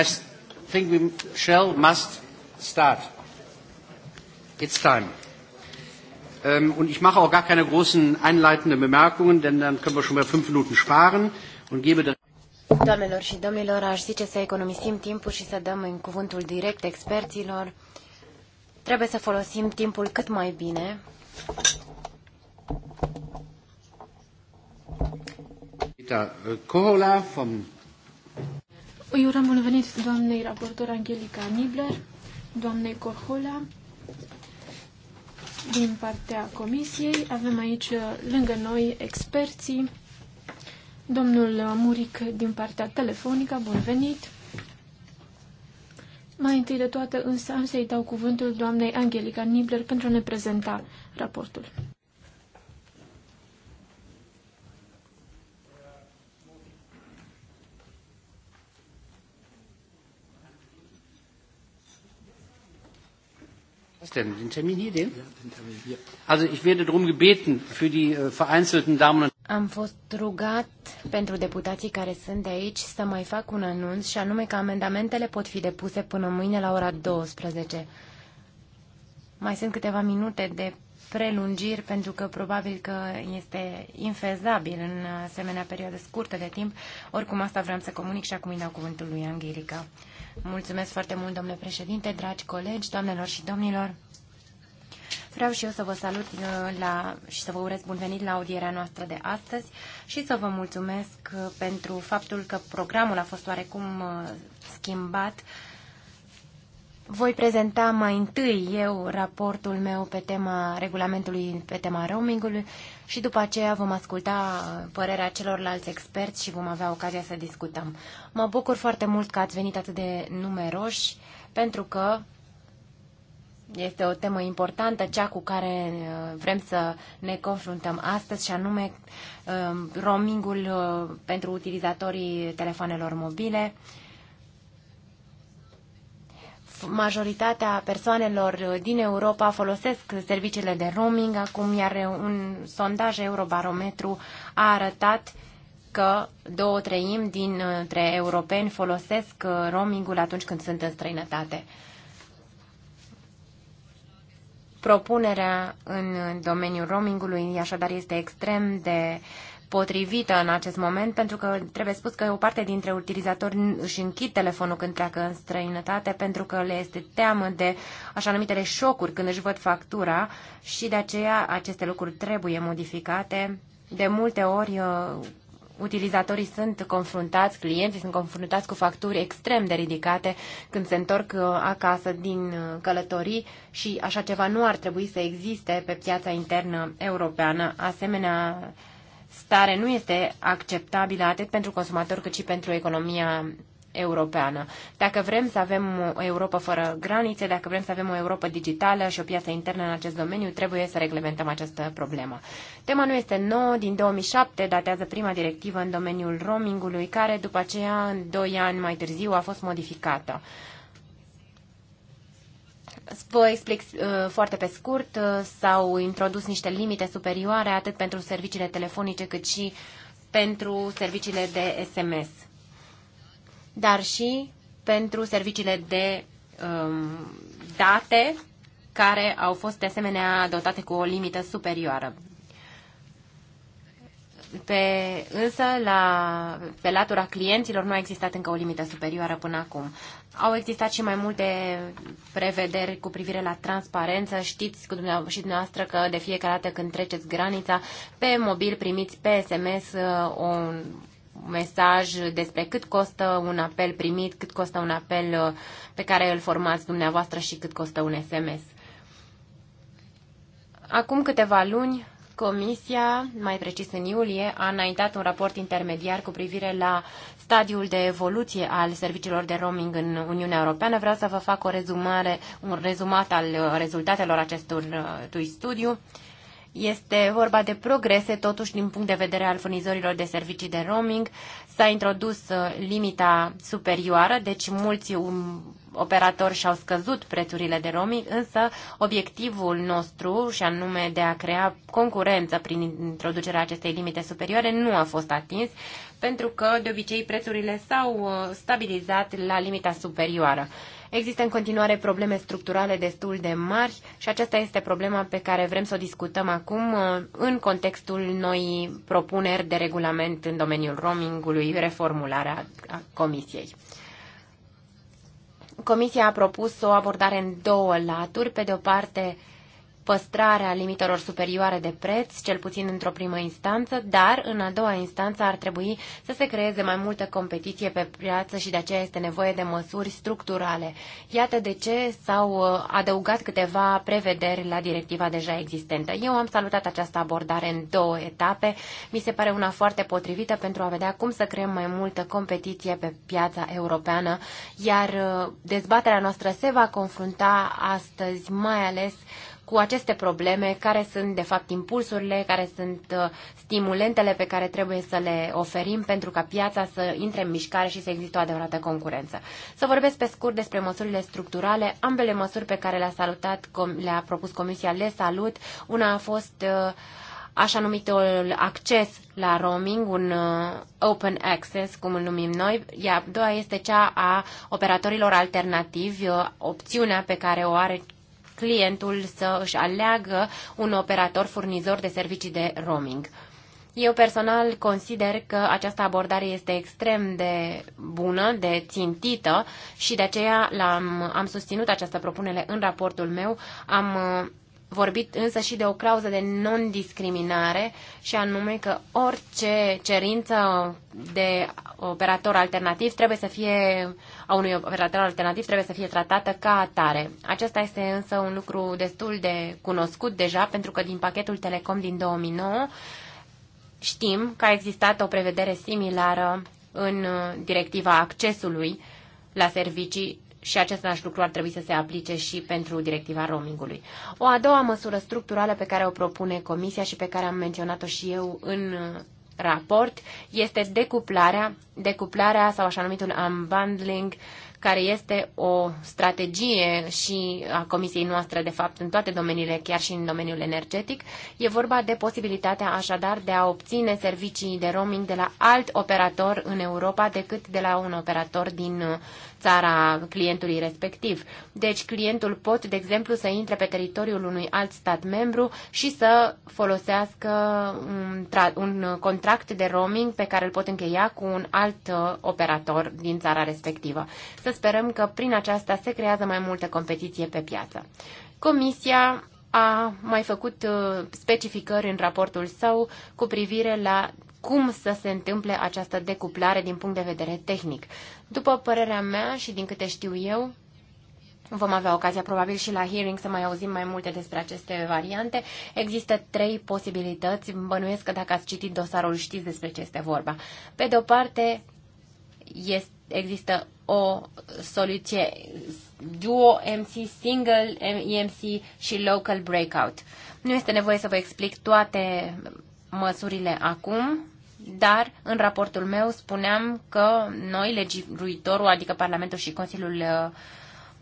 I think we shall, must start. It's time. Ähm, und ich mache auch gar keine großen einleitenden Bemerkungen, denn dann können wir schon mal fünf Minuten sparen und gebe dann Doamnelor și domnilor, aș zice să economisim timpul și să dăm în cuvântul direct experților. Trebuie să folosim timpul cât mai bine. Peter Kohola vom îi urăm bun venit doamnei raportor Angelica Nibler, doamnei Corhola, din partea comisiei. Avem aici lângă noi experții, domnul Muric din partea telefonică, bun venit. Mai întâi de toate însă am să-i dau cuvântul doamnei Angelica Nibler pentru a ne prezenta raportul. Ist denn den Termin hier den? Also ich werde gebeten für die äh, vereinzelten Damen und Am fost rugat pentru deputații care sunt de aici să mai fac un anunț și anume că amendamentele pot fi depuse până mâine la ora 12. Mai sunt câteva minute de prelungiri pentru că probabil că este infezabil în asemenea perioadă scurtă de timp. Oricum asta vreau să comunic și acum îi dau cuvântul lui Angelica. Mulțumesc foarte mult, domnule președinte, dragi colegi, doamnelor și domnilor. Vreau și eu să vă salut uh, la, și să vă urez bun venit la audierea noastră de astăzi și să vă mulțumesc uh, pentru faptul că programul a fost oarecum uh, schimbat voi prezenta mai întâi eu raportul meu pe tema regulamentului, pe tema roamingului și după aceea vom asculta părerea celorlalți experți și vom avea ocazia să discutăm. Mă bucur foarte mult că ați venit atât de numeroși pentru că este o temă importantă, cea cu care uh, vrem să ne confruntăm astăzi, și anume uh, roamingul uh, pentru utilizatorii telefonelor mobile majoritatea persoanelor uh, din Europa folosesc serviciile de roaming acum, iar uh, un sondaj Eurobarometru a arătat că două treimi dintre europeni folosesc uh, roamingul atunci când sunt în străinătate. Propunerea în domeniul roamingului așadar este extrem de potrivită în acest moment, pentru că trebuie spus că o parte dintre utilizatori își închid telefonul când pleacă în străinătate, pentru că le este teamă de așa numitele șocuri când își văd factura și de aceea aceste lucruri trebuie modificate. De multe ori uh, utilizatorii sunt confruntați, clienții sunt confruntați cu facturi extrem de ridicate când se întorc uh, acasă din uh, călătorii și așa ceva nu ar trebui să existe pe piața internă europeană. Asemenea, stare nu este acceptabilă atât pentru consumator cât și pentru economia europeană. Dacă vrem să avem o Europa fără granițe, dacă vrem să avem o Europa digitală și o piață internă în acest domeniu, trebuie să reglementăm această problemă. Tema nu este nouă, din 2007 datează prima directivă în domeniul roamingului, care după aceea, în 2 ani mai târziu, a fost modificată. Vă explic uh, foarte pe scurt, uh, s-au introdus niște limite superioare atât pentru serviciile telefonice cât și pentru serviciile de SMS, dar și pentru serviciile de um, date care au fost de asemenea dotate cu o limită superioară. Pe, însă, la, pe latura clienților nu a existat încă o limită superioară până acum. Au existat și mai multe prevederi cu privire la transparență. Știți cu dumneavoastră, și dumneavoastră că de fiecare dată când treceți granița, pe mobil primiți pe SMS uh, un mesaj despre cât costă un apel primit, cât costă un apel uh, pe care îl formați dumneavoastră și cât costă un SMS. Acum câteva luni Comisia, mai precis în iulie, a înaintat un raport intermediar cu privire la stadiul de evoluție al serviciilor de roaming în Uniunea Europeană. Vreau să vă fac o rezumare, un rezumat al uh, rezultatelor acestui uh, studiu. Este vorba de progrese, totuși, din punct de vedere al furnizorilor de servicii de roaming. S-a introdus uh, limita superioară, deci mulți um, operatori și-au scăzut prețurile de roaming, însă obiectivul nostru, și anume de a crea concurență prin introducerea acestei limite superioare, nu a fost atins, pentru că de obicei prețurile s-au uh, stabilizat la limita superioară. Există în continuare probleme structurale destul de mari și aceasta este problema pe care vrem să o discutăm acum uh, în contextul noii propuneri de regulament în domeniul roamingului, reformularea Comisiei. Comisia a propus o abordare în două laturi. Pe de o parte, păstrarea limitelor superioare de preț, cel puțin într-o primă instanță, dar în a doua instanță ar trebui să se creeze mai multă competiție pe piață și de aceea este nevoie de măsuri structurale. Iată de ce s-au uh, adăugat câteva prevederi la directiva deja existentă. Eu am salutat această abordare în două etape. Mi se pare una foarte potrivită pentru a vedea cum să creăm mai multă competiție pe piața europeană, iar uh, dezbaterea noastră se va confrunta astăzi mai ales cu aceste probleme, care sunt de fapt impulsurile, care sunt uh, stimulentele pe care trebuie să le oferim pentru ca piața să intre în mișcare și să existe o adevărată concurență. Să vorbesc pe scurt despre măsurile structurale, ambele măsuri pe care le-a salutat, le-a propus Comisia, le salut. Una a fost uh, așa numitul acces la roaming, un uh, open access, cum îl numim noi, iar a doua este cea a operatorilor alternativi, opțiunea pe care o are clientul să își aleagă un operator furnizor de servicii de roaming. Eu personal consider că această abordare este extrem de bună, de țintită și de aceea am am susținut această propunere în raportul meu. Am uh, vorbit însă și de o clauză de non-discriminare și anume că orice cerință de operator alternativ trebuie să fie a unui operator alternativ trebuie să fie tratată ca atare. Acesta este însă un lucru destul de cunoscut deja pentru că din pachetul Telecom din 2009 știm că a existat o prevedere similară în uh, directiva accesului la servicii și acest lucru ar trebui să se aplice și pentru directiva roamingului. O a doua măsură structurală pe care o propune Comisia și pe care am menționat-o și eu în uh, raport este decuplarea, decuplarea sau așa numitul unbundling, care este o strategie și a comisiei noastre, de fapt, în toate domeniile, chiar și în domeniul energetic. E vorba de posibilitatea, așadar, de a obține servicii de roaming de la alt operator în Europa decât de la un operator din uh, țara clientului respectiv. Deci clientul pot, de exemplu, să intre pe teritoriul unui alt stat membru și să folosească un, un contract de roaming pe care îl pot încheia cu un alt uh, operator din țara respectivă. Să sperăm că prin aceasta se creează mai multă competiție pe piață. Comisia a mai făcut uh, specificări în raportul său cu privire la cum să se întâmple această decuplare din punct de vedere tehnic. După părerea mea și din câte știu eu, Vom avea ocazia probabil și la hearing să mai auzim mai multe despre aceste variante. Există trei posibilități. Bănuiesc că dacă ați citit dosarul știți despre ce este vorba. Pe de o parte, este, există o soluție duo MC, single MC și local breakout. Nu este nevoie să vă explic toate măsurile acum, dar în raportul meu spuneam că noi, legiuitorul, adică Parlamentul și Consiliul uh,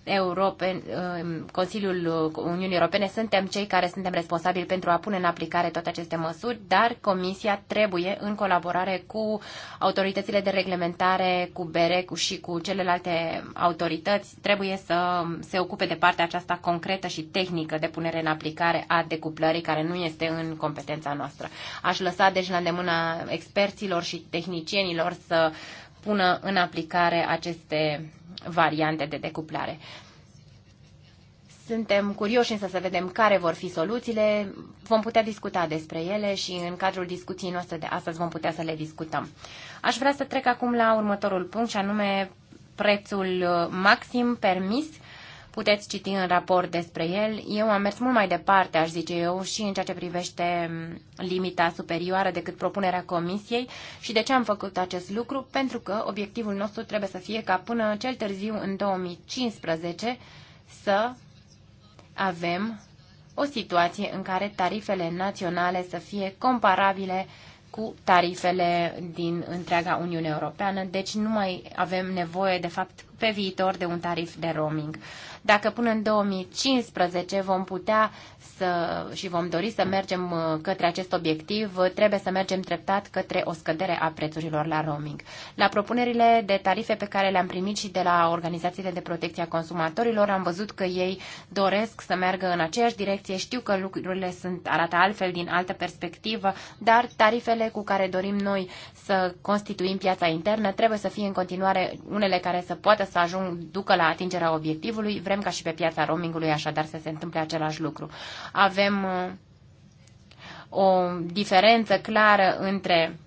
Europe, uh, Consiliul Uniunii Europene suntem cei care suntem responsabili pentru a pune în aplicare toate aceste măsuri, dar Comisia trebuie, în colaborare cu autoritățile de reglementare, cu BERE cu și cu celelalte autorități, trebuie să se ocupe de partea aceasta concretă și tehnică de punere în aplicare a decuplării, care nu este în competența noastră. Aș lăsa deci la îndemâna experților și tehnicienilor să pună în aplicare aceste variante de decuplare. Suntem curioși însă să vedem care vor fi soluțiile. Vom putea discuta despre ele și în cadrul discuției noastre de astăzi vom putea să le discutăm. Aș vrea să trec acum la următorul punct și anume prețul uh, maxim permis Puteți citi în raport despre el. Eu am mers mult mai departe, aș zice eu, și în ceea ce privește mm, limita superioară decât propunerea comisiei. Și de ce am făcut acest lucru? Pentru că obiectivul nostru trebuie să fie ca până cel târziu în 2015 să avem o situație în care tarifele naționale să fie comparabile cu tarifele din întreaga Uniune Europeană, deci nu mai avem nevoie, de fapt, pe viitor de un tarif de roaming. Dacă până în 2015 vom putea să, și vom dori să mergem uh, către acest obiectiv, trebuie să mergem treptat către o scădere a prețurilor la roaming. La propunerile de tarife pe care le-am primit și de la organizațiile de protecție a consumatorilor, am văzut că ei doresc să meargă în aceeași direcție. Știu că lucrurile sunt, arată altfel din altă perspectivă, dar tarifele cu care dorim noi să constituim piața internă trebuie să fie în continuare unele care să poată să ajung, ducă la atingerea obiectivului. Vrem ca și pe piața roamingului așadar să se întâmple același lucru avem uh, o diferență clară între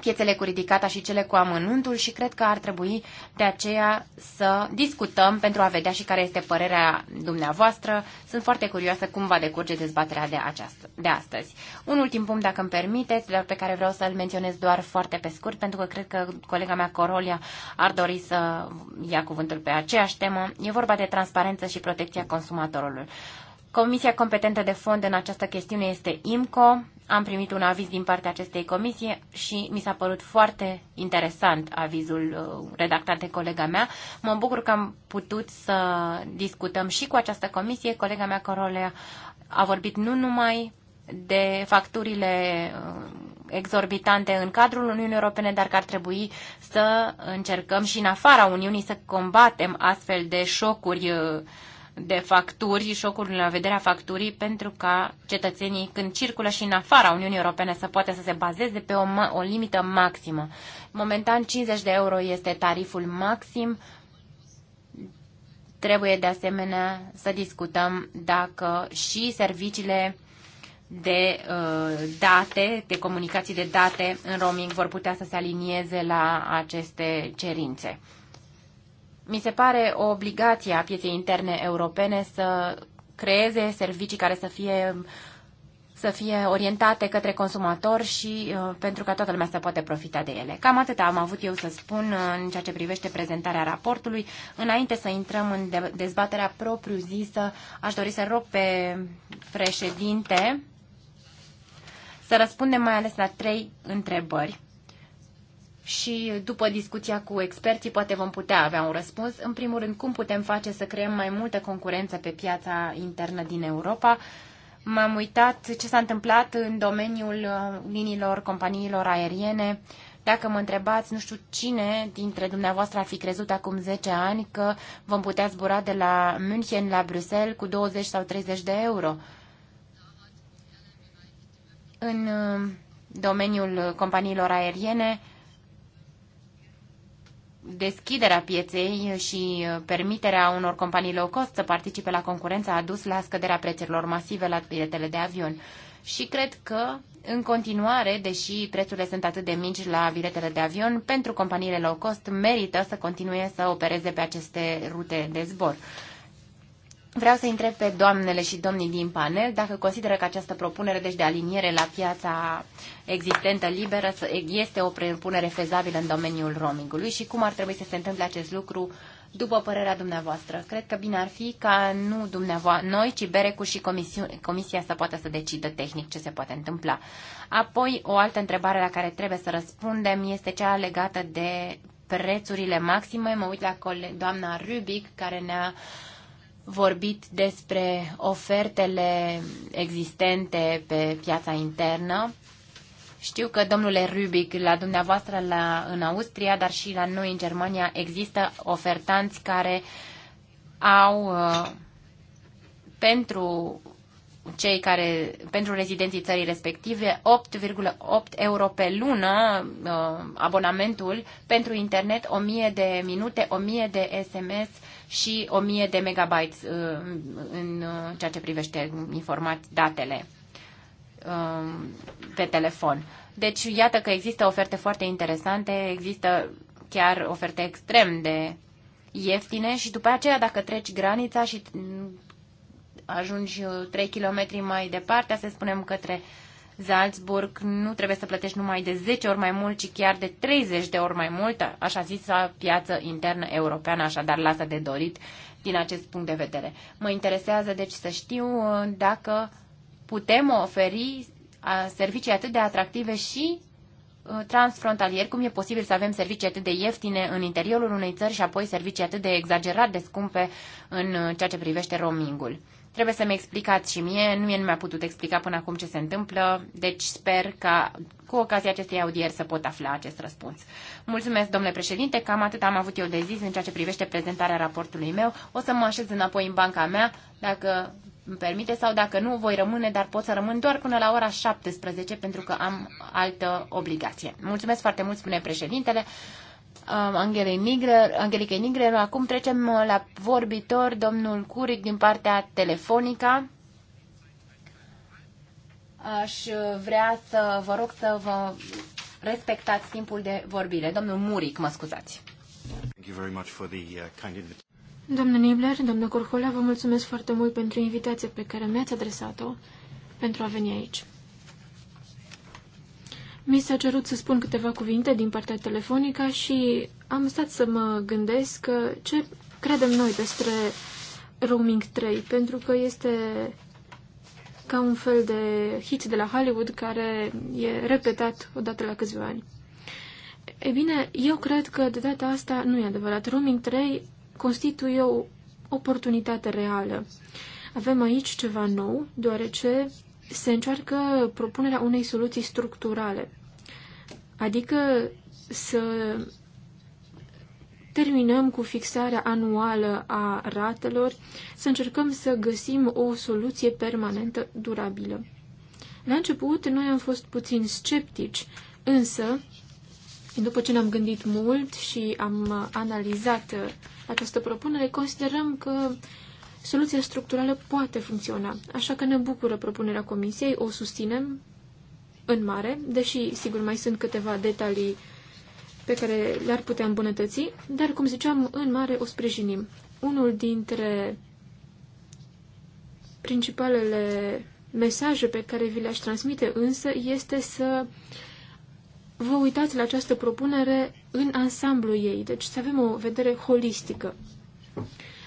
piețele cu ridicata și cele cu amănuntul și cred că ar trebui de aceea să discutăm pentru a vedea și care este părerea dumneavoastră. Sunt foarte curioasă cum va decurge dezbaterea de, această, de astăzi. Un ultim punct, dacă îmi permiteți, dar pe care vreau să-l menționez doar foarte pe scurt, pentru că cred că colega mea Corolia ar dori să ia cuvântul pe aceeași temă. E vorba de transparență și protecția consumatorului. Comisia competentă de fond în această chestiune este IMCO. Am primit un aviz din partea acestei comisii și mi s-a părut foarte interesant avizul uh, redactat de colega mea. Mă bucur că am putut să discutăm și cu această comisie. Colega mea, Corolea, a vorbit nu numai de facturile uh, exorbitante în cadrul Uniunii Europene, dar că ar trebui să încercăm și în afara Uniunii să combatem astfel de șocuri uh, de facturi și șocurile la vederea facturii pentru ca cetățenii când circulă și în afara Uniunii Europene să poată să se bazeze pe o, o limită maximă. Momentan 50 de euro este tariful maxim. Trebuie de asemenea să discutăm dacă și serviciile de uh, date, de comunicații de date în roaming vor putea să se alinieze la aceste cerințe. Mi se pare o obligație a pieței interne europene să creeze servicii care să fie să fie orientate către consumator și uh, pentru ca toată lumea să poată profita de ele. Cam atât am avut eu să spun uh, în ceea ce privește prezentarea raportului. Înainte să intrăm în dezbaterea propriu-zisă, aș dori să rog pe președinte să răspundem mai ales la trei întrebări și după discuția cu experții poate vom putea avea un răspuns. În primul rând, cum putem face să creăm mai multă concurență pe piața internă din Europa? M-am uitat ce s-a întâmplat în domeniul uh, liniilor companiilor aeriene. Dacă mă întrebați, nu știu cine dintre dumneavoastră ar fi crezut acum 10 ani că vom putea zbura de la München la Bruxelles cu 20 sau 30 de euro. În uh, domeniul companiilor aeriene, deschiderea pieței și uh, permiterea unor companii low cost să participe la concurență a dus la scăderea prețurilor masive la biletele de avion. Și cred că, în continuare, deși prețurile sunt atât de mici la biletele de avion, pentru companiile low cost merită să continue să opereze pe aceste rute de zbor. Vreau să întreb pe doamnele și domnii din panel dacă consideră că această propunere deci, de aliniere la piața existentă liberă este o propunere fezabilă în domeniul roamingului și cum ar trebui să se întâmple acest lucru după părerea dumneavoastră. Cred că bine ar fi ca nu dumneavoastră, noi, ci Berecul și Comisia să poată să decidă tehnic ce se poate întâmpla. Apoi, o altă întrebare la care trebuie să răspundem este cea legată de prețurile maxime. Mă uit la doamna Rubic, care ne-a uh, vorbit despre ofertele existente pe piața internă. Știu că, domnule Rubic, la dumneavoastră la, în Austria, dar și la noi în Germania, există ofertanți care au uh, pentru cei care, pentru rezidenții țării respective, 8,8 euro pe lună uh, abonamentul pentru internet, 1000 de minute, 1000 de SMS și 1000 de megabytes uh, în uh, ceea ce privește informat datele um, pe telefon. Deci, iată că există oferte foarte interesante, există chiar oferte extrem de ieftine și după aceea, dacă treci granița și mm, ajungi 3 uh, km mai departe, să spunem către uh, Salzburg nu trebuie să plătești numai de 10 ori mai mult, ci chiar de 30 de ori mai mult, așa zisă piață internă europeană, așadar lasă de dorit din acest punct de vedere. Mă interesează deci să știu uh, dacă putem oferi uh, servicii atât de atractive și uh, transfrontalier, cum e posibil să avem servicii atât de ieftine în interiorul unei țări și apoi servicii atât de exagerat de scumpe în ceea ce privește roamingul. Trebuie să-mi explicați și mie, nu mie nu mi-a putut explica până acum ce se întâmplă, deci sper ca cu ocazia acestei audieri să pot afla acest răspuns. Mulțumesc, domnule președinte, cam atât am avut eu de zis în ceea ce privește prezentarea raportului meu. O să mă așez înapoi în banca mea, dacă îmi permite, sau dacă nu, voi rămâne, dar pot să rămân doar până la ora 17, pentru că am altă obligație. Mulțumesc foarte mult, spune președintele. Um, Angelei Nigler, Angelicei Nigre. Acum trecem uh, la vorbitor, domnul Curic din partea telefonica. Aș uh, vrea să vă rog să vă respectați timpul de vorbire. Domnul Muric, mă scuzați. Uh, domnul Nibler, domnul Curcola, vă mulțumesc foarte mult pentru invitația pe care mi-ați adresat-o pentru a veni aici. Mi s-a cerut să spun câteva cuvinte din partea telefonică și am stat să mă gândesc ce credem noi despre Roaming 3, pentru că este ca un fel de hit de la Hollywood care e repetat odată la câțiva ani. E bine, eu cred că de data asta nu e adevărat. Roaming 3 constituie o oportunitate reală. Avem aici ceva nou, deoarece se încearcă propunerea unei soluții structurale. Adică să terminăm cu fixarea anuală a ratelor, să încercăm să găsim o soluție permanentă durabilă. La început, noi am fost puțin sceptici, însă, după ce ne-am gândit mult și am analizat această propunere, considerăm că soluția structurală poate funcționa, așa că ne bucură propunerea Comisiei, o susținem în mare, deși, sigur, mai sunt câteva detalii pe care le-ar putea îmbunătăți, dar, cum ziceam, în mare o sprijinim. Unul dintre principalele mesaje pe care vi le-aș transmite însă este să vă uitați la această propunere în ansamblu ei, deci să avem o vedere holistică.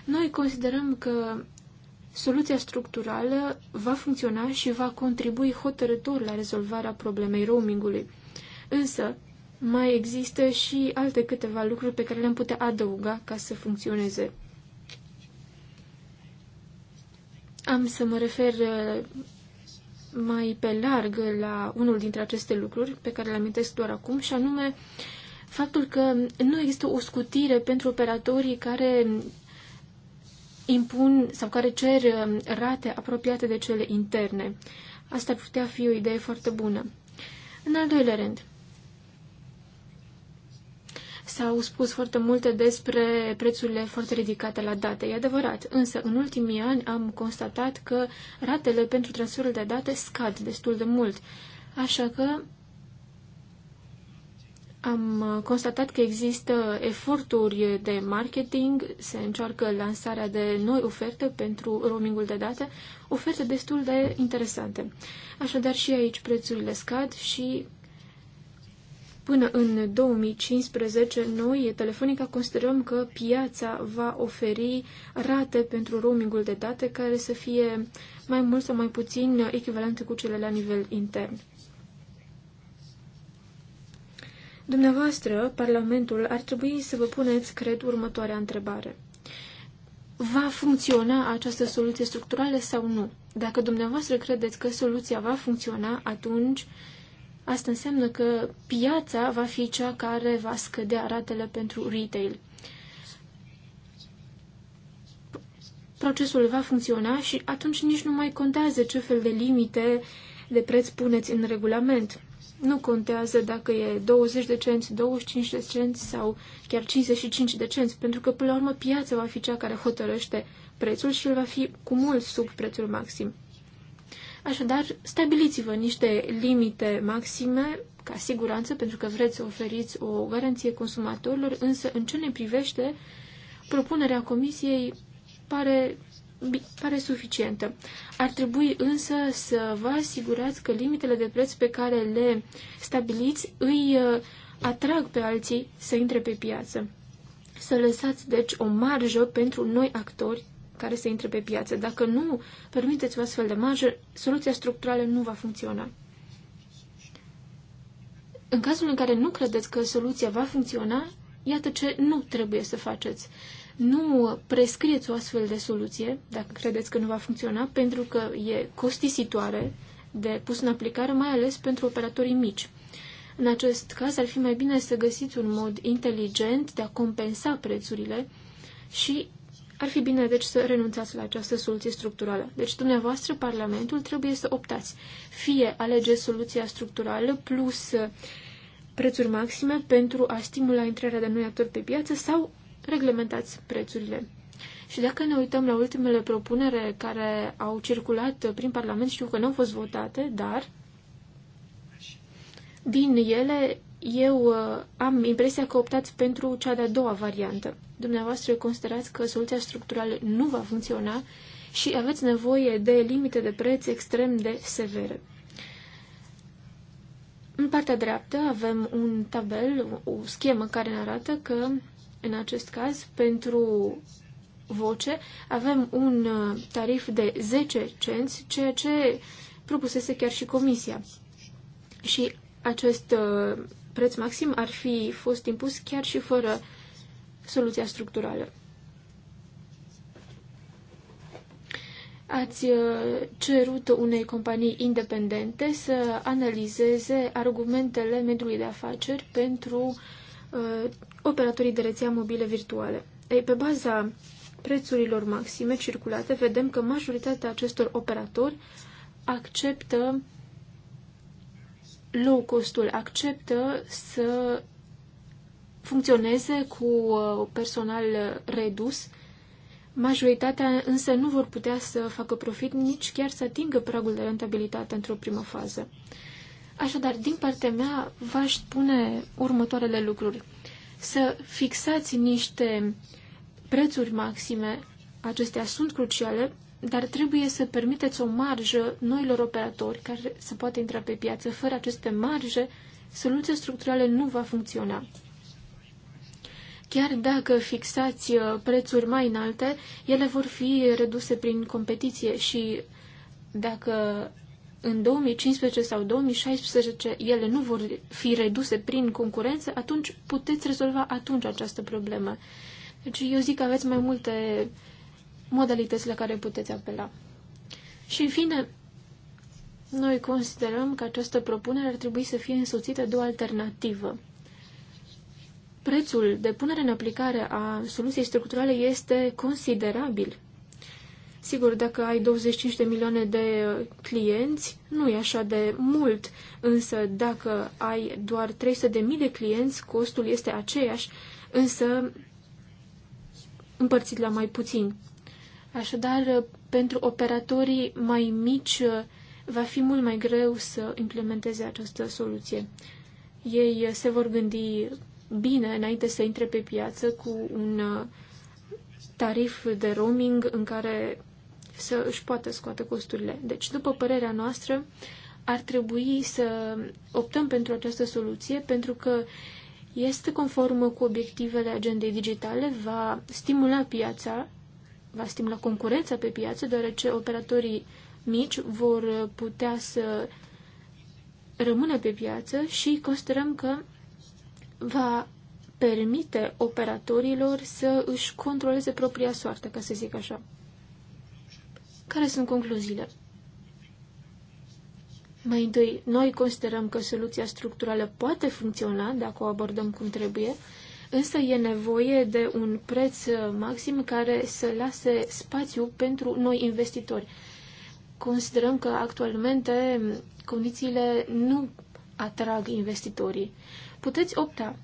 Noi considerăm că soluția structurală va funcționa și va contribui hotărător la rezolvarea problemei roamingului. Însă, mai există și alte câteva lucruri pe care le-am putea adăuga ca să funcționeze. Am să mă refer uh, mai pe larg la unul dintre aceste lucruri pe care le amintesc doar acum și anume faptul că nu există o scutire pentru operatorii care impun sau care cer um, rate apropiate de cele interne. Asta ar putea fi o idee foarte bună. În al doilea rând, s-au spus foarte multe despre prețurile foarte ridicate la date. E adevărat, însă în ultimii ani am constatat că ratele pentru transferul de date scad destul de mult. Așa că am uh, constatat că există eforturi de marketing, se încearcă lansarea de noi oferte pentru roamingul de date, oferte destul de interesante. Așadar și aici prețurile scad și până în 2015 noi, Telefonica, considerăm că piața va oferi rate pentru roamingul de date care să fie mai mult sau mai puțin echivalente cu cele la nivel intern. Dumneavoastră, Parlamentul, ar trebui să vă puneți, cred, următoarea întrebare. Va funcționa această soluție structurală sau nu? Dacă dumneavoastră credeți că soluția va funcționa, atunci asta înseamnă că piața va fi cea care va scădea ratele pentru retail. Procesul va funcționa și atunci nici nu mai contează ce fel de limite de preț puneți în regulament nu contează dacă e 20 de cenți, 25 de cenți sau chiar 55 de cenți, pentru că până la urmă piața va fi cea care hotărăște prețul și el va fi cu mult sub prețul maxim. Așadar, stabiliți-vă niște limite maxime ca siguranță, pentru că vreți să oferiți o garanție consumatorilor, însă în ce ne privește, propunerea comisiei pare pare suficientă. Ar trebui însă să vă asigurați că limitele de preț pe care le stabiliți îi uh, atrag pe alții să intre pe piață. Să lăsați, deci, o marjă pentru noi actori care să intre pe piață. Dacă nu permiteți o astfel de marjă, soluția structurală nu va funcționa. În cazul în care nu credeți că soluția va funcționa, iată ce nu trebuie să faceți. Nu prescrieți o astfel de soluție, dacă credeți că nu va funcționa, pentru că e costisitoare de pus în aplicare, mai ales pentru operatorii mici. În acest caz, ar fi mai bine să găsiți un mod inteligent de a compensa prețurile și ar fi bine, deci, să renunțați la această soluție structurală. Deci, dumneavoastră, Parlamentul, trebuie să optați. Fie alegeți soluția structurală plus prețuri maxime pentru a stimula intrarea de noi actori pe piață sau reglementați prețurile. Și dacă ne uităm la ultimele propunere care au circulat prin Parlament, știu că nu au fost votate, dar din ele eu uh, am impresia că optați pentru cea de-a doua variantă. Dumneavoastră considerați că soluția structurală nu va funcționa și aveți nevoie de limite de preț extrem de severe. În partea dreaptă avem un tabel, o schemă care ne arată că în acest caz, pentru voce, avem un uh, tarif de 10 cenți, ceea ce propusese chiar și comisia. Și acest uh, preț maxim ar fi fost impus chiar și fără soluția structurală. Ați uh, cerut unei companii independente să analizeze argumentele mediului de afaceri pentru operatorii de rețea mobile virtuale. Ei, pe baza prețurilor maxime circulate, vedem că majoritatea acestor operatori acceptă low costul, acceptă să funcționeze cu uh, personal redus, majoritatea însă nu vor putea să facă profit nici chiar să atingă pragul de rentabilitate într-o primă fază. Așadar, din partea mea, v-aș spune următoarele lucruri să fixați niște prețuri maxime. Acestea sunt cruciale, dar trebuie să permiteți o marjă noilor operatori care să poată intra pe piață. Fără aceste marje, soluția structurală nu va funcționa. Chiar dacă fixați uh, prețuri mai înalte, ele vor fi reduse prin competiție și dacă în 2015 sau 2016 ele nu vor fi reduse prin concurență, atunci puteți rezolva atunci această problemă. Deci eu zic că aveți mai multe modalități la care puteți apela. Și în fine, noi considerăm că această propunere ar trebui să fie însoțită de o alternativă. Prețul de punere în aplicare a soluției structurale este considerabil Sigur, dacă ai 25 de milioane de uh, clienți, nu e așa de mult, însă dacă ai doar 300 de mii de clienți, costul este aceeași, însă împărțit la mai puțin. Așadar, uh, pentru operatorii mai mici uh, va fi mult mai greu să implementeze această soluție. Ei se vor gândi bine înainte să intre pe piață cu un tarif de roaming în care să își poată scoate costurile. Deci, după părerea noastră, ar trebui să optăm pentru această soluție pentru că este conformă cu obiectivele agendei digitale, va stimula piața, va stimula concurența pe piață, deoarece operatorii mici vor putea să rămână pe piață și considerăm că va permite operatorilor să își controleze propria soartă, ca să zic așa. Care sunt concluziile? Mai întâi, noi considerăm că soluția structurală poate funcționa dacă o abordăm cum trebuie, însă e nevoie de un preț maxim care să lase spațiu pentru noi investitori. Considerăm că actualmente condițiile nu atrag investitorii. Puteți opta.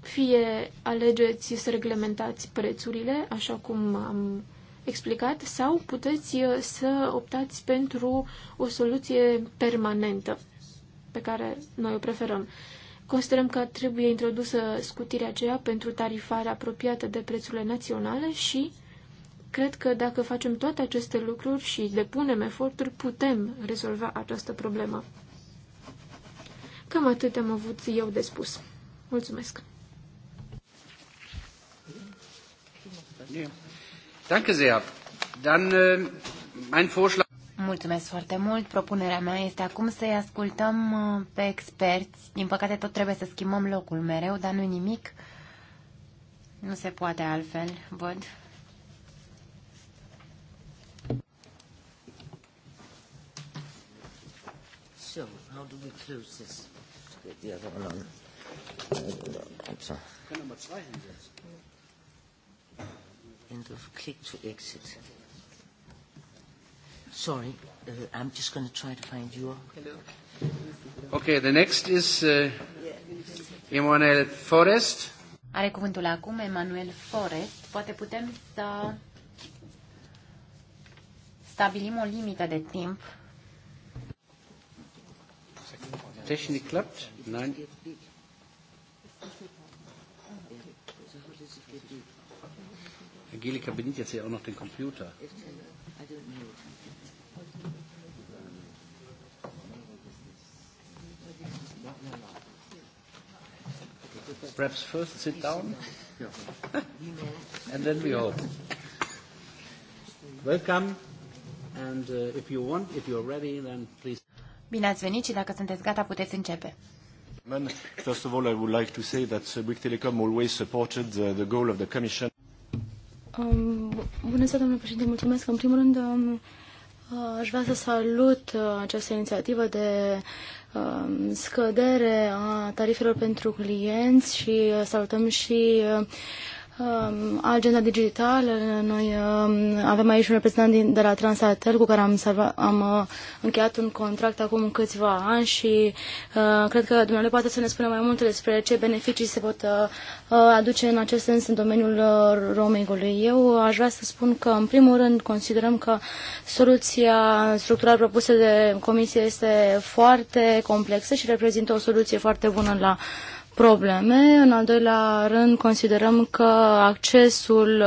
Fie alegeți să reglementați prețurile, așa cum am explicat sau puteți uh, să optați pentru o soluție permanentă pe care noi o preferăm. Considerăm că trebuie introdusă scutirea aceea pentru tarifare apropiată de prețurile naționale și cred că dacă facem toate aceste lucruri și depunem eforturi, putem rezolva această problemă. Cam atât am avut eu de spus. Mulțumesc! Yeah. Ähm, Mulțumesc foarte mult. Propunerea mea este acum să-i ascultăm uh, pe experți. Din păcate tot trebuie să schimbăm locul mereu, dar nu nimic. Nu se poate altfel, văd. So, how do we close this? The other one on window. Click to exit. Sorry, uh, I'm just going to try to find your. Okay, the next is uh, Emmanuel Forest. Are cuvântul acum Emmanuel Forest. Poate putem să stabilim o limită de timp. Technik klappt? Nein. Angelika bedient jetzt ja auch noch den Computer. Perhaps first sit down and then we hope. Welcome and uh, if you want, if you're ready, then please. Bine ați venit și dacă sunteți gata puteți începe. First of all, I would like to say that Bouygues Telecom always supported the, uh, the goal of the Commission Um, bună ziua, domnule președinte, mulțumesc. În primul rând, um, uh, aș vrea să salut uh, această inițiativă de um, scădere a tarifelor pentru clienți și uh, salutăm și Um, agenda digitală. Noi um, avem aici un reprezentant de la Transatel cu care am, salva, am uh, încheiat un contract acum câțiva ani și uh, cred că dumneavoastră poate să ne spună mai multe despre ce beneficii se pot uh, uh aduce în acest sens în domeniul uh, roamingului. Eu aș vrea să spun că, în primul rând, considerăm că soluția structural propusă de comisie este foarte complexă și reprezintă o soluție foarte bună la uh, probleme. În al doilea rând, considerăm că accesul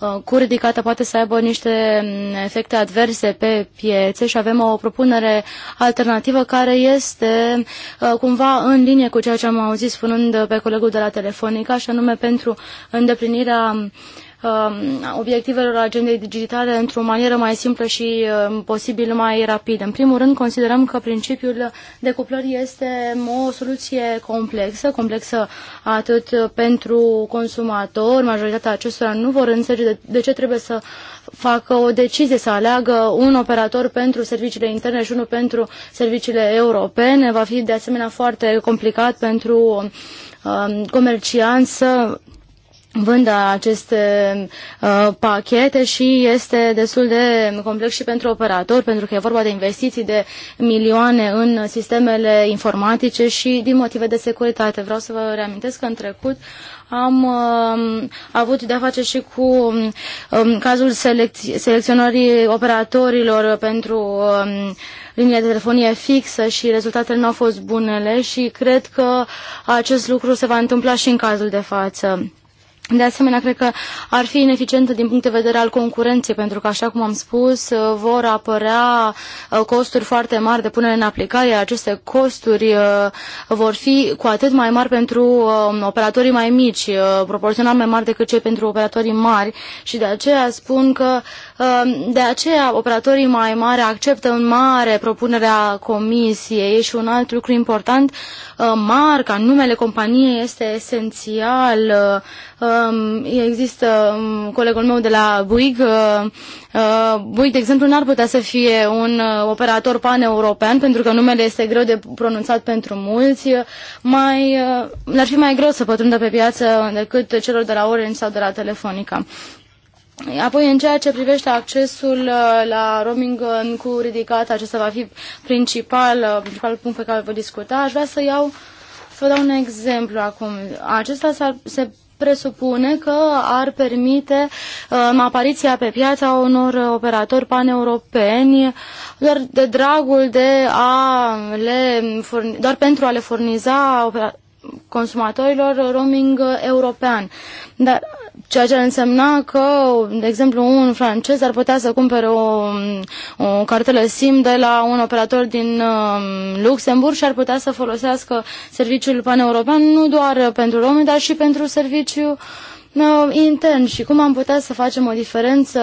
uh, uh, cu ridicată poate să aibă niște mm, efecte adverse pe piețe și avem o propunere alternativă care este uh, cumva în linie cu ceea ce am auzit spunând pe colegul de la Telefonica, și anume pentru îndeplinirea uh, Um, obiectivelor agendei digitale într-o manieră mai simplă și um, posibil mai rapidă. În primul rând, considerăm că principiul decuplării este o soluție complexă, complexă atât pentru consumator, majoritatea acestora nu vor înțelege de ce trebuie să facă o decizie să aleagă un operator pentru serviciile interne și unul pentru serviciile europene. Va fi de asemenea foarte complicat pentru um, comercianți să vând aceste uh, pachete și este destul de complex și pentru operator, pentru că e vorba de investiții de milioane în sistemele informatice și din motive de securitate. Vreau să vă reamintesc că în trecut am uh, avut de-a face și cu um, um cazul selec selecționării operatorilor pentru um, linia de telefonie fixă și rezultatele nu au fost bunele și cred că acest lucru se va întâmpla și în cazul de față. De asemenea, cred că ar fi ineficientă din punct de vedere al concurenței, pentru că, așa cum am spus, uh, vor apărea uh, costuri foarte mari de punere în aplicare, iar aceste costuri uh, vor fi cu atât mai mari pentru um, operatorii mai mici, proporțional mai mari decât cei pentru operatorii mari și de aceea spun că Ehm, de aceea, operatorii mai mari acceptă în mare propunerea comisiei și un alt lucru important, ehm, marca, numele companiei este esențial. Ehm, există colegul meu de la Buig, Buig, de exemplu, n-ar putea să fie un operator pan-european pentru că numele este greu de pronunțat pentru mulți. Mai, ar fi mai greu să pătrundă pe piață decât celor de la Orange sau de la Telefonica. Apoi, în ceea ce privește accesul uh, la roaming uh, cu ridicat, acesta va fi principal, uh, principalul punct pe care vă voi discuta. Aș vrea să iau, să vă dau un exemplu acum. Acesta se presupune că ar permite um, apariția pe piața unor operatori paneuropeni doar de dragul de a le furni, doar pentru a le furniza consumatorilor roaming european. Dar ceea ce ar însemna că, de exemplu, un francez ar putea să cumpere o, o cartelă SIM de la un operator din um, Luxemburg și ar putea să folosească serviciul paneuropean nu doar pentru români, dar și pentru serviciu uh, intern și cum am putea să facem o diferență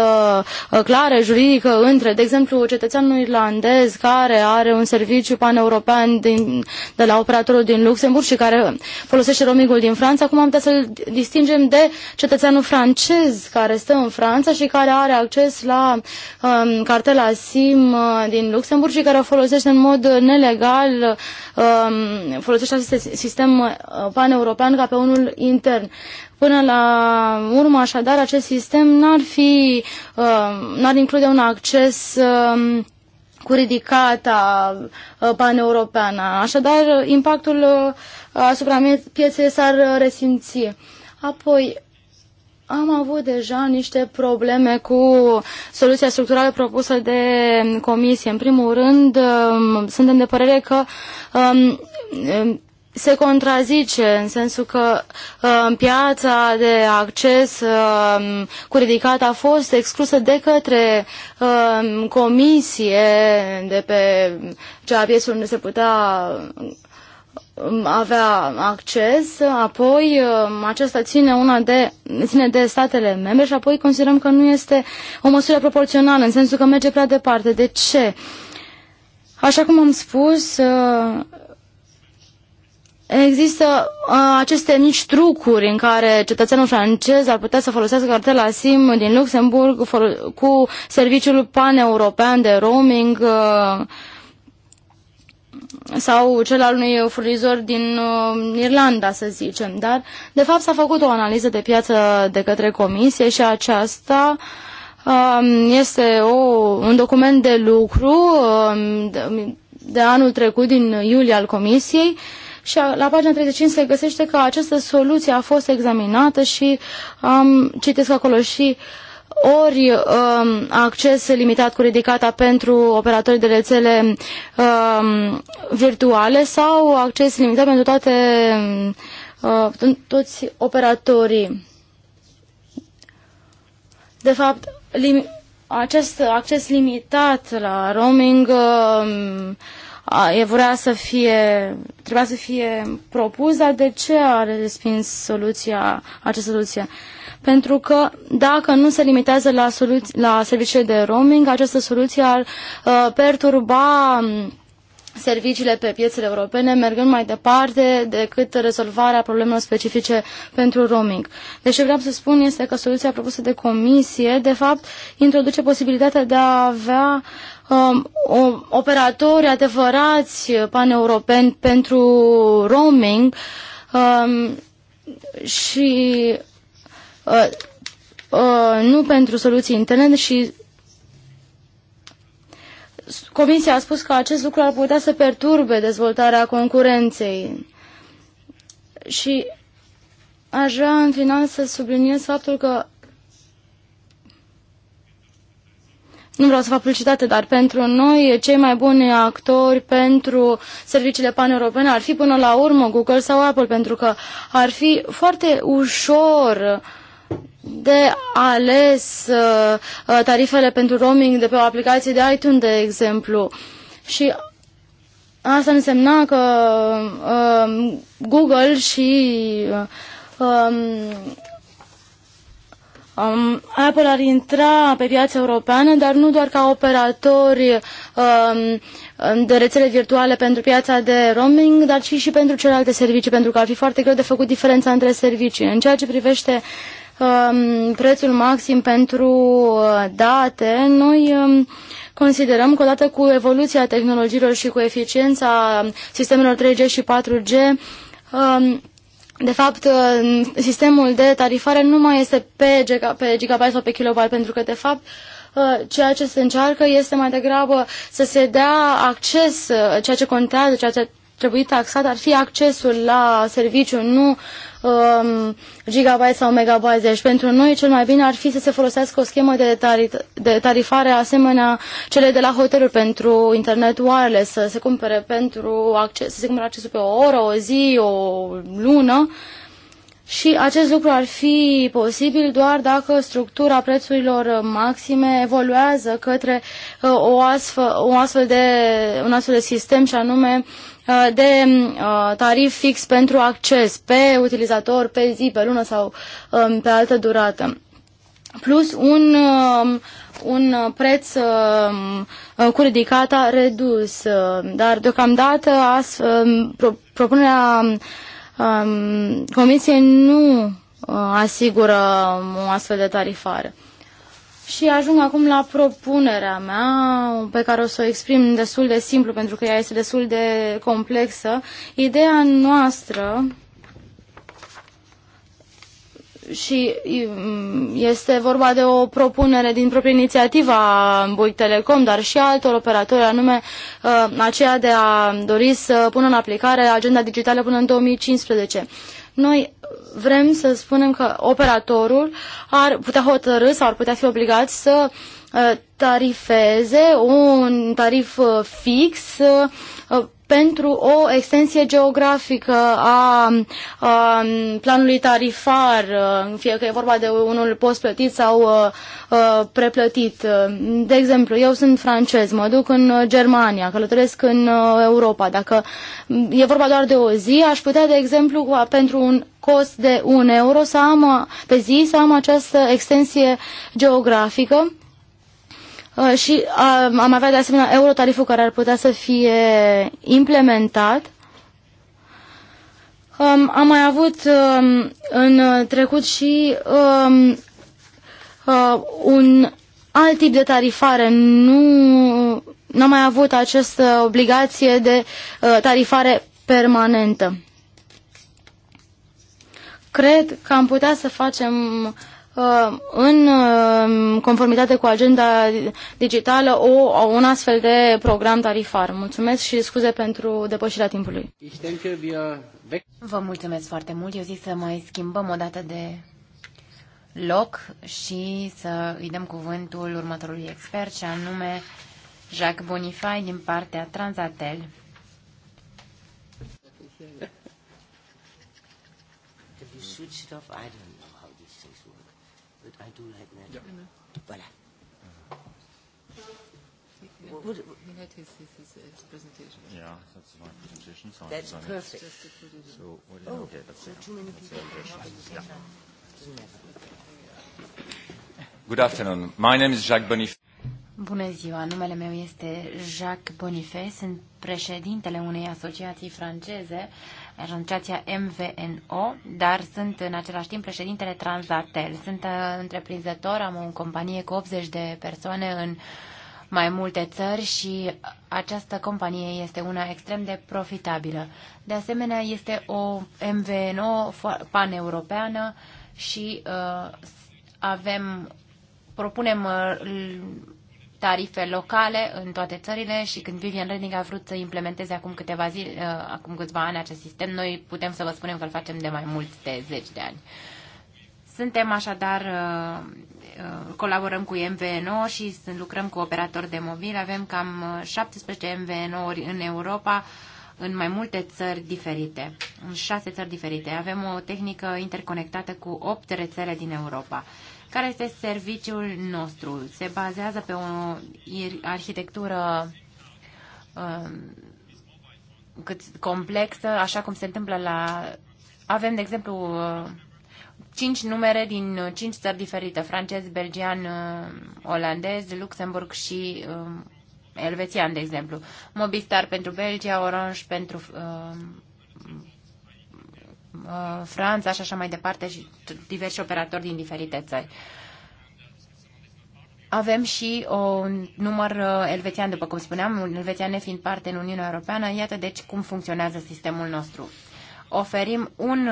uh, clară, juridică, între, de exemplu, cetățeanul irlandez care are un serviciu paneuropean din, de la operatorul din Luxemburg și care folosește roamingul din Franța, cum am putea să-l distingem de cetățeanul francez care stă în Franța și care are acces la um, cartela SIM uh, din Luxemburg și care o folosește în mod nelegal, um, folosește acest sistem uh, paneuropean ca pe unul intern. Până la urmă, așadar, acest sistem n-ar fi, uh, n-ar include un acces um, cu ridicata paneuropeană. Așadar, impactul uh, asupra pieței s-ar resimți. Apoi, am avut deja niște probleme cu soluția structurală propusă de comisie. În primul rând, um, suntem de părere că um, se contrazice în sensul că uh, piața de acces uh, cu ridicat a fost exclusă de către uh, comisie de pe cea piesul unde se putea um, avea acces, apoi um, aceasta ține, una de, ține de statele membre și apoi considerăm că nu este o măsură proporțională, în sensul că merge prea departe. De ce? Așa cum am spus, uh, Există uh, aceste mici trucuri în care cetățenul francez ar putea să folosească cartela SIM din Luxemburg cu serviciul pan-european de roaming uh, sau cel al unui furnizor din uh, Irlanda, să zicem. Dar, de fapt, s-a făcut o analiză de piață de către comisie și aceasta uh, este o, un document de lucru uh, de, de anul trecut, din iulie al comisiei, uh, și la pagina 35 se găsește că această soluție a fost examinată și um, citesc acolo și ori um, acces limitat cu ridicata pentru operatorii de rețele um, virtuale sau acces limitat pentru toate, uh, toți operatorii. De fapt, lim acest acces limitat la roaming uh, e vrea să fie, trebuia să fie propus, dar de ce a respins soluția, această soluție? Pentru că dacă nu se limitează la, soluț- la serviciile de roaming, această soluție ar uh, perturba serviciile pe piețele europene, mergând mai departe decât rezolvarea problemelor specifice pentru roaming. Deci ce vreau să spun este că soluția propusă de comisie, de fapt, introduce posibilitatea de a avea um, operatori adevărați uh, paneuropeni pentru roaming um, și uh, uh, nu pentru soluții internet și Comisia a spus că acest lucru ar putea să perturbe dezvoltarea concurenței. Și aș vrea în final să subliniez faptul că nu vreau să fac publicitate, dar pentru noi cei mai buni actori pentru serviciile paneuropene ar fi până la urmă Google sau Apple, pentru că ar fi foarte ușor de ales uh, tarifele pentru roaming de pe o aplicație de iTunes, de exemplu. Și asta însemna că uh, Google și uh, um, Um, Apple ar intra pe piața europeană, dar nu doar ca operatori um, um, de rețele virtuale pentru piața de roaming, dar și și pentru celelalte servicii, pentru că ar fi foarte greu de făcut diferența între servicii. În ceea ce privește um, prețul maxim pentru uh, date, noi um, considerăm că odată cu evoluția tehnologiilor și cu eficiența um, sistemelor 3G și 4G, um, de fapt, uh, sistemul de tarifare nu mai este pe, giga, gigabyte sau pe kilobyte, pentru că, de fapt, uh, ceea ce se încearcă este mai degrabă să se dea acces, uh, ceea ce contează, ceea ce, trebui taxat ar fi accesul la serviciu, nu um, gigabyte sau megabyte. Deci pentru noi cel mai bine ar fi să se folosească o schemă de, tari- de tarifare asemenea cele de la hoteluri pentru internet wireless, să se cumpere pentru acces, să se cumpere accesul pe o oră, o zi, o lună. Și acest lucru ar fi posibil doar dacă structura prețurilor maxime evoluează către uh, o astfel, o astfel de, un astfel de sistem și anume Uh, de uh, tarif fix pentru acces pe utilizator, pe zi, pe lună sau um, pe altă durată. Plus un, um, un preț um, uh, cu ridicata redus, dar deocamdată propunerea Comisiei nu asigură o astfel de tarifare. Și ajung acum la propunerea mea, pe care o să o exprim destul de simplu, pentru că ea este destul de complexă. Ideea noastră și mm, este vorba de o propunere din proprie inițiativă a Bouygues Telecom, dar și a altor operatori, anume uh, aceea de a dori să pună în aplicare agenda digitală până în 2015. Noi vrem să spunem că operatorul ar putea hotărâ sau ar putea fi obligat să uh, tarifeze un tarif uh, fix uh, pentru o extensie geografică a, a planului tarifar, uh, fie că e vorba de unul postplătit sau a, uh, a, uh, preplătit. De exemplu, eu sunt francez, mă duc în Germania, călătoresc în Europa. Dacă e vorba doar de o zi, aș putea, de exemplu, pentru un cost de un euro să am, pe zi să am această extensie geografică Uh, și uh, am avea de asemenea eurotariful care ar putea să fie implementat. Um, am mai avut um, în trecut și um, uh, un alt tip de tarifare, nu n-am mai avut această obligație de tarifare permanentă. Cred că am putea să facem Uh, în uh, conformitate cu agenda digitală o, un astfel de program tarifar. Mulțumesc și scuze pentru depășirea timpului. Vă mulțumesc foarte mult. Eu zic să mai schimbăm o dată de loc și să îi dăm cuvântul următorului expert, și anume Jacques Bonifay din partea Transatel. Can you switch it off? I don't would, he had his, his, his, presentation. Yeah, that's my presentation. So that's perfect. Just to put it so, what is oh, okay, that's so too many people have yeah. Good afternoon. My name is Jacques Bonifay. Bună ziua, numele meu este Jacques Bonifay, sunt președintele unei asociații franceze, asociația MVNO, dar sunt în același timp președintele Transatel. Sunt uh, întreprinzător, am o companie cu 80 de persoane în uh, mai multe țări și această companie este una extrem de profitabilă. De asemenea, este o MVNO paneuropeană și uh, avem, propunem uh, tarife locale în toate țările și când Vivian Redding a vrut să implementeze acum câteva zile, uh, acum câțiva ani acest sistem, noi putem să vă spunem că îl facem de mai mult de zeci de ani. Suntem așadar uh, Uh, colaborăm cu MVNO și lucrăm cu operatori de mobil. Avem cam 17 uh, MVNO-uri în Europa, în mai multe țări diferite, în șase țări diferite. Avem o tehnică interconectată cu 8 rețele din Europa. Care este serviciul nostru? Se bazează pe o arhitectură um, cât complexă, așa cum se întâmplă la... Avem, de exemplu, uh, cinci numere din uh, cinci țări diferite, francez, belgian, uh, olandez, Luxemburg și uh, elvețian, de exemplu. Mobistar pentru Belgia, Orange pentru uh, uh, Franța și așa mai departe și diversi operatori din diferite țări. Avem și un număr uh, elvețian, după cum spuneam, elvețian fiind parte în Uniunea Europeană. Iată deci cum funcționează sistemul nostru oferim un,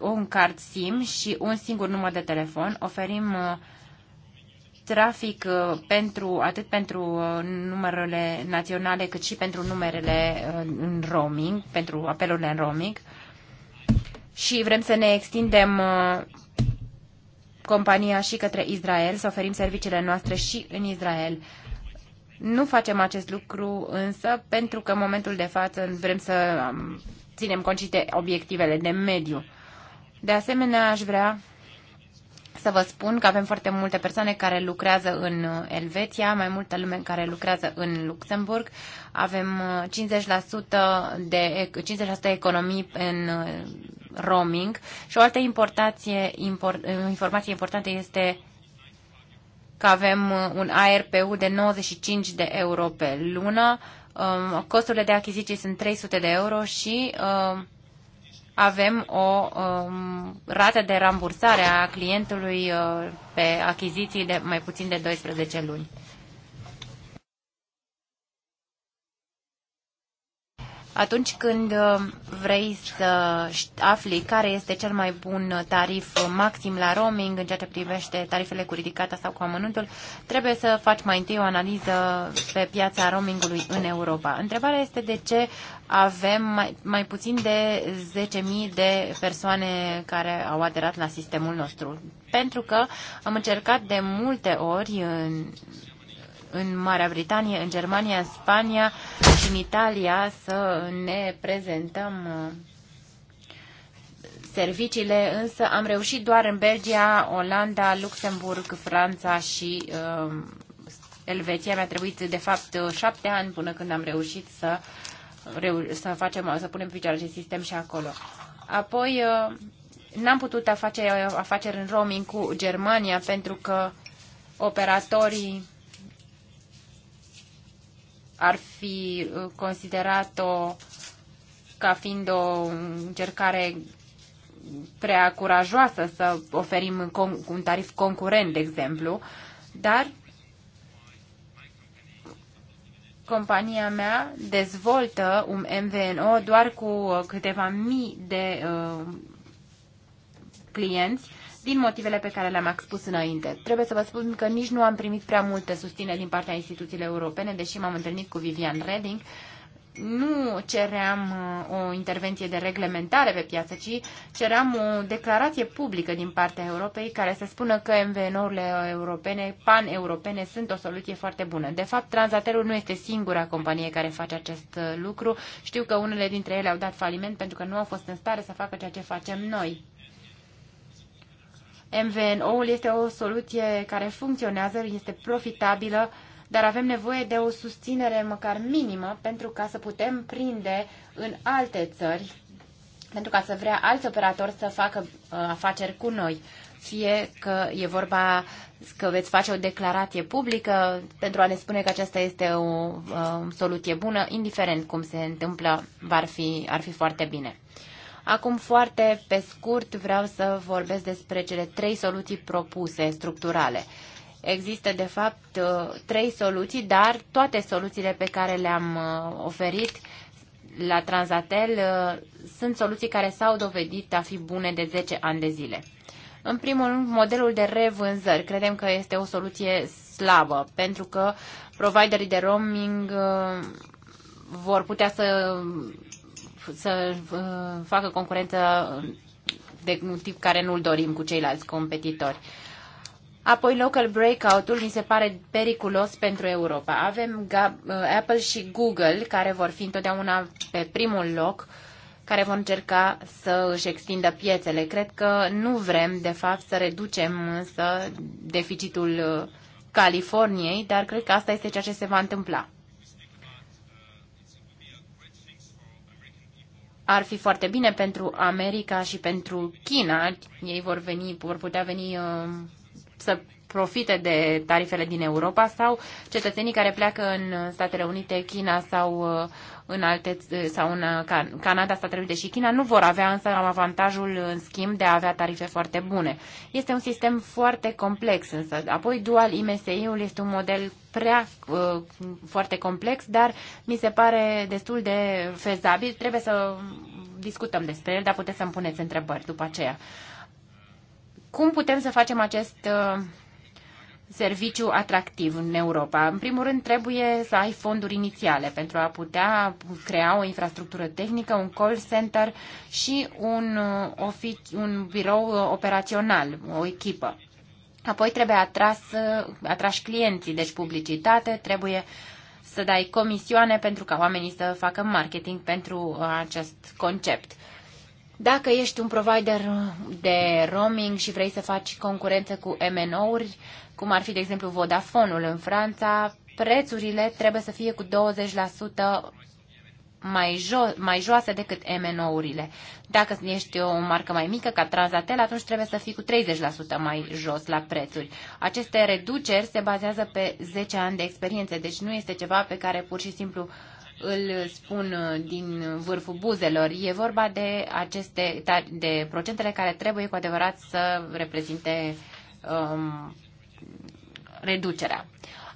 un card SIM și un singur număr de telefon, oferim uh, trafic uh, pentru, atât pentru uh, numerele naționale cât și pentru numerele în roaming, pentru apelurile în roaming și vrem să ne extindem compania și către Israel, să oferim serviciile noastre și în Israel. Nu facem acest lucru însă pentru că în momentul de față vrem să um, ținem cont și de obiectivele de mediu. De asemenea, aș vrea să vă spun că avem foarte multe persoane care lucrează în uh, Elveția, mai multă lume care lucrează în Luxemburg. Avem 50% uh, de 50% economii în uh, roaming și o altă importație, import, informație importantă este că avem un ARPU de 95 de euro pe lună Um, costurile de achiziții sunt 300 de euro și um, avem o um, rată de rambursare a clientului uh, pe achiziții de mai puțin de 12 luni. Atunci când uh, vrei să afli care este cel mai bun uh, tarif maxim la roaming în ceea ce privește tarifele cu ridicata sau cu amănuntul, trebuie să faci mai întâi o analiză pe piața roamingului în Europa. Întrebarea este de ce avem mai, mai puțin de 10.000 de persoane care au aderat la sistemul nostru. Pentru că am încercat de multe ori în în Marea Britanie, în Germania, Spania și în Italia să ne prezentăm uh, serviciile, însă am reușit doar în Belgia, Olanda, Luxemburg, Franța și uh, Elveția. Mi-a trebuit, de fapt, uh, șapte ani până când am reușit să, reu- să, facem, să punem picioare acest sistem și acolo. Apoi, uh, n-am putut face afaceri în roaming cu Germania pentru că operatorii ar fi uh, considerat-o ca fiind o încercare prea curajoasă să oferim un tarif concurent, de exemplu, dar compania mea dezvoltă un MVNO doar cu câteva mii de uh, clienți din motivele pe care le-am expus înainte. Trebuie să vă spun că nici nu am primit prea multe susține din partea instituțiilor europene, deși m-am întâlnit cu Vivian Reding, nu ceream uh, o intervenție de reglementare pe piață, ci ceream o declarație publică din partea Europei care să spună că MVN-urile europene, pan-europene, sunt o soluție foarte bună. De fapt, Transaterul nu este singura companie care face acest uh, lucru. Știu că unele dintre ele au dat faliment pentru că nu au fost în stare să facă ceea ce facem noi. MVNO-ul este o soluție care funcționează, este profitabilă, dar avem nevoie de o susținere măcar minimă pentru ca să putem prinde în alte țări, pentru ca să vrea alți operatori să facă uh, afaceri cu noi. Fie că e vorba că veți face o declarație publică pentru a ne spune că aceasta este o uh, soluție bună, indiferent cum se întâmplă, ar fi, ar fi foarte bine. Acum, foarte pe scurt, vreau să vorbesc despre cele trei soluții propuse structurale. Există, de fapt, uh, trei soluții, dar toate soluțiile pe care le-am uh, oferit la Transatel uh, sunt soluții care s-au dovedit a fi bune de 10 ani de zile. În primul rând, modelul de revânzări. Credem că este o soluție slabă, pentru că providerii de roaming vor putea să să uh, facă concurență de un tip care nu-l dorim cu ceilalți competitori. Apoi local breakout-ul mi se pare periculos pentru Europa. Avem uh, Apple și Google care vor fi întotdeauna pe primul loc care vor încerca să își extindă piețele. Cred că nu vrem, de fapt, să reducem însă deficitul uh, Californiei, dar cred că asta este ceea ce se va întâmpla. ar fi foarte bine pentru America și pentru China. Ei vor veni, vor putea veni um, să profite de tarifele din Europa sau cetățenii care pleacă în Statele Unite, China sau uh, în alte, sau în uh, Canada, Statele Unite și China, nu vor avea însă am avantajul, în schimb, de a avea tarife foarte bune. Este un sistem foarte complex, însă. Apoi, dual IMSI-ul este un model prea uh, foarte complex, dar mi se pare destul de fezabil. Trebuie să discutăm despre el, dar puteți să-mi puneți întrebări după aceea. Cum putem să facem acest uh, serviciu atractiv în Europa. În primul rând, trebuie să ai fonduri inițiale pentru a putea crea o infrastructură tehnică, un call center și un, uh, un birou uh, operațional, o echipă. Apoi trebuie atras, uh, atrași clienții, deci publicitate, trebuie să dai comisioane pentru ca oamenii să facă marketing pentru acest concept. Dacă ești un provider de roaming și vrei să faci concurență cu MNO-uri, cum ar fi, de exemplu, Vodafoneul în Franța, prețurile trebuie să fie cu 20% mai, jo- mai joase decât MNO-urile. Dacă ești o marcă mai mică ca Transatel, atunci trebuie să fii cu 30% mai jos la prețuri. Aceste reduceri se bazează pe 10 ani de experiență, deci nu este ceva pe care pur și simplu uh, îl spun uh, din vârful buzelor. E vorba de, aceste, da, de procentele care trebuie cu adevărat să reprezinte um, reducerea.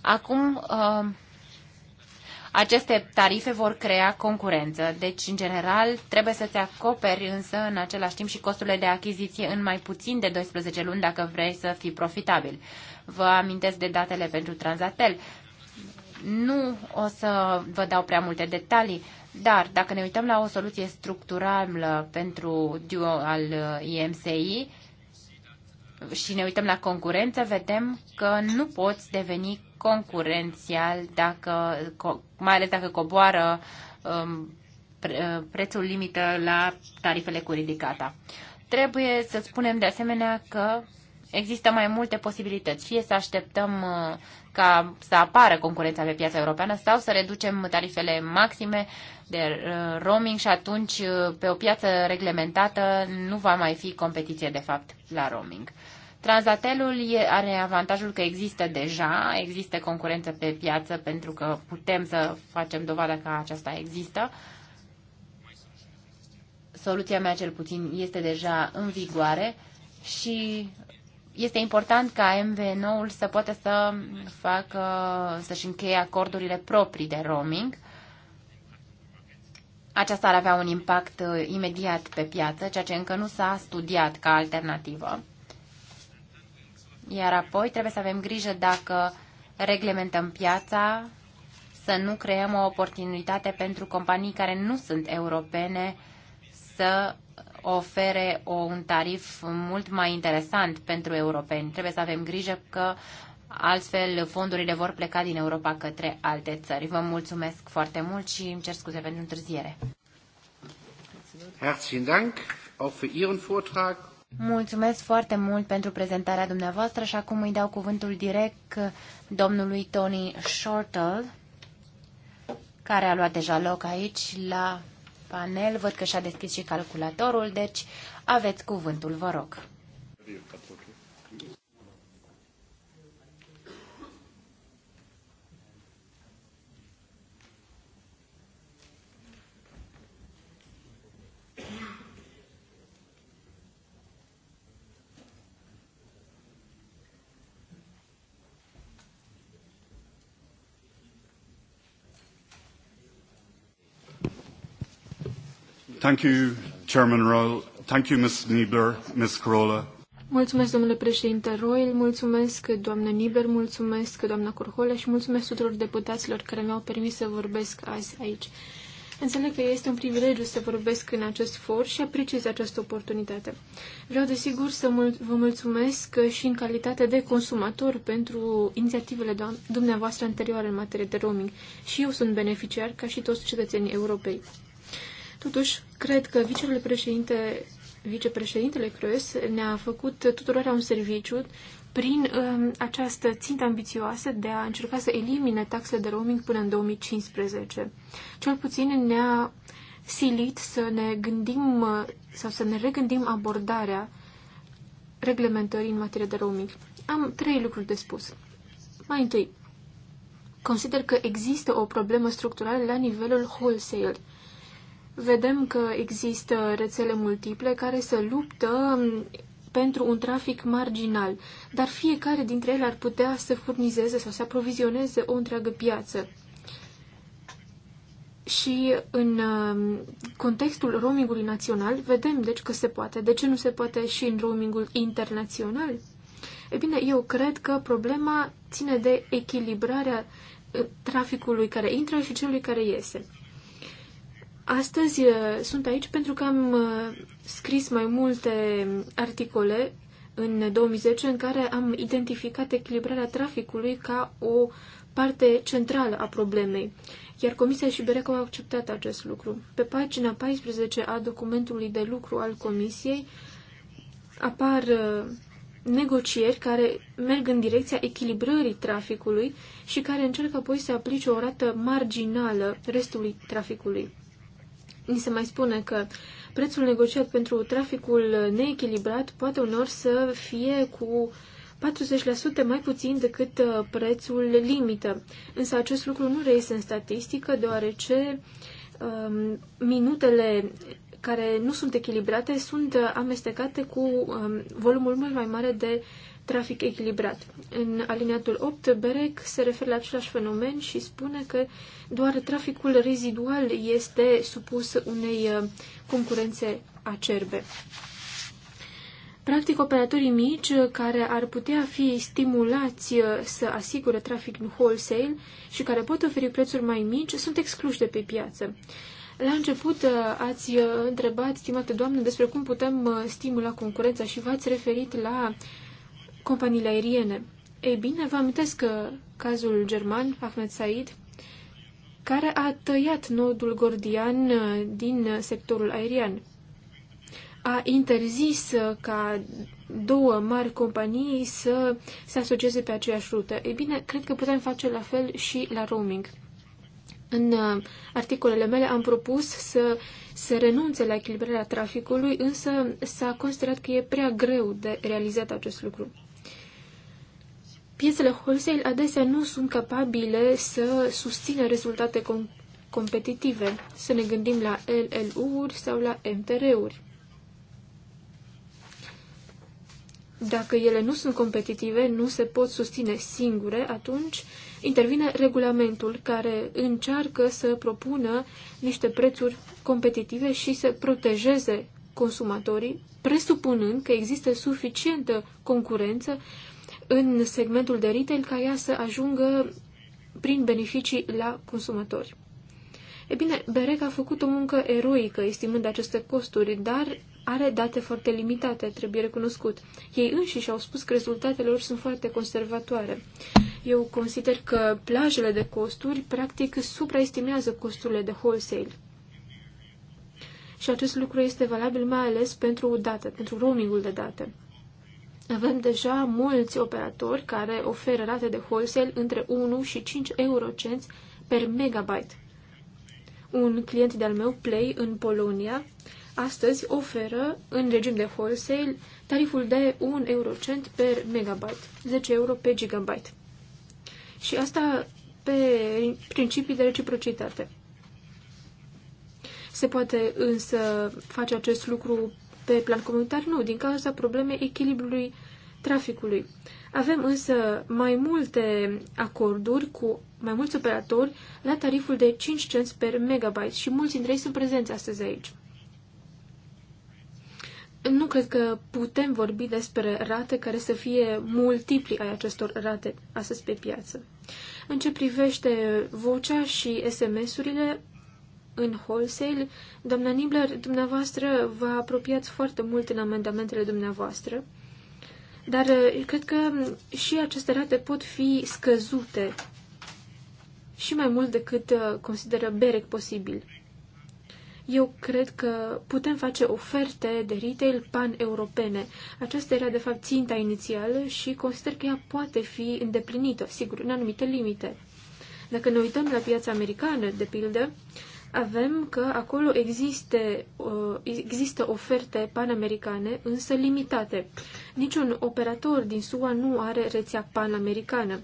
Acum, um, aceste tarife vor crea concurență, deci, în general, trebuie să-ți acoperi însă în același timp și costurile de achiziție în mai puțin de 12 luni dacă vrei să fii profitabil. Vă amintesc de datele pentru Transatel. Nu o să vă dau prea multe detalii, dar dacă ne uităm la o soluție structurală pentru duo al IMSI și ne uităm la concurență, vedem că nu poți deveni concurențial, dacă, mai ales dacă coboară um, prețul limită la tarifele cu ridicata. Trebuie să spunem de asemenea că există mai multe posibilități. Fie să așteptăm uh, ca să apară concurența pe piața europeană sau să reducem tarifele maxime de uh, roaming și atunci uh, pe o piață reglementată nu va mai fi competiție de fapt la roaming. Transatelul are avantajul că există deja, există concurență pe piață pentru că putem să facem dovada că aceasta există. Soluția mea cel puțin este deja în vigoare și este important ca mv ul să poată să facă, să-și încheie acordurile proprii de roaming. Aceasta ar avea un impact uh, imediat pe piață, ceea ce încă nu s-a studiat ca alternativă. Iar apoi trebuie să avem grijă dacă reglementăm piața, să nu creăm o oportunitate pentru companii care nu sunt europene să ofere o, un tarif mult mai interesant pentru europeni. Trebuie să avem grijă că altfel fondurile vor pleca din Europa către alte țări. Vă mulțumesc foarte mult și îmi cer scuze pentru întârziere. Herzlichen Dank auch für Ihren Vortrag. Mulțumesc foarte mult pentru prezentarea dumneavoastră și acum îi dau cuvântul direct domnului Tony Shortle, care a luat deja loc aici la panel. Văd că și-a deschis și calculatorul, deci aveți cuvântul, vă rog. Thank you, Chairman Royal. Thank you, Ms. Niebler, Ms. Corolla. Mulțumesc, domnule președinte Royal, mulțumesc, doamnă Niebler, mulțumesc, doamna Corhola și mulțumesc tuturor deputaților care mi-au permis să vorbesc azi aici. Înțeleg că este un privilegiu să vorbesc în acest for și apreciez această oportunitate. Vreau, desigur, să mul- vă mulțumesc și în calitate de consumator pentru inițiativele dumneavoastră anterioare în materie de roaming. Și eu sunt beneficiar, ca și toți cetățenii europei. Totuși, cred că vicepreședinte, vicepreședintele Crăs ne-a făcut tuturor un serviciu prin um, această țintă ambițioasă de a încerca să elimine taxele de roaming până în 2015. Cel puțin ne-a silit să ne gândim uh, sau să ne regândim abordarea reglementării în materie de roaming. Am trei lucruri de spus. Mai întâi, consider că există o problemă structurală la nivelul wholesale – vedem că există rețele multiple care se luptă pentru un trafic marginal, dar fiecare dintre ele ar putea să furnizeze sau să aprovizioneze o întreagă piață. Și în um, contextul roamingului național vedem deci că se poate. De ce nu se poate și în roamingul internațional? E bine, eu cred că problema ține de echilibrarea uh, traficului care intră și celui care iese. Astăzi uh, sunt aici pentru că am uh, scris mai multe articole în 2010 în care am identificat echilibrarea traficului ca o parte centrală a problemei, iar Comisia și Berec au acceptat acest lucru. Pe pagina 14 a documentului de lucru al Comisiei apar uh, negocieri care merg în direcția echilibrării traficului și care încercă apoi să aplice o rată marginală restului traficului. Ni se mai spune că prețul negociat pentru traficul neechilibrat poate unor să fie cu 40% mai puțin decât uh, prețul limită. Însă acest lucru nu reiese în statistică, deoarece um, minutele care nu sunt echilibrate sunt uh, amestecate cu um, volumul mult mai mare de trafic echilibrat. În alineatul 8, Berec se referă la același fenomen și spune că doar traficul rezidual este supus unei uh, concurențe acerbe. Practic, operatorii mici uh, care ar putea fi stimulați uh, să asigure trafic în wholesale și care pot oferi prețuri mai mici sunt excluși de pe piață. La început ați întrebat, stimată doamnă, despre cum putem stimula concurența și v-ați referit la companiile aeriene. Ei bine, vă amintesc că cazul german, Ahmed Said, care a tăiat nodul gordian uh, din sectorul aerian. A interzis uh, ca două mari companii să se asocieze pe aceeași rută. Ei bine, cred că putem face la fel și la roaming. În uh, articolele mele am propus să se renunțe la echilibrarea traficului, însă s-a considerat că e prea greu de realizat acest lucru piețele wholesale adesea nu sunt capabile să susțină rezultate com competitive. Să ne gândim la LLU-uri sau la MTR-uri. Dacă ele nu sunt competitive, nu se pot susține singure, atunci intervine regulamentul care încearcă să propună niște prețuri competitive și să protejeze consumatorii, presupunând că există suficientă concurență în segmentul de retail ca ea să ajungă prin beneficii la consumatori. E bine, Berec a făcut o muncă eroică estimând aceste costuri, dar are date foarte limitate, trebuie recunoscut. Ei înșiși au spus că rezultatele lor sunt foarte conservatoare. Eu consider că plajele de costuri practic supraestimează costurile de wholesale. Și acest lucru este valabil mai ales pentru date, pentru roamingul de date. Avem deja mulți operatori care oferă rate de wholesale între 1 și 5 eurocenți per megabyte. Un client de-al meu, Play, în Polonia, astăzi oferă, în regim de wholesale, tariful de 1 eurocent per megabyte, 10 euro pe gigabyte. Și asta pe principii de reciprocitate. Se poate însă face acest lucru pe plan comunitar? Nu, din cauza problemei echilibrului traficului. Avem însă mai multe acorduri cu mai mulți operatori la tariful de 5 cenți per megabyte și mulți dintre ei sunt prezenți astăzi aici. Nu cred că putem vorbi despre rate care să fie multipli ai acestor rate astăzi pe piață. În ce privește vocea și SMS-urile, în wholesale. Doamna Nibler, dumneavoastră vă apropiați foarte mult în amendamentele dumneavoastră, dar eh, cred că mm, și aceste rate pot fi scăzute și mai mult decât eh, consideră BEREC posibil. Eu cred că putem face oferte de retail pan-europene. Aceasta era, de fapt, ținta inițială și consider că ea poate fi îndeplinită, sigur, în anumite limite. Dacă ne uităm la piața americană, de pildă, avem că acolo existe, uh, există oferte panamericane, însă limitate. Niciun operator din SUA nu are rețea panamericană.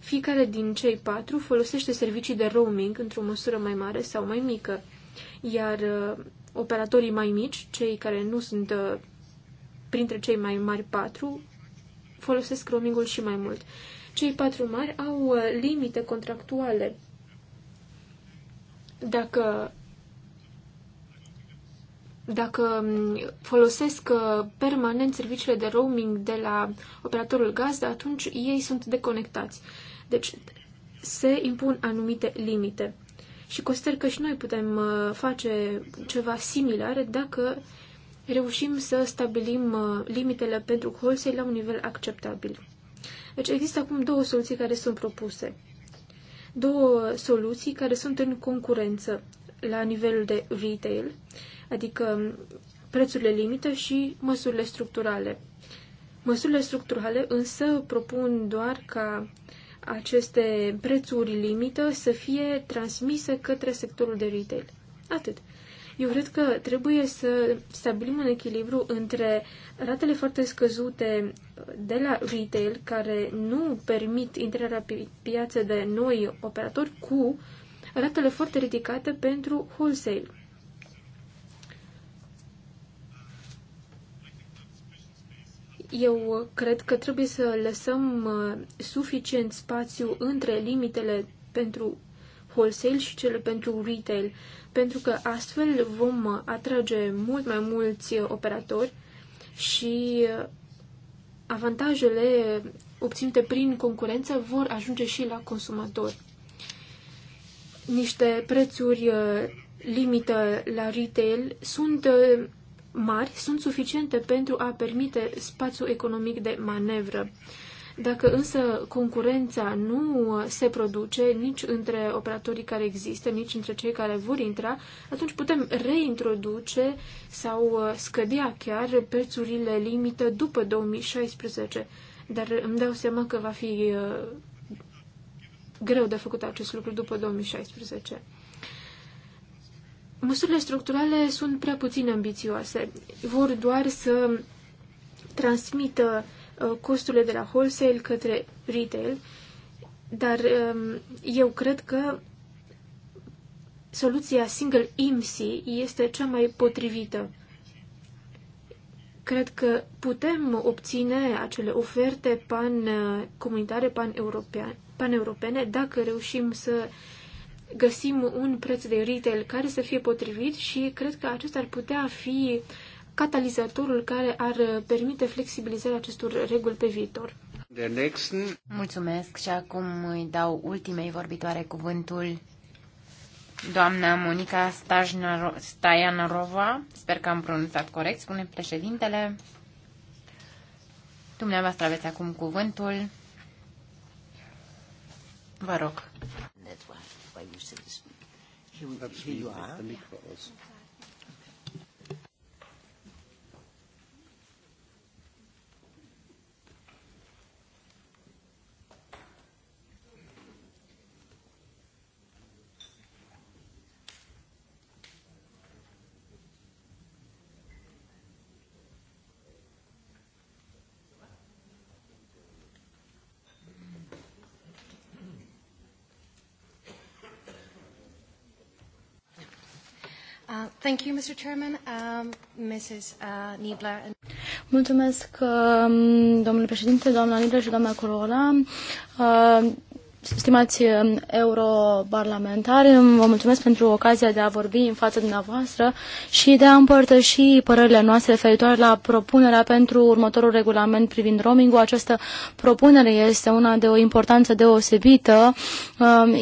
Fiecare din cei patru folosește servicii de roaming într-o măsură mai mare sau mai mică, iar uh, operatorii mai mici, cei care nu sunt uh, printre cei mai mari patru, folosesc roamingul și mai mult. Cei patru mari au limite contractuale dacă dacă folosesc uh, permanent serviciile de roaming de la operatorul gazdă, atunci ei sunt deconectați. Deci se impun anumite limite. Și consider că și noi putem uh, face ceva similar dacă reușim să stabilim uh, limitele pentru wholesale la un nivel acceptabil. Deci există acum două soluții care sunt propuse două soluții care sunt în concurență la nivelul de retail, adică prețurile limită și măsurile structurale. Măsurile structurale însă propun doar ca aceste prețuri limită să fie transmise către sectorul de retail. Atât. Eu cred că trebuie să stabilim un echilibru între ratele foarte scăzute de la retail, care nu permit intrarea pe piață de noi operatori, cu ratele foarte ridicate pentru wholesale. Eu cred că trebuie să lăsăm uh, suficient spațiu între limitele pentru wholesale și cele pentru retail pentru că astfel vom atrage mult mai mulți operatori și avantajele obținute prin concurență vor ajunge și la consumatori. Niște prețuri uh, limită la retail sunt uh, mari, sunt suficiente pentru a permite spațiu economic de manevră. Dacă însă concurența nu se produce nici între operatorii care există, nici între cei care vor intra, atunci putem reintroduce sau uh, scădea chiar prețurile limită după 2016. Dar îmi dau seama că va fi uh, greu de făcut acest lucru după 2016. Măsurile structurale sunt prea puțin ambițioase. Vor doar să transmită uh, Uh, costurile de la wholesale către retail, dar um, eu cred că soluția single IMSI este cea mai potrivită. Cred că putem obține acele oferte pan-comunitare, uh, pan-europene, dacă reușim să găsim un preț de retail care să fie potrivit și cred că acesta ar putea fi catalizatorul care ar permite flexibilizarea acestor reguli pe viitor. Mulțumesc și acum îi dau ultimei vorbitoare cuvântul doamna Monica Stajanarova. Sper că am pronunțat corect, spune președintele. Dumneavoastră aveți acum cuvântul. Vă rog. Thank you, Mr. Chairman. Um, Mrs. Uh, mulțumesc, um, domnule președinte, doamna Nibler și doamna Corola. Um, stimați um, europarlamentari, vă mulțumesc pentru ocazia de a vorbi în fața dumneavoastră și de a împărtăși părerile noastre referitoare la propunerea pentru următorul regulament privind roaming-ul. Această propunere este una de o importanță deosebită,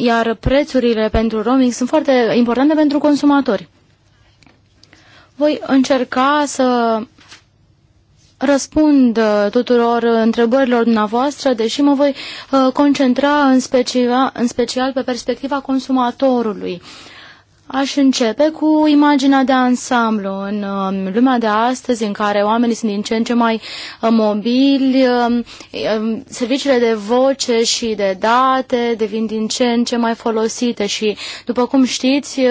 iar prețurile pentru roaming sunt foarte importante pentru consumatori. Voi încerca să răspund uh, tuturor întrebărilor dumneavoastră, deși mă voi uh, concentra în special, în special pe perspectiva consumatorului. Aș începe cu imaginea de ansamblu. În um, lumea de astăzi, în care oamenii sunt din ce în ce mai uh, mobili, um, um, serviciile de voce și de date devin din ce în ce mai folosite și, după cum știți,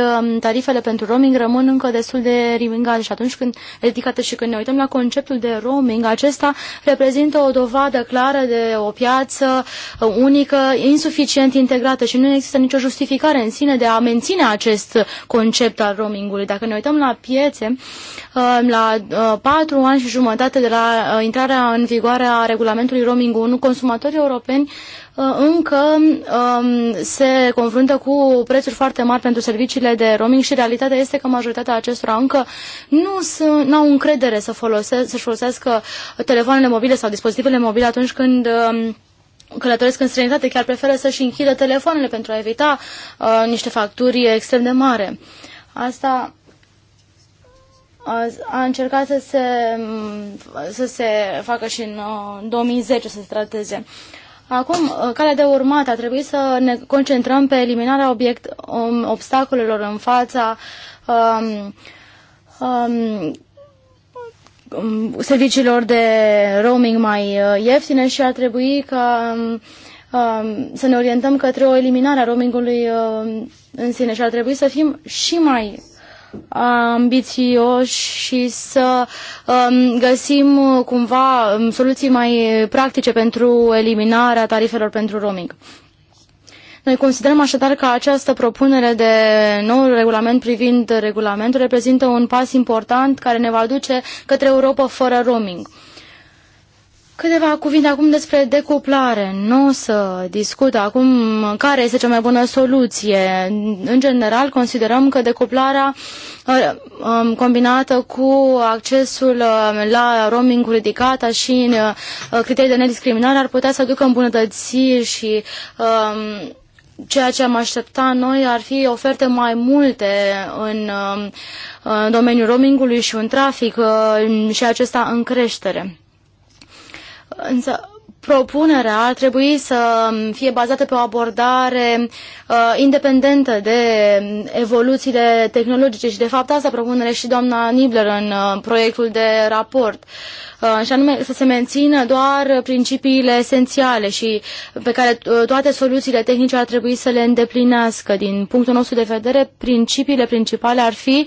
tarifele pentru roaming rămân încă destul de ridicate și atunci când ridicate și când ne uităm la conceptul de roaming, acesta reprezintă o dovadă clară de o piață uh, unică, insuficient integrată și nu există nicio justificare în sine de a menține acest concept al roamingului. Dacă ne uităm la piețe, uh, la uh, patru ani și jumătate de la uh, intrarea în vigoare a regulamentului roaming 1, consumatorii europeni încă um, se confruntă cu prețuri foarte mari pentru serviciile de roaming și realitatea este că majoritatea acestora încă nu sunt, au încredere să folose, să folosească telefoanele mobile sau dispozitivele mobile atunci când um, călătoresc în străinătate chiar preferă să-și închidă telefoanele pentru a evita uh, niște facturi extrem de mare. Asta a, a încercat să se, mm, să se facă și în uh, 2010 să se trateze. Acum, uh, calea de urmat a trebuit să ne concentrăm pe eliminarea obiect, um, obstacolelor în fața um, um, Um, serviciilor de roaming mai uh, ieftine și ar trebui ca um, um, să ne orientăm către o eliminare a roamingului uh, în sine și ar trebui să fim și mai uh, ambițioși și să găsim cumva soluții mai practice pentru eliminarea tarifelor pentru roaming. Noi considerăm așadar că această propunere de nou regulament privind regulamentul reprezintă un pas important care ne va duce către Europa fără roaming. Câteva cuvinte acum despre decuplare. Nu o să discut acum care este cea mai bună soluție. În general, considerăm că decuplarea uh, um, combinată cu accesul uh, la roaming ridicat și uh, criterii de nediscriminare ar putea să ducă îmbunătățiri și um, ceea ce am aștepta noi ar fi oferte mai multe în, uh, în domeniul roamingului și un trafic uh, și acesta în creștere. Însă propunerea ar trebui să fie bazată pe o abordare uh, independentă de evoluțiile tehnologice și de fapt asta propunere și doamna Nibler în uh, proiectul de raport. Uh, Uh, și anume să se mențină doar principiile esențiale și uh, pe care uh, toate soluțiile tehnice ar trebui să le îndeplinească. Din punctul nostru de vedere, principiile principale ar fi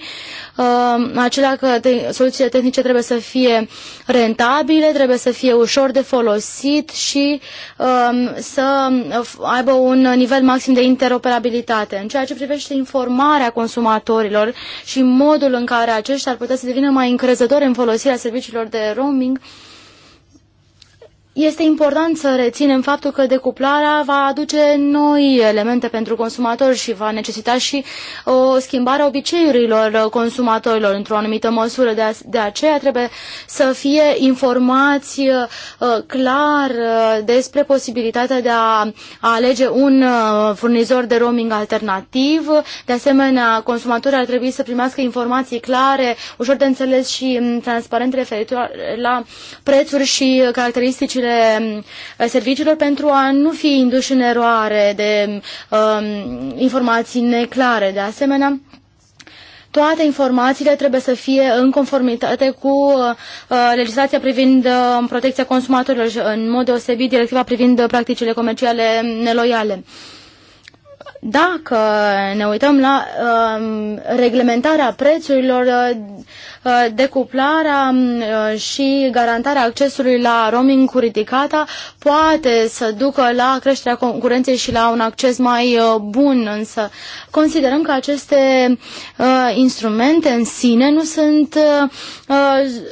acelea că te soluțiile tehnice trebuie să fie rentabile, trebuie să fie ușor de folosit și um, să aibă un nivel maxim de interoperabilitate. În ceea ce privește informarea consumatorilor și modul în care aceștia ar putea să devină mai încrezători în folosirea serviciilor de roaming, roaming este important să reținem faptul că decuplarea va aduce noi elemente pentru consumatori și va necesita și o uh, schimbare a obiceiurilor uh, consumatorilor într-o anumită măsură. De, a, de aceea trebuie să fie informați uh, clar uh, despre posibilitatea de a, a alege un uh, furnizor de roaming alternativ. De asemenea, consumatorii ar trebui să primească informații clare, ușor de înțeles și mm, transparente referitor la prețuri și caracteristicile serviciile mm, serviciilor pentru a nu fi induși în eroare de um, informații neclare. De asemenea, toate informațiile trebuie să fie în conformitate cu uh, uh, legislația privind uh, protecția consumatorilor și în mod deosebit directiva privind practicile comerciale neloiale. Uh, dacă ne uităm la um, reglementarea prețurilor, uh, uh, decuplarea um, uh, și garantarea accesului la roaming cu ridicata poate să ducă la creșterea concurenței și la un acces mai bun, însă considerăm că aceste uh, instrumente în sine nu sunt uh,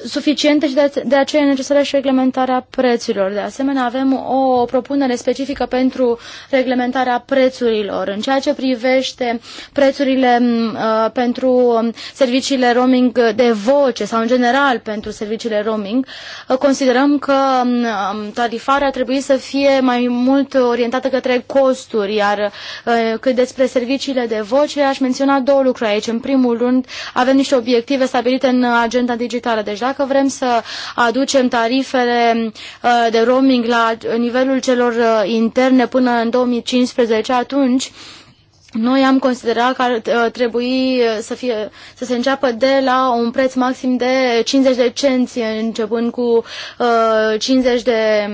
suficiente și de, de aceea e necesară și reglementarea prețurilor. De asemenea, avem o propunere specifică pentru reglementarea prețurilor în ceea ce privește prețurile uh, pentru um, serviciile roaming de voce sau în general pentru serviciile roaming, uh, considerăm că uh, tarifarea trebuie să fie mai mult orientată către costuri, iar uh, cât despre serviciile de voce, aș menționa două lucruri aici. În primul rând, avem niște obiective stabilite în agenda digitală, deci dacă vrem să aducem tarifele uh, de roaming la nivelul celor uh, interne până în 2015, atunci noi am considerat că ar ă, trebui ă, să, fie, să se înceapă de la un preț maxim de 50 de cenți, începând cu uh, ă, 50 de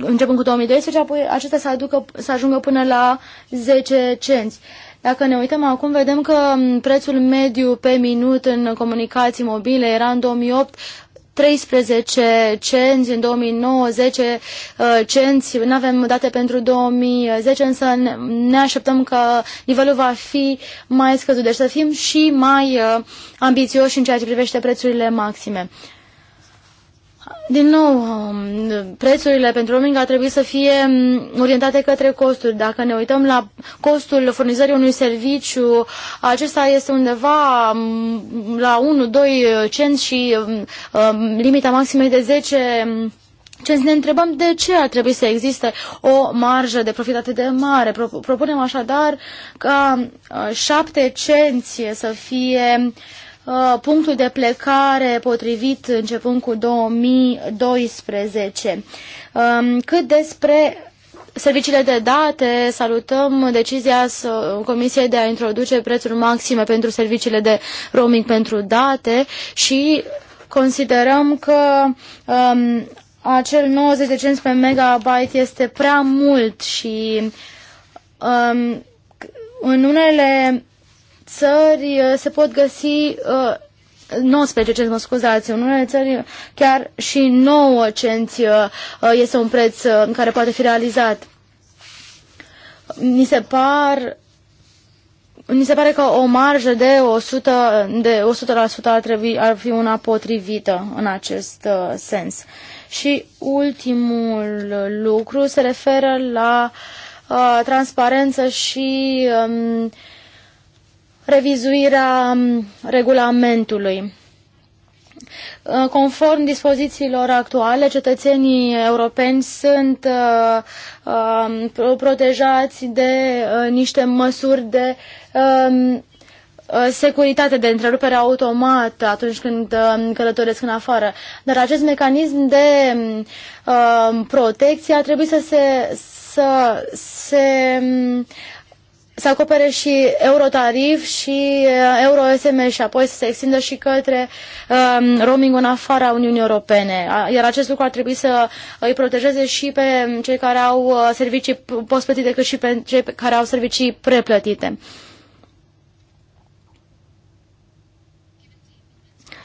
începând cu 2012, apoi acestea să, aducă, să ajungă până la 10 cenți. Dacă ne uităm acum, vedem că prețul mediu pe minut în comunicații mobile era în 2008 13 cenți în 2009, 10 uh, cenți, nu avem date pentru 2010, însă ne așteptăm că nivelul va fi mai scăzut, deci să fim și mai uh, ambițioși în ceea ce privește prețurile maxime. Din nou, um, prețurile pentru roaming ar trebui să fie um, orientate către costuri. Dacă ne uităm la costul furnizării unui serviciu, acesta este undeva um, la 1-2 cenți și limita maximă de 10 ce Ne întrebăm de ce ar trebui să existe o marjă de profit atât de mare. Propunem așadar ca uh, șapte cenți să fie uh, Uh, punctul de plecare potrivit începând cu 2012. Um, cât despre serviciile de date, salutăm decizia Comisiei de a introduce prețuri maxime pentru serviciile de roaming pentru date și considerăm că um, acel 90 de cenți pe megabyte este prea mult și um, în unele țări uh, se pot găsi 19 uh, cenți, mă scuzați, în unele țări chiar și 9 cenți uh, este un preț care poate fi realizat. Mi se par mi se pare că o marjă de 100%, de 100% ar, trebui, ar fi una potrivită în acest uh, sens. Și ultimul lucru se referă la uh, transparență și um, revizuirea um, regulamentului. Uh, conform dispozițiilor actuale, cetățenii europeni sunt uh, um, protejați de uh, niște măsuri de um, securitate, de întrerupere automată atunci când călătoresc în afară. Dar acest mecanism de protecție ar trebui să se, să se să acopere și eurotarif și uh, euro-SM și apoi să se extindă și către um, roaming în afara Uniunii Europene. Iar acest lucru ar trebui să îi protejeze și pe um, cei care au uh, servicii postplătite, cât și pe cei care au servicii preplătite.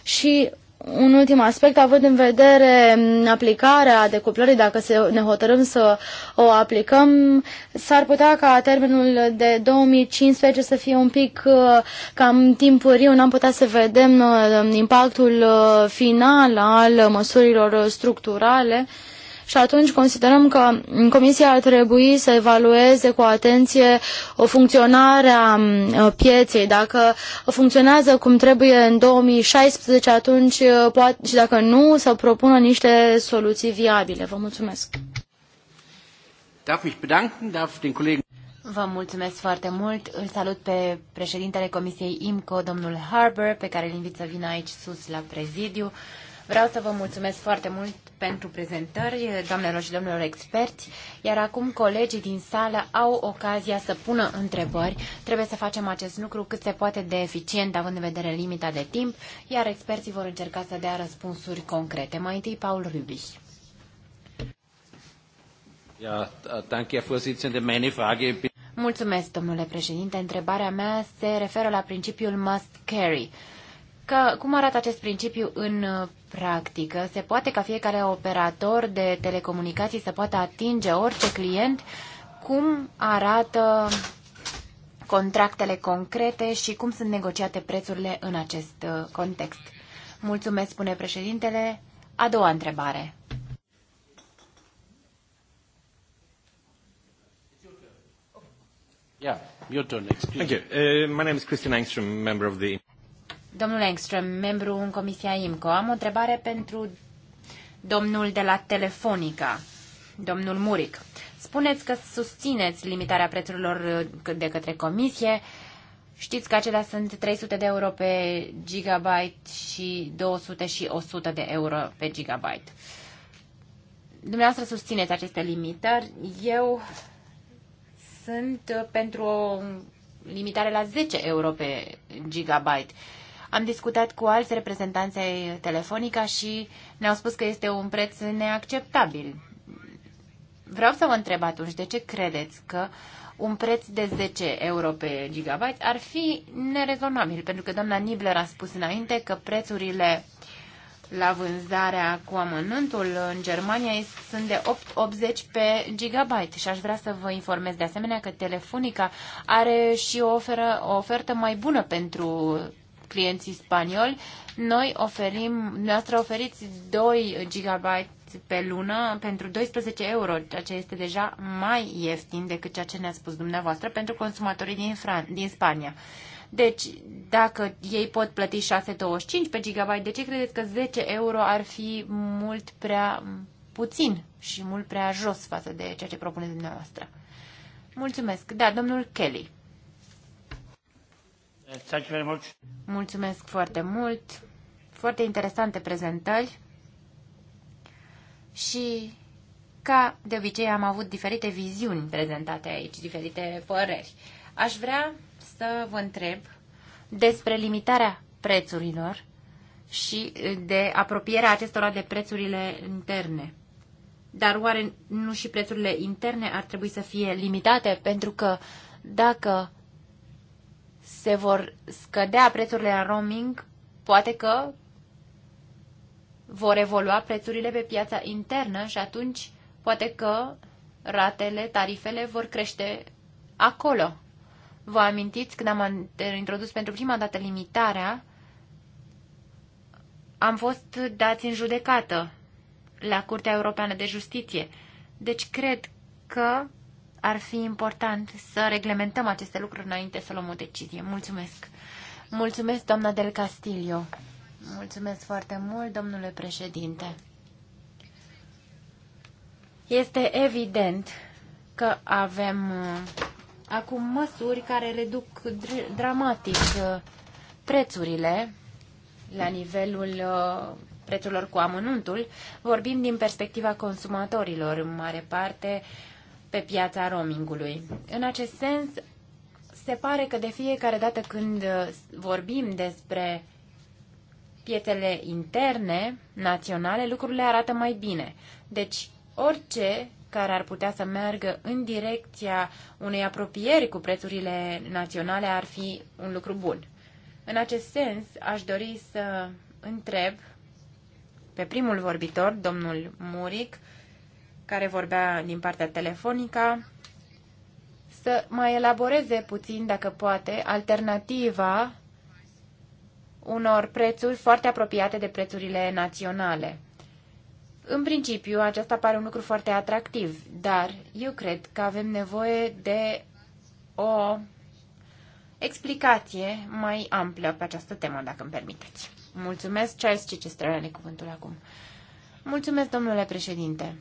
Și un ultim aspect, având în vedere aplicarea decuplării, dacă se, ne hotărâm să o aplicăm, s-ar putea ca termenul de 2015 să fie un pic uh, cam timpuriu, n-am putea să vedem uh, impactul uh, final al măsurilor structurale. Uh, și atunci considerăm că Comisia ar trebui să evalueze cu atenție uh, o a um, uh, pieței. Dacă funcționează cum trebuie în 2016, atunci uh, poate, și dacă nu, să propună niște soluții viabile. Vă mulțumesc. Darf mich bedanken, darf den Kollegen Vă mulțumesc foarte mult. Îl salut pe președintele Comisiei IMCO, domnul Harbour, pe care îl invit să vină aici sus la prezidiu. Vreau să vă mulțumesc foarte mult pentru prezentări, doamnelor și domnilor experți, iar acum colegii din sală au ocazia să pună întrebări. Trebuie să facem acest lucru cât se poate de eficient, având în vedere limita de timp, iar experții vor încerca să dea răspunsuri concrete. Mai întâi, Paul Rübich. Mulțumesc, domnule președinte. Întrebarea mea se referă la principiul must carry că, cum arată acest principiu în uh, practică? Se poate ca fiecare operator de telecomunicații să poată atinge orice client? Cum arată contractele concrete și cum sunt negociate prețurile în acest uh, context? Mulțumesc, spune președintele. A doua întrebare. Yeah, your turn. Thank you. Uh, my name is Christian Engström, member of the Domnule Engström, membru în Comisia IMCO, am o întrebare pentru domnul de la Telefonica, domnul Muric. Spuneți că susțineți limitarea prețurilor uh, de către Comisie. Știți că acelea sunt 300 de euro pe gigabyte și 200 și 100 de euro pe gigabyte. Dumneavoastră susțineți aceste limitări. Eu sunt uh, pentru o limitare la 10 euro pe gigabyte. Am discutat cu alți reprezentanți ai Telefonica și ne-au spus că este un preț neacceptabil. Vreau să vă întreb atunci, de ce credeți că un preț de 10 euro pe gigabyte ar fi nerezonabil? Pentru că doamna Nibler a spus înainte că prețurile la vânzarea cu amănântul în Germania sunt de 8,80 pe gigabyte și aș vrea să vă informez de asemenea că Telefonica are și o, oferă, o ofertă mai bună pentru clienții spanioli. Noi oferim, noastră oferiți 2 GB pe lună pentru 12 euro, ceea ce este deja mai ieftin decât ceea ce ne-a spus dumneavoastră pentru consumatorii din, Fran- din Spania. Deci, dacă ei pot plăti 6,25 pe gigabyte, de ce credeți că 10 euro ar fi mult prea puțin și mult prea jos față de ceea ce propuneți dumneavoastră? Mulțumesc. Da, domnul Kelly. Mulțumesc foarte mult. Foarte interesante prezentări. Și ca de obicei am avut diferite viziuni prezentate aici, diferite păreri. Aș vrea să vă întreb despre limitarea prețurilor și eh, de apropierea acestora de prețurile interne. Dar oare nu și prețurile interne ar trebui să fie limitate? Pentru că dacă se vor scădea prețurile la roaming, poate că vor evolua prețurile pe piața internă și atunci poate că ratele, tarifele vor crește acolo. Vă amintiți când am introdus pentru prima dată limitarea, am fost dați în judecată la Curtea Europeană de Justiție. Deci cred că ar fi important să reglementăm aceste lucruri înainte să luăm o decizie. Mulțumesc! Mulțumesc, doamna Del Castillo! Mulțumesc foarte mult, domnule președinte! Este evident că avem uh, acum măsuri care reduc dramatic uh, prețurile la nivelul uh, prețurilor cu amănuntul. Vorbim din perspectiva consumatorilor în mare parte pe piața roamingului. În acest sens, se pare că de fiecare dată când uh, vorbim despre piețele interne, naționale, lucrurile arată mai bine. Deci, orice care ar putea să meargă în direcția unei apropieri cu prețurile naționale ar fi un lucru bun. În acest sens, aș dori să întreb pe primul vorbitor, domnul Muric, care vorbea din partea telefonică să mai elaboreze puțin, dacă poate, alternativa unor prețuri foarte apropiate de prețurile naționale. În principiu, acesta pare un lucru foarte atractiv, dar eu cred că avem nevoie de o explicație mai amplă pe această temă, dacă îmi permiteți. Mulțumesc, Charles Cicestrăle, cuvântul acum. Mulțumesc, domnule președinte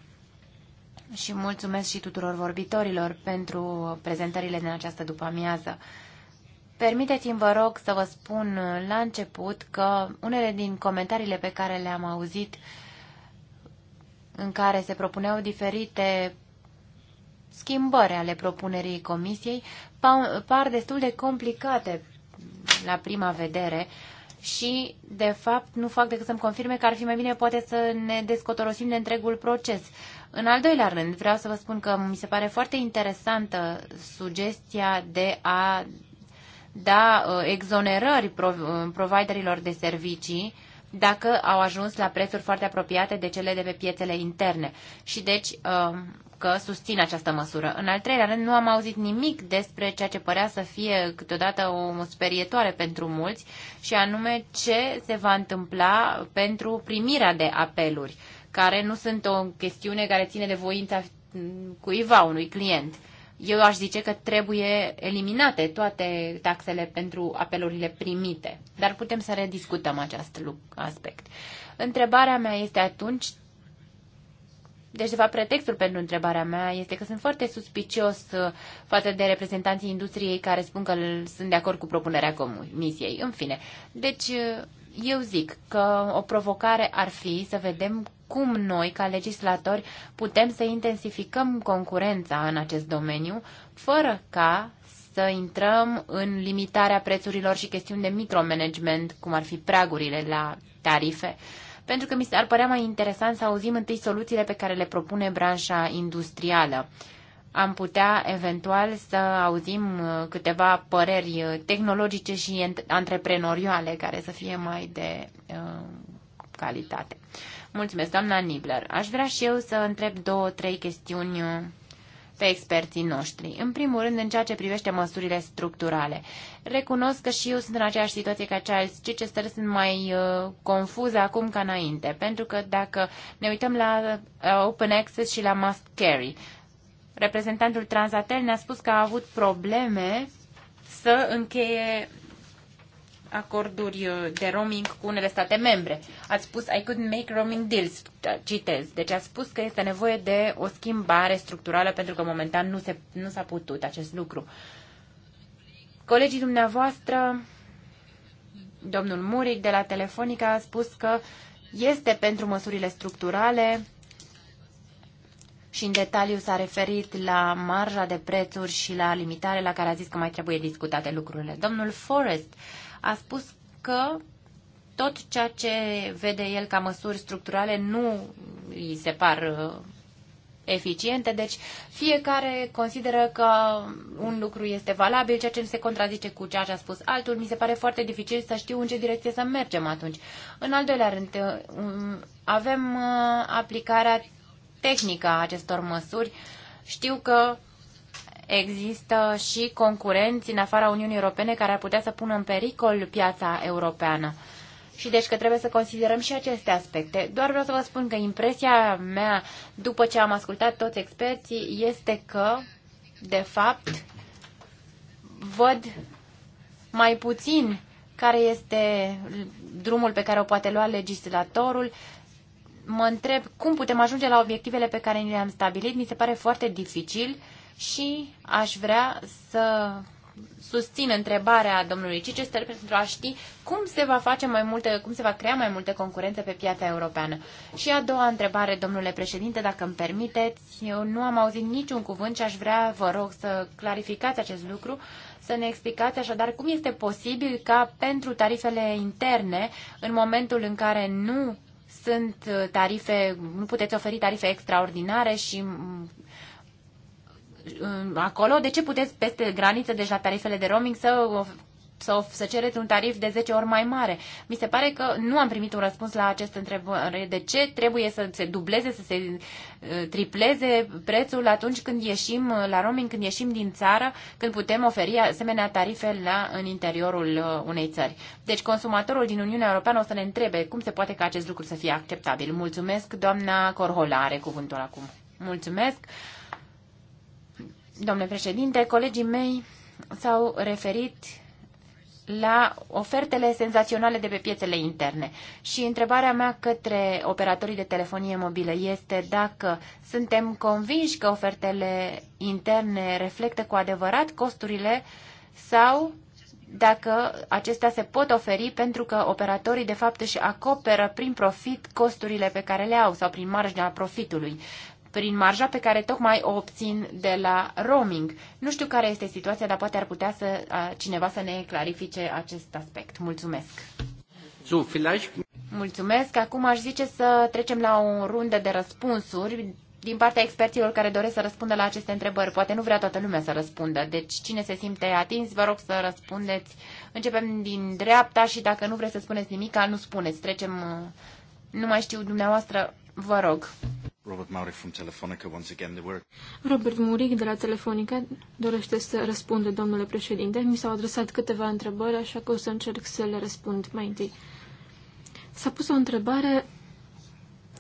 și mulțumesc și tuturor vorbitorilor pentru prezentările din această după-amiază. Permiteți-mi, vă rog, să vă spun la început că unele din comentariile pe care le-am auzit, în care se propuneau diferite schimbări ale propunerii comisiei, par destul de complicate la prima vedere și, de fapt, nu fac decât să-mi confirme că ar fi mai bine poate să ne descotorosim de întregul proces. În al doilea rând, vreau să vă spun că mi se pare foarte interesantă sugestia de a da uh, exonerări uh, providerilor de servicii dacă au ajuns la prețuri foarte apropiate de cele de pe piețele interne. Și deci uh, că susțin această măsură. În al treilea rând, nu am auzit nimic despre ceea ce părea să fie câteodată o sperietoare pentru mulți, și anume ce se va întâmpla pentru primirea de apeluri care nu sunt o chestiune care ține de voința cuiva, unui client. Eu aș zice că trebuie eliminate toate taxele pentru apelurile primite, dar putem să rediscutăm acest aspect. Întrebarea mea este atunci, deci de fapt pretextul pentru întrebarea mea este că sunt foarte suspicios uh, față de reprezentanții industriei care spun că sunt de acord cu propunerea comisiei. În fine, deci uh, eu zic că o provocare ar fi să vedem cum noi, ca legislatori, putem să intensificăm concurența în acest domeniu, fără ca să intrăm în limitarea prețurilor și chestiuni de micromanagement, cum ar fi pragurile la tarife. Pentru că mi s-ar părea mai interesant să auzim întâi soluțiile pe care le propune branșa industrială am putea eventual să auzim uh, câteva păreri uh, tehnologice și antreprenoriale care să fie mai de uh, calitate. Mulțumesc, doamna Nibler. Aș vrea și eu să întreb două, trei chestiuni uh, pe experții noștri. În primul rând, în ceea ce privește măsurile structurale. Recunosc că și eu sunt în aceeași situație ca ceilalți. Chichester sunt mai uh, confuză acum ca înainte, pentru că dacă ne uităm la uh, Open Access și la Must Carry, Reprezentantul Transatel ne-a spus că a avut probleme să încheie acorduri uh, de roaming cu unele state membre. Ați spus I could make roaming deals, da, citez. Deci ați spus că este nevoie de o schimbare structurală pentru că momentan nu, se, nu s-a putut acest lucru. Colegii dumneavoastră, domnul Muric de la Telefonica a spus că este pentru măsurile structurale și în detaliu s-a referit la marja de prețuri și la limitare la care a zis că mai trebuie discutate lucrurile. Domnul Forrest a spus că tot ceea ce vede el ca măsuri structurale nu îi se par uh, eficiente, deci fiecare consideră că un lucru este valabil, ceea ce se contrazice cu ceea ce a spus altul. Mi se pare foarte dificil să știu în ce direcție să mergem atunci. În al doilea rând, uh, avem uh, aplicarea tehnică a acestor măsuri. Știu că există și concurenți în afara Uniunii Europene care ar putea să pună în pericol piața europeană. Și deci că trebuie să considerăm și aceste aspecte. Doar vreau să vă spun că impresia mea, după ce am ascultat toți experții, este că, de fapt, văd mai puțin care este drumul pe care o poate lua legislatorul mă întreb cum putem ajunge la obiectivele pe care ni le-am stabilit. Mi se pare foarte dificil și aș vrea să susțin întrebarea domnului Cicester pentru a ști cum se va face mai multe, cum se va crea mai multe concurențe pe piața europeană. Și a doua întrebare, domnule președinte, dacă îmi permiteți, eu nu am auzit niciun cuvânt și aș vrea, vă rog, să clarificați acest lucru, să ne explicați așadar cum este posibil ca pentru tarifele interne, în momentul în care nu sunt uh, tarife, nu puteți oferi tarife extraordinare și mm, mm, acolo, de ce puteți peste graniță, deci la tarifele de roaming, să sau să cereți un tarif de 10 ori mai mare. Mi se pare că nu am primit un răspuns la această întrebare. De ce trebuie să se dubleze, să se uh, tripleze prețul atunci când ieșim uh, la roaming, când ieșim din țară, când putem oferi asemenea tarife la, în interiorul uh, unei țări. Deci consumatorul din Uniunea Europeană o să ne întrebe cum se poate ca acest lucru să fie acceptabil. Mulțumesc, doamna Corhola are cuvântul acum. Mulțumesc. Domnule președinte, colegii mei s-au referit la ofertele senzaționale de pe piețele interne. Și întrebarea mea către operatorii de telefonie mobilă este dacă suntem convinși că ofertele interne reflectă cu adevărat costurile sau dacă acestea se pot oferi pentru că operatorii de fapt își acoperă prin profit costurile pe care le au sau prin marja profitului prin marja pe care tocmai o obțin de la roaming. Nu știu care este situația, dar poate ar putea să, cineva să ne clarifice acest aspect. Mulțumesc! So, vielleicht... Mulțumesc! Acum aș zice să trecem la o rundă de răspunsuri din partea experților care doresc să răspundă la aceste întrebări. Poate nu vrea toată lumea să răspundă, deci cine se simte atins, vă rog să răspundeți. Începem din dreapta și dacă nu vreți să spuneți nimic, nu spuneți. Trecem, uh, nu mai știu dumneavoastră, Vă rog. Robert Murray from Telefonica, once again the work. Robert Murray de la Telefonica dorește să răspundă, domnule președinte. Mi s-au adresat câteva întrebări, așa că o să încerc să le răspund mai întâi. S-a pus o întrebare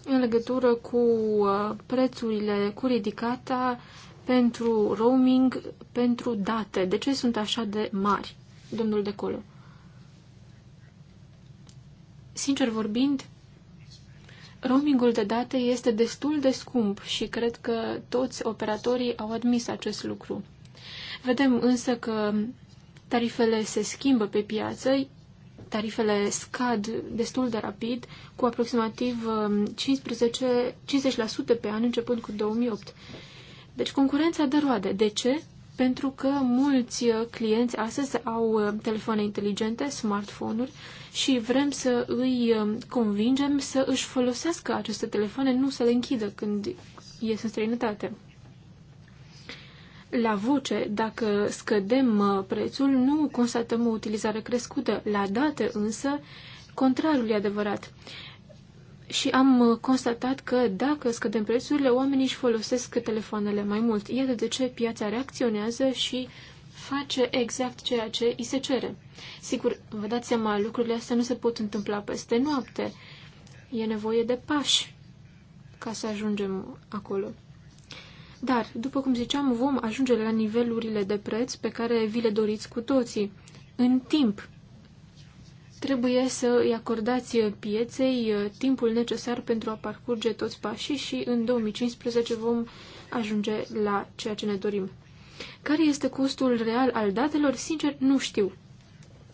în legătură cu uh, prețurile cu ridicata pentru roaming, pentru date. De ce sunt așa de mari, domnul de Colo? Sincer vorbind, Roamingul de date este destul de scump și cred că toți operatorii au admis acest lucru. Vedem însă că tarifele se schimbă pe piață, tarifele scad destul de rapid, cu aproximativ 15, um, 50% pe an începând cu 2008. Deci concurența dă roade. De ce? Pentru că mulți uh, clienți astăzi au uh, telefoane inteligente, smartphone-uri și vrem să îi um, convingem să își folosească aceste telefoane, nu să le închidă când ies în străinătate. La voce, dacă scădem uh, prețul, nu constatăm o utilizare crescută. La date, însă, contrarul e adevărat. Și am uh, constatat că dacă scădem prețurile, oamenii își folosesc telefoanele mai mult. Iată de ce piața reacționează și uh, face exact ceea ce îi se cere. Sigur, vă dați seama, lucrurile astea nu se pot întâmpla peste noapte. E nevoie de pași ca să ajungem acolo. Dar, după cum ziceam, vom ajunge la nivelurile de preț pe care vi le doriți cu toții, în timp. Trebuie să îi acordați pieței uh, timpul necesar pentru a parcurge toți pașii și în 2015 vom ajunge la ceea ce ne dorim. Care este costul real al datelor? Sincer, nu știu.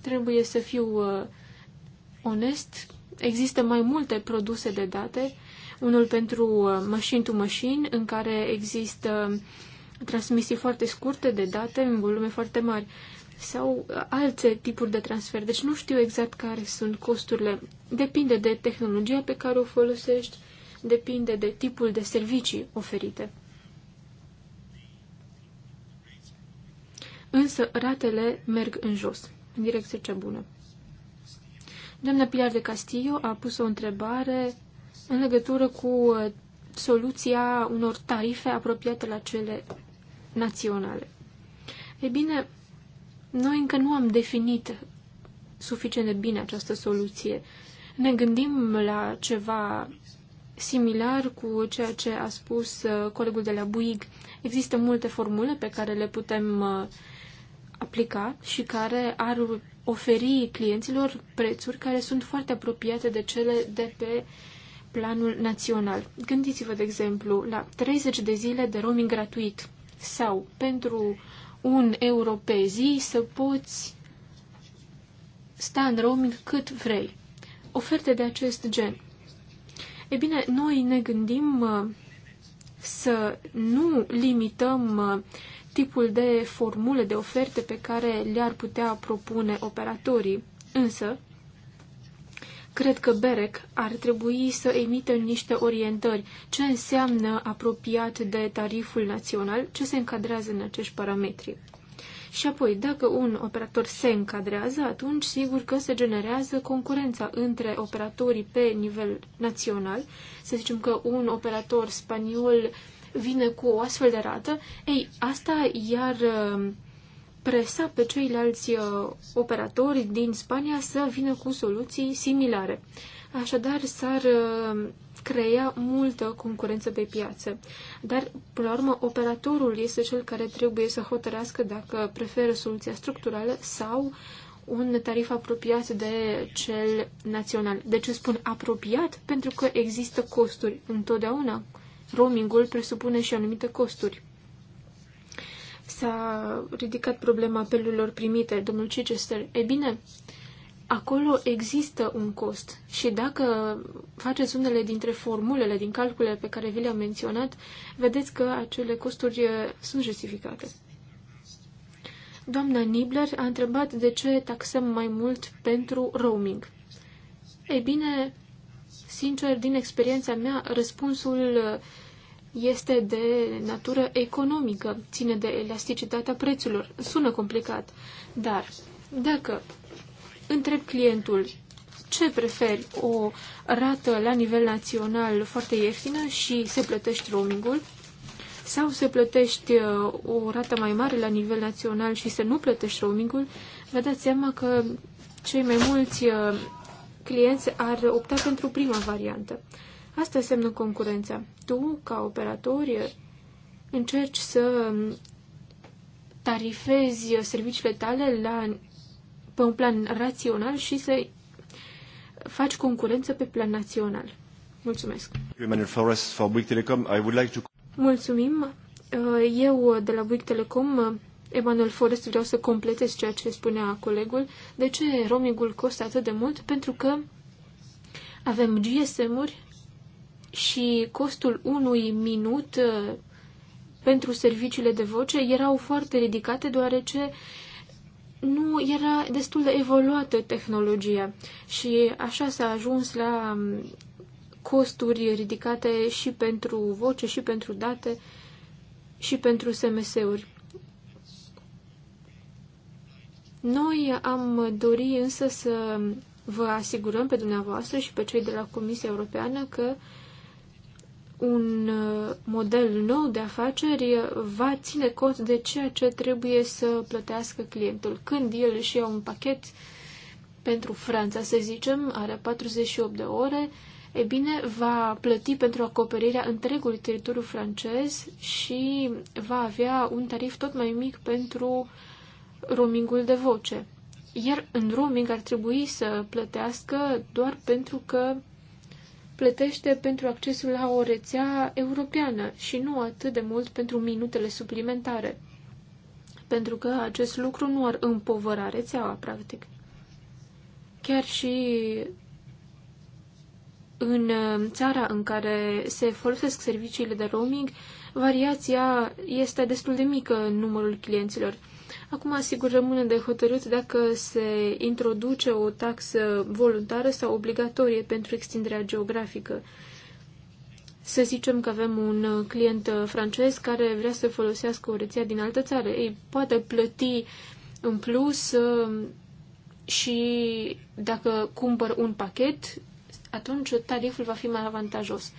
Trebuie să fiu uh, onest. Există mai multe produse de date. Unul pentru uh, machine to machine, în care există transmisii foarte scurte de date în volume foarte mari sau uh, alte tipuri de transfer. Deci nu știu exact care sunt costurile. Depinde de tehnologia pe care o folosești, depinde de tipul de servicii oferite. însă ratele merg în jos, în direcție cea bună. Doamna Pilar de Castillo a pus o întrebare în legătură cu uh, soluția unor tarife apropiate la cele naționale. Ei bine, noi încă nu am definit suficient de bine această soluție. Ne gândim la ceva similar cu ceea ce a spus uh, colegul de la Buig. Există multe formule pe care le putem uh, aplica și care ar oferi clienților prețuri care sunt foarte apropiate de cele de pe planul național. Gândiți-vă, de exemplu, la 30 de zile de roaming gratuit sau pentru un euro pe zi să poți sta în roaming cât vrei. Oferte de acest gen. E bine, noi ne gândim uh, să nu limităm uh, tipul de formule, de oferte pe care le-ar putea propune operatorii. Însă, cred că BEREC ar trebui să emită niște orientări. Ce înseamnă apropiat de tariful național? Ce se încadrează în acești parametri? Și apoi, dacă un operator se încadrează, atunci sigur că se generează concurența între operatorii pe nivel național. Să zicem că un operator spaniol uh, vine cu o astfel de rată, ei, asta iar uh, presa pe ceilalți uh, operatori din Spania să vină cu soluții similare. Așadar, s-ar uh, crea multă concurență pe piață. Dar, până la urmă, operatorul este cel care trebuie să hotărească dacă preferă soluția structurală sau un tarif apropiat de cel național. De deci, ce spun apropiat? Pentru că există costuri întotdeauna roamingul presupune și anumite costuri. S-a ridicat problema apelurilor primite, domnul Chichester. E bine, acolo există un cost și dacă faceți unele dintre formulele din calculele pe care vi le-am menționat, vedeți că acele costuri sunt justificate. Doamna Nibler a întrebat de ce taxăm mai mult pentru roaming. Ei bine, sincer, din experiența mea, răspunsul este de natură economică, ține de elasticitatea prețurilor. Sună complicat, dar dacă întreb clientul ce preferi, o rată la nivel național foarte ieftină și se plătești roamingul, sau se plătești uh, o rată mai mare la nivel național și să nu plătești roamingul, vă dați seama că cei mai mulți uh, clienți ar opta pentru prima variantă. Asta înseamnă concurența. Tu, ca operator, încerci să tarifezi serviciile tale la, pe un plan rațional și să faci concurență pe plan național. Mulțumesc. Emmanuel Flores, for Bouygues Telecom. I would like to... Mulțumim. Uh, eu de la Bouygues Telecom, Emanuel Forest, vreau să completez ceea ce spunea colegul. De ce roamingul costă atât de mult? Pentru că avem GSM-uri și costul unui minut uh, pentru serviciile de voce erau foarte ridicate, deoarece nu era destul de evoluată tehnologia și așa s-a ajuns la um, costuri ridicate și pentru voce, și pentru date, și pentru SMS-uri. Noi am dori însă să vă asigurăm pe dumneavoastră și pe cei de la Comisia Europeană că uh, un uh, model nou de afaceri uh, va ține cont de ceea ce trebuie să plătească clientul. Când el își ia un pachet pentru Franța, să zicem, are 48 de ore, e bine, va plăti pentru acoperirea întregului teritoriu francez și va avea un tarif tot mai mic pentru roamingul de voce. Iar în roaming ar trebui să plătească doar pentru că plătește pentru accesul la o rețea europeană și nu atât de mult pentru minutele suplimentare, pentru că acest lucru nu ar împovăra rețeaua, practic. Chiar și în uh, țara în care se folosesc serviciile de roaming, variația este destul de mică în numărul clienților. Acum, sigur, rămâne de hotărât dacă se introduce o taxă voluntară sau obligatorie pentru extinderea geografică. Să zicem că avem un client francez care vrea să folosească o rețea din altă țară. Ei poate plăti în plus uh, și dacă cumpăr un pachet, atunci tariful va fi mai avantajos.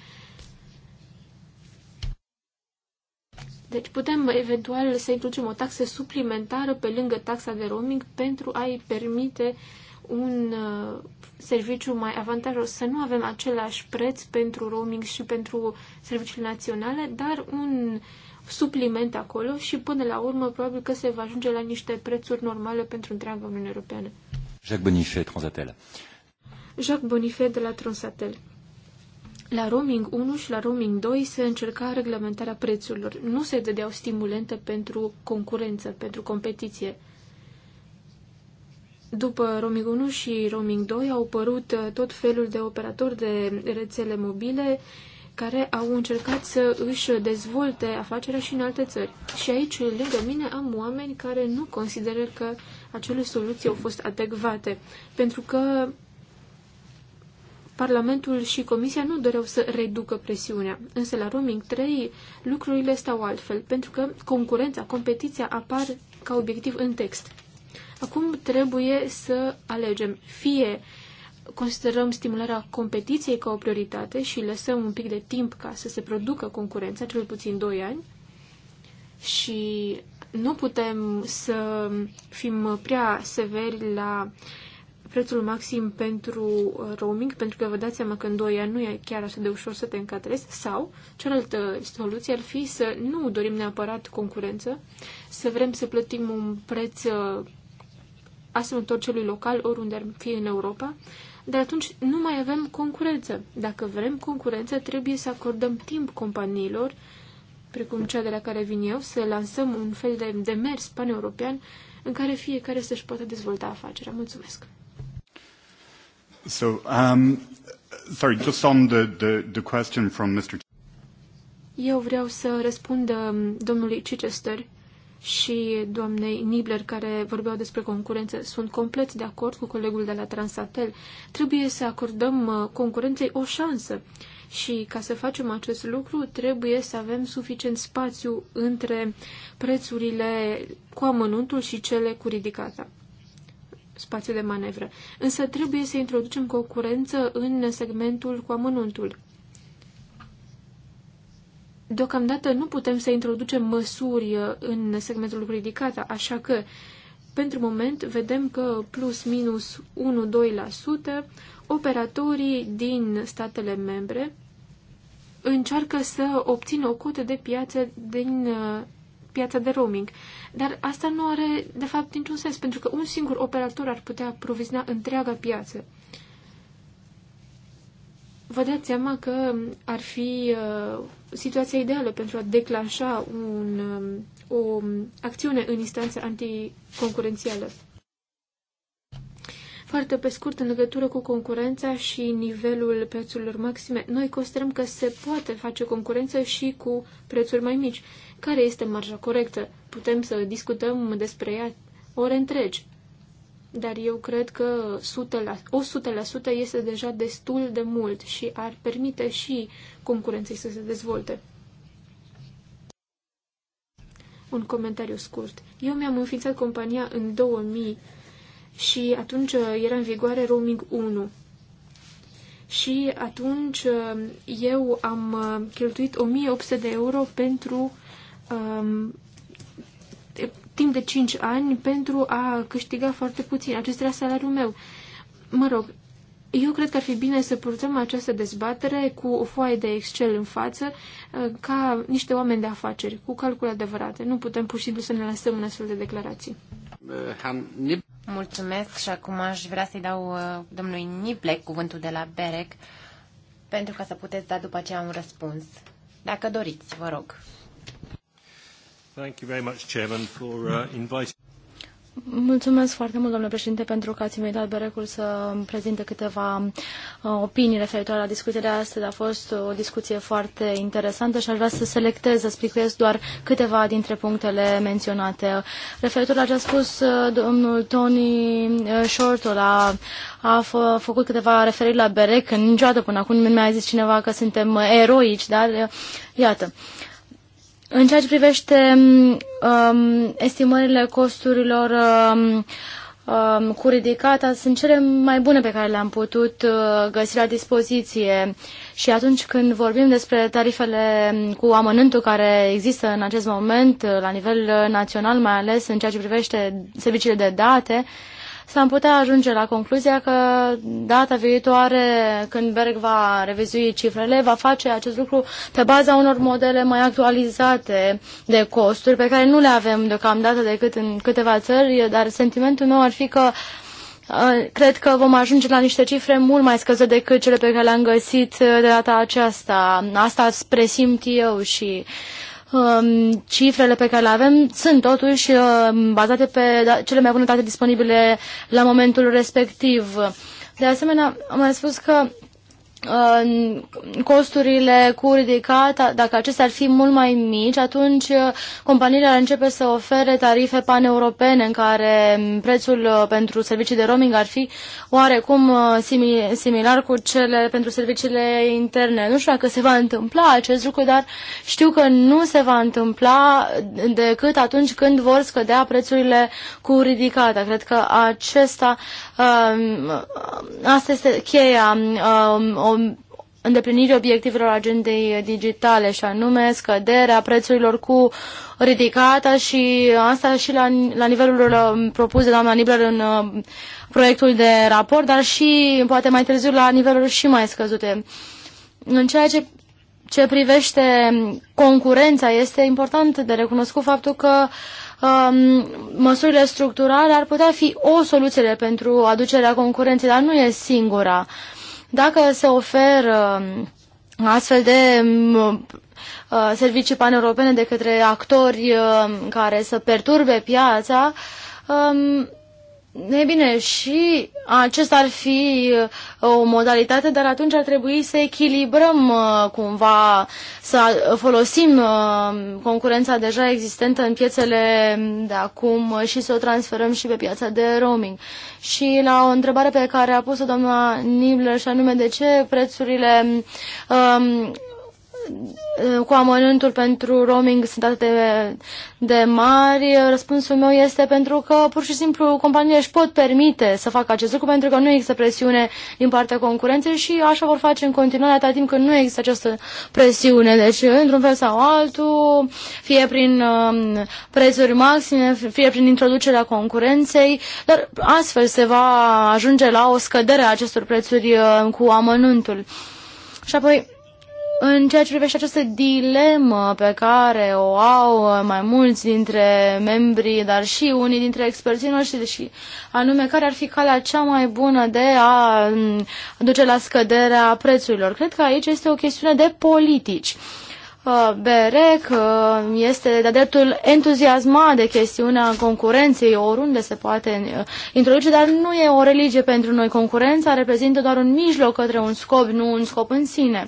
Deci putem eventual să introducem o taxă suplimentară pe lângă taxa de roaming pentru a-i permite un uh, serviciu mai avantajos, să nu avem același preț pentru roaming și pentru serviciile naționale, dar un supliment acolo și până la urmă probabil că se va ajunge la niște prețuri normale pentru întreaga Uniune Europeană. Jacques Bonifay, Transatel. Jacques Bonifay de la Transatel. La roaming 1 și la roaming 2 se încerca reglementarea prețurilor. Nu se dădeau stimulente pentru concurență, pentru competiție. După roaming 1 și roaming 2 au apărut uh, tot felul de operatori de rețele mobile care au încercat să își dezvolte afacerea și în alte țări. Și aici, lângă mine, am oameni care nu consideră că acele soluții au fost adecvate, pentru că Parlamentul și Comisia nu doreau să reducă presiunea, însă la roaming 3 lucrurile stau altfel, pentru că concurența, competiția apar ca obiectiv în text. Acum trebuie să alegem fie considerăm stimularea competiției ca o prioritate și lăsăm un pic de timp ca să se producă concurența, cel puțin 2 ani, și nu putem să fim prea severi la uh, prețul maxim pentru uh, roaming, pentru că vă dați seama că în 2 ani nu e chiar așa de ușor să te încadrezi, sau cealaltă soluție ar fi să nu dorim neapărat concurență, să vrem să plătim un preț uh, asemănător celui local, oriunde ar fi în Europa, dar atunci nu mai avem concurență. Dacă vrem concurență, trebuie să acordăm timp companiilor, precum cea de la care vin eu, să lansăm un fel de demers pan-european în care fiecare să-și poată dezvolta afacerea. Mulțumesc! Um, sorry, just on the, the, the question from Mr. Eu vreau să răspund um, domnului Chichester și doamnei Nibler, care vorbeau despre concurență. Sunt complet de acord cu colegul de la Transatel. Trebuie să acordăm uh, concurenței o șansă și ca să facem acest lucru trebuie să avem suficient spațiu între prețurile cu amănuntul și cele cu ridicata spațiu de manevră. Însă trebuie să introducem concurență în segmentul cu amănuntul. Deocamdată nu putem să introducem măsuri uh, în segmentul ridicat, așa că pentru moment vedem că plus minus 1-2% operatorii din statele membre încearcă să obțină o cotă de piață din uh, piața de roaming. Dar asta nu are, de fapt, niciun sens, pentru că un singur operator ar putea aprovizna întreaga piață. Vă dați seama că ar fi uh, situația ideală pentru a declanșa un, um, o acțiune în instanță anticoncurențială. Foarte pe scurt, în legătură cu concurența și nivelul prețurilor maxime, noi considerăm că se poate face concurență și cu prețuri mai mici. Care este marja corectă? Putem să discutăm despre ea ore întregi. Dar eu cred că 100%, la 100 este deja destul de mult și ar permite și concurenței să se dezvolte. Un comentariu scurt. Eu mi-am înființat compania în 2000 și atunci uh, era în vigoare roaming 1. Și atunci uh, eu am uh, cheltuit 1800 de euro pentru um, timp de 5 ani pentru a câștiga foarte puțin. Acesta era salariul meu. Mă rog, eu cred că ar fi bine să purtăm această dezbatere cu o foaie de Excel în față, uh, ca niște oameni de afaceri, cu calcule adevărate. Nu putem pur și simplu să ne lăsăm în astfel de declarații. Mulțumesc și acum aș vrea să-i dau uh, domnului Niblec cuvântul de la Berec pentru ca să puteți da după aceea un răspuns. Dacă doriți, vă rog. Uh, Mulțumesc foarte mult, domnule președinte, pentru că ați invitat Berecul să prezinte câteva uh, opinii referitoare la discuția de astăzi. A fost o discuție foarte interesantă și aș vrea să selectez, să explicez doar câteva dintre punctele menționate. Referitor la ce a spus uh, domnul Tony Shortul, a, a făcut câteva referiri la Berec, niciodată până acum nu mi-a zis cineva că suntem eroici, dar iată. Uh, în ceea ce privește um, estimările costurilor um, um, cu ridicata, sunt cele mai bune pe care le-am putut uh, găsi la dispoziție. Și atunci când vorbim despre tarifele um, cu amănântul care există în acest moment uh, la nivel uh, național, mai ales în ceea ce privește serviciile de date, uh, s-am putea ajunge la concluzia că data viitoare, când Berg va revizui cifrele, va face acest lucru pe baza unor modele mai actualizate de costuri, pe care nu le avem deocamdată decât în câteva țări, dar sentimentul meu ar fi că uh, cred că vom ajunge la niște cifre mult mai scăzute decât cele pe care le-am găsit uh, de data aceasta. Asta presimt eu și Um, cifrele pe care le avem sunt totuși um, bazate pe da, cele mai bune date disponibile la momentul respectiv. De asemenea, am mai spus că costurile cu ridicat, dacă acestea ar fi mult mai mici, atunci uh, companiile ar începe să ofere tarife paneuropene în care um, prețul uh, pentru servicii de roaming ar fi oarecum uh, similar cu cele pentru serviciile interne. Nu știu dacă se va întâmpla acest lucru, dar știu că nu se va întâmpla decât atunci când vor scădea prețurile cu ridicata. Cred că acesta, um, asta este cheia um, îndeplinire obiectivelor agendei digitale și anume scăderea prețurilor cu ridicată și asta și la, la nivelul uh, propus de doamna Nibler în uh, proiectul de raport, dar și poate mai târziu la niveluri și mai scăzute. În ceea ce ce privește concurența, este important de recunoscut faptul că um, măsurile structurale ar putea fi o soluție pentru aducerea concurenței, dar nu e singura. Uh, dacă se oferă um, astfel de um, uh, servicii paneuropene de către actori um, care să perturbe piața, E bine, și acesta ar fi uh, o modalitate, dar atunci ar trebui să echilibrăm uh, cumva, să folosim uh, concurența deja existentă în piețele de acum și să o transferăm și pe piața de roaming. Și la o întrebare pe care a pus-o doamna Nibler și anume de ce prețurile um, cu amănântul pentru roaming sunt atât de, de mari, răspunsul meu este pentru că pur și simplu companiile își pot permite să facă acest lucru pentru că nu există presiune din partea concurenței și așa vor face în continuare atâta timp când nu există această presiune. Deci, într-un fel sau altul, fie prin uh, prețuri maxime, fie prin introducerea concurenței, dar astfel se va ajunge la o scădere a acestor prețuri uh, cu amănântul. Și apoi, în ceea ce privește această dilemă pe care o au mai mulți dintre membrii, dar și unii dintre experții noștri, și anume care ar fi calea cea mai bună de a duce la scăderea prețurilor. Cred că aici este o chestiune de politici. Uh, BEREC uh, este de dreptul entuziasmat de chestiunea concurenței oriunde se poate uh, introduce, dar nu e o religie pentru noi. Concurența reprezintă doar un mijloc către un scop, nu un scop în sine.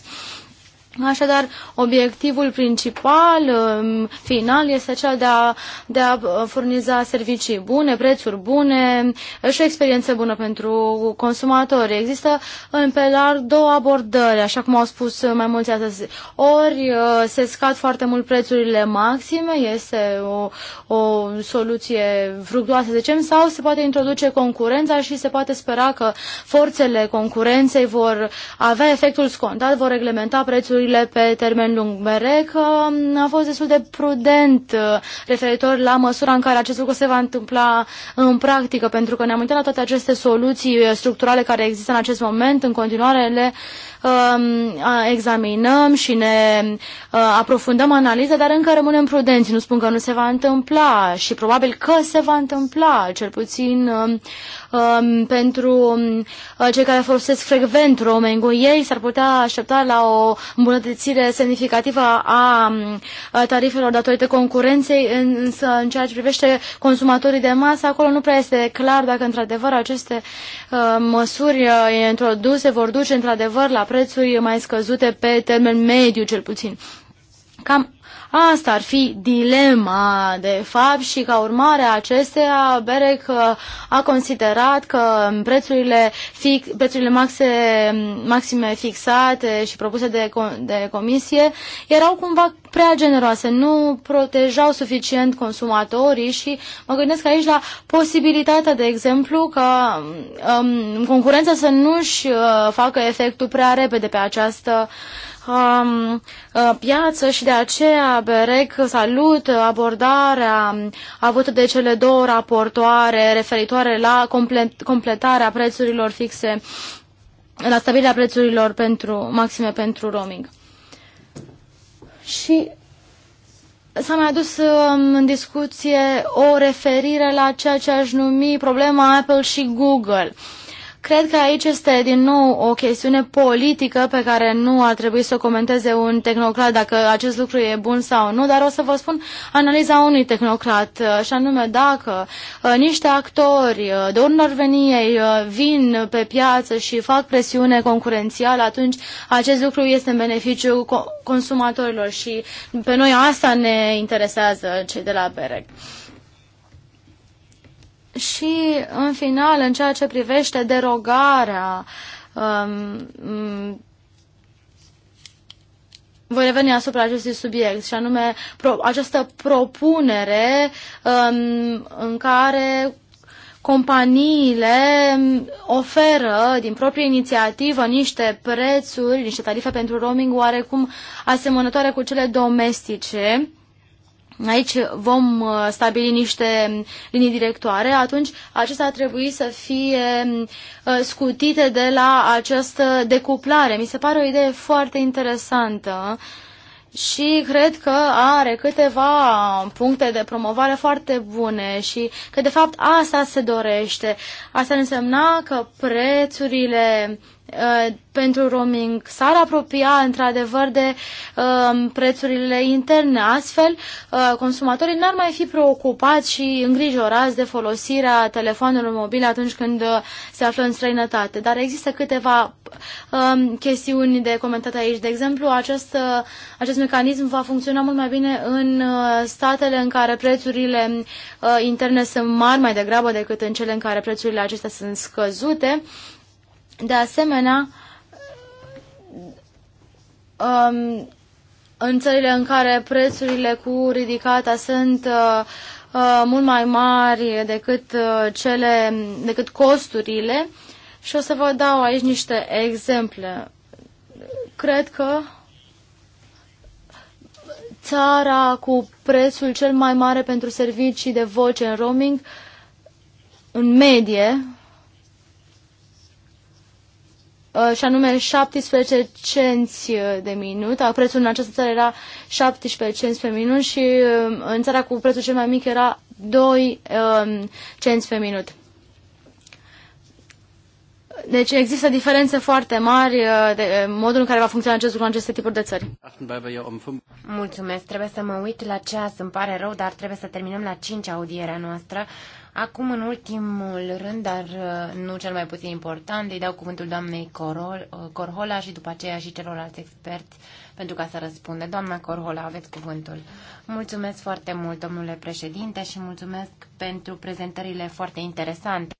Așadar, obiectivul principal, um, final, este cel de a, de a uh, furniza servicii bune, prețuri bune uh, și o experiență bună pentru consumatori. Există în pelar două abordări, așa cum au spus mai mulți astăzi. Ori uh, se scad foarte mult prețurile maxime, este o, o soluție fructuoasă, de zicem, sau se poate introduce concurența și se poate spera că forțele concurenței vor avea efectul scontat, vor reglementa prețurile lucrurile pe termen lung. Berec um, a fost destul de prudent uh, referitor la măsura în care acest lucru se va întâmpla în practică, pentru că ne-am uitat la toate aceste soluții uh, structurale care există în acest moment, în continuare le Um, examinăm și ne uh, aprofundăm analiza, dar încă rămânem prudenți. Nu spun că nu se va întâmpla și probabil că se va întâmpla, cel puțin um, um, pentru cei care folosesc frecvent roaming Ei s-ar putea aștepta la o îmbunătățire semnificativă a tarifelor datorită concurenței, însă în ceea ce privește consumatorii de masă, acolo nu prea este clar dacă într-adevăr aceste uh, măsuri uh, introduse vor duce într-adevăr la prețuri mai scăzute pe termen mediu, cel puțin. Cam Asta ar fi dilema, de fapt, și ca urmare a acesteia, Berec uh, a considerat că prețurile, fix, prețurile maxe, maxime fixate și propuse de, de comisie erau cumva prea generoase, nu protejau suficient consumatorii și mă gândesc aici la posibilitatea, de exemplu, ca um, concurența să nu-și uh, facă efectul prea repede pe această um, uh, piață și de aceea BEREC salut abordarea avută de cele două raportoare referitoare la completarea prețurilor fixe, la stabilirea prețurilor pentru, maxime pentru roaming. Și s-a mai adus um, în discuție o referire la ceea ce aș numi problema Apple și Google. Uh, Cred că aici este din nou o chestiune politică pe care nu ar trebui să o comenteze un tehnocrat dacă acest lucru e bun sau nu, dar o să vă spun analiza unui tehnocrat uh, și anume dacă uh, niște actori uh, de unul ar veni ei vin pe piață și fac presiune concurențială, atunci acest lucru este în beneficiu consumatorilor și pe noi asta ne interesează cei de la BEREC. Și, în final, în ceea ce privește derogarea, um, voi reveni asupra acestui subiect, și anume pro, această propunere um, în care companiile oferă din proprie inițiativă niște prețuri, niște tarife pentru roaming oarecum asemănătoare cu cele domestice aici vom uh, stabili niște linii directoare, atunci acestea ar trebui să fie uh, scutite de la această decuplare. Mi se pare o idee foarte interesantă și cred că are câteva puncte de promovare foarte bune și că de fapt asta se dorește. Asta însemna că prețurile Uh, pentru roaming s-ar apropia într-adevăr de uh, prețurile interne. Astfel, uh, consumatorii n-ar mai fi preocupați și îngrijorați de folosirea telefonului mobil atunci când uh, se află în străinătate. Dar există câteva um, chestiuni de comentat aici. De exemplu, acest, uh, acest mecanism va funcționa mult mai bine în uh, statele în care prețurile interne sunt mari mai degrabă decât în cele în care prețurile acestea sunt scăzute. De asemenea, um, în țările în care prețurile cu ridicata sunt uh, uh, mult mai mari decât, uh, cele, decât costurile și o să vă dau aici niște exemple. Cred că țara cu prețul cel mai mare pentru servicii de voce în roaming, în medie, Uh, și anume 17 cenți uh, de minut. Uh, prețul în această țară era 17 cenți pe minut și în țara cu prețul cel mai mic era 2 um, cenți pe minut. Deci există diferențe foarte mari de modul în care va funcționa acest lucru în aceste tipuri de țări. Mulțumesc, trebuie să mă uit la ceas, îmi pare rău, dar trebuie să terminăm la 5 audierea noastră. Acum, în ultimul rând, dar uh, nu cel mai puțin important, îi dau cuvântul doamnei Corol, uh, Corhola și după aceea și celorlalți experți pentru ca să răspunde. Doamna Corhola, aveți cuvântul. Mulțumesc foarte mult, domnule președinte, și mulțumesc pentru prezentările foarte interesante.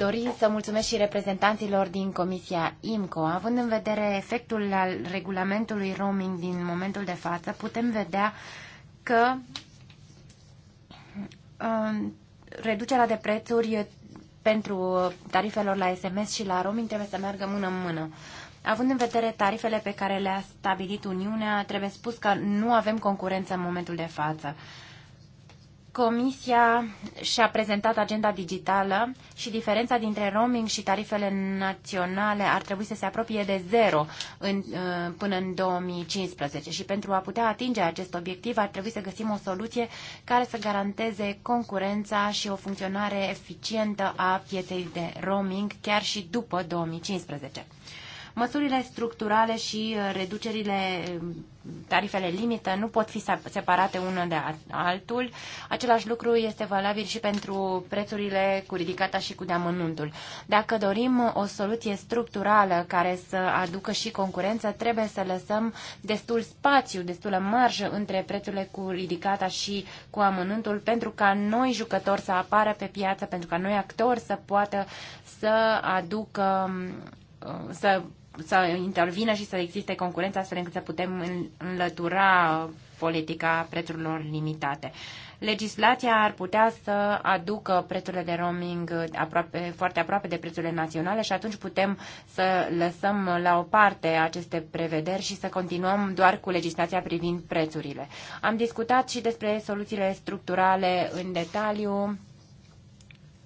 Dori să mulțumesc și reprezentanților din Comisia IMCO. Având în vedere efectul al regulamentului roaming din momentul de față, putem vedea că reducerea de prețuri pentru tarifelor la SMS și la roaming trebuie să meargă mână în mână. Având în vedere tarifele pe care le-a stabilit Uniunea, trebuie spus că nu avem concurență în momentul de față. Comisia și-a prezentat agenda digitală și diferența dintre roaming și tarifele naționale ar trebui să se apropie de zero în, uh, până în 2015 și pentru a putea atinge acest obiectiv ar trebui să găsim o soluție care să garanteze concurența și o funcționare eficientă a pieței de roaming chiar și după 2015. Măsurile structurale și uh, reducerile, um, tarifele limită nu pot fi separate una de altul. Același lucru este valabil și pentru prețurile cu ridicata și cu deamănuntul. Dacă dorim o soluție structurală care să aducă și concurență, trebuie să lăsăm destul spațiu, destulă marjă între prețurile cu ridicata și cu amănuntul pentru ca noi jucători să apară pe piață, pentru ca noi actori să poată să aducă um, să să intervină și să existe concurență astfel încât să putem înlătura politica prețurilor limitate. Legislația ar putea să aducă prețurile de roaming aproape, foarte aproape de prețurile naționale și atunci putem să lăsăm la o parte aceste prevederi și să continuăm doar cu legislația privind prețurile. Am discutat și despre soluțiile structurale în detaliu,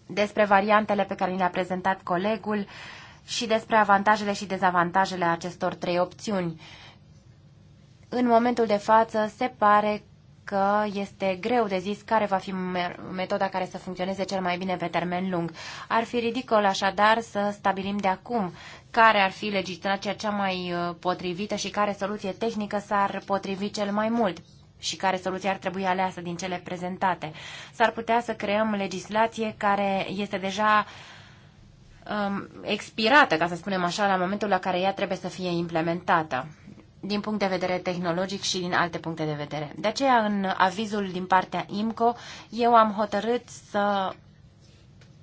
despre variantele pe care le-a prezentat colegul și despre avantajele și dezavantajele acestor trei opțiuni. În momentul de față se pare că este greu de zis care va fi metoda care să funcționeze cel mai bine pe termen lung. Ar fi ridicol așadar să stabilim de acum care ar fi legislația cea mai uh, potrivită și care soluție tehnică s-ar potrivi cel mai mult și care soluție ar trebui aleasă din cele prezentate. S-ar putea să creăm legislație care este deja uh, um, expirată, ca să spunem așa, la momentul la care ea trebuie să fie implementată din punct de vedere tehnologic și din alte puncte de vedere. De aceea, în avizul din partea IMCO, eu am hotărât să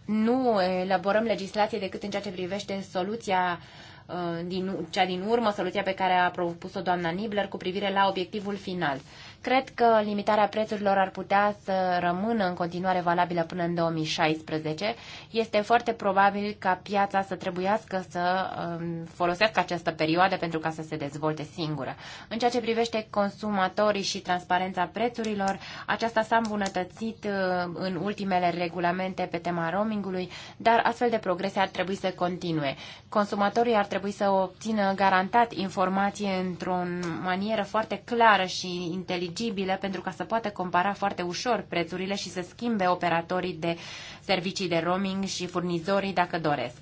nu elaborăm legislație decât în ceea ce privește soluția uh, din, cea din urmă, soluția pe care a propus-o doamna Nibler cu privire la obiectivul final. Cred că limitarea prețurilor ar putea să rămână în continuare valabilă până în 2016. Este foarte probabil ca piața să trebuiască să um, folosească această perioadă pentru ca să se dezvolte singură. În ceea ce privește consumatorii și transparența prețurilor, aceasta s-a îmbunătățit uh, în ultimele regulamente pe tema roamingului, dar astfel de progrese ar trebui să continue. Consumatorii ar trebui să obțină garantat informație într-o manieră foarte clară și inteligentă inteligibile pentru ca să poată compara foarte ușor prețurile și să schimbe operatorii de servicii de roaming și furnizorii dacă doresc.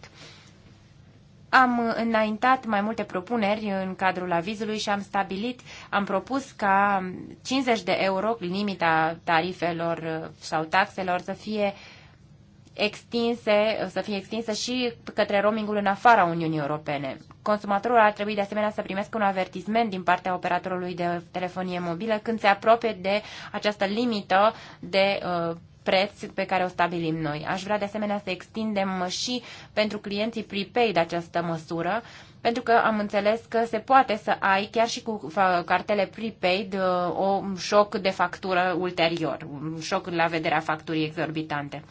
Am înaintat mai multe propuneri în cadrul avizului și am stabilit, am propus ca 50 de euro limita tarifelor sau taxelor să fie uh, extinse, să fie extinsă și către roamingul în afara Uniunii Europene. Consumatorul ar trebui de asemenea să primească un avertisment din partea operatorului de telefonie mobilă când se apropie de această limită de uh, preț pe care o stabilim noi. Aș vrea de asemenea să extindem și pentru clienții prepaid această măsură, pentru că am înțeles că se poate să ai chiar și cu cartele prepaid uh, un șoc de factură ulterior, un șoc la vederea facturii exorbitante.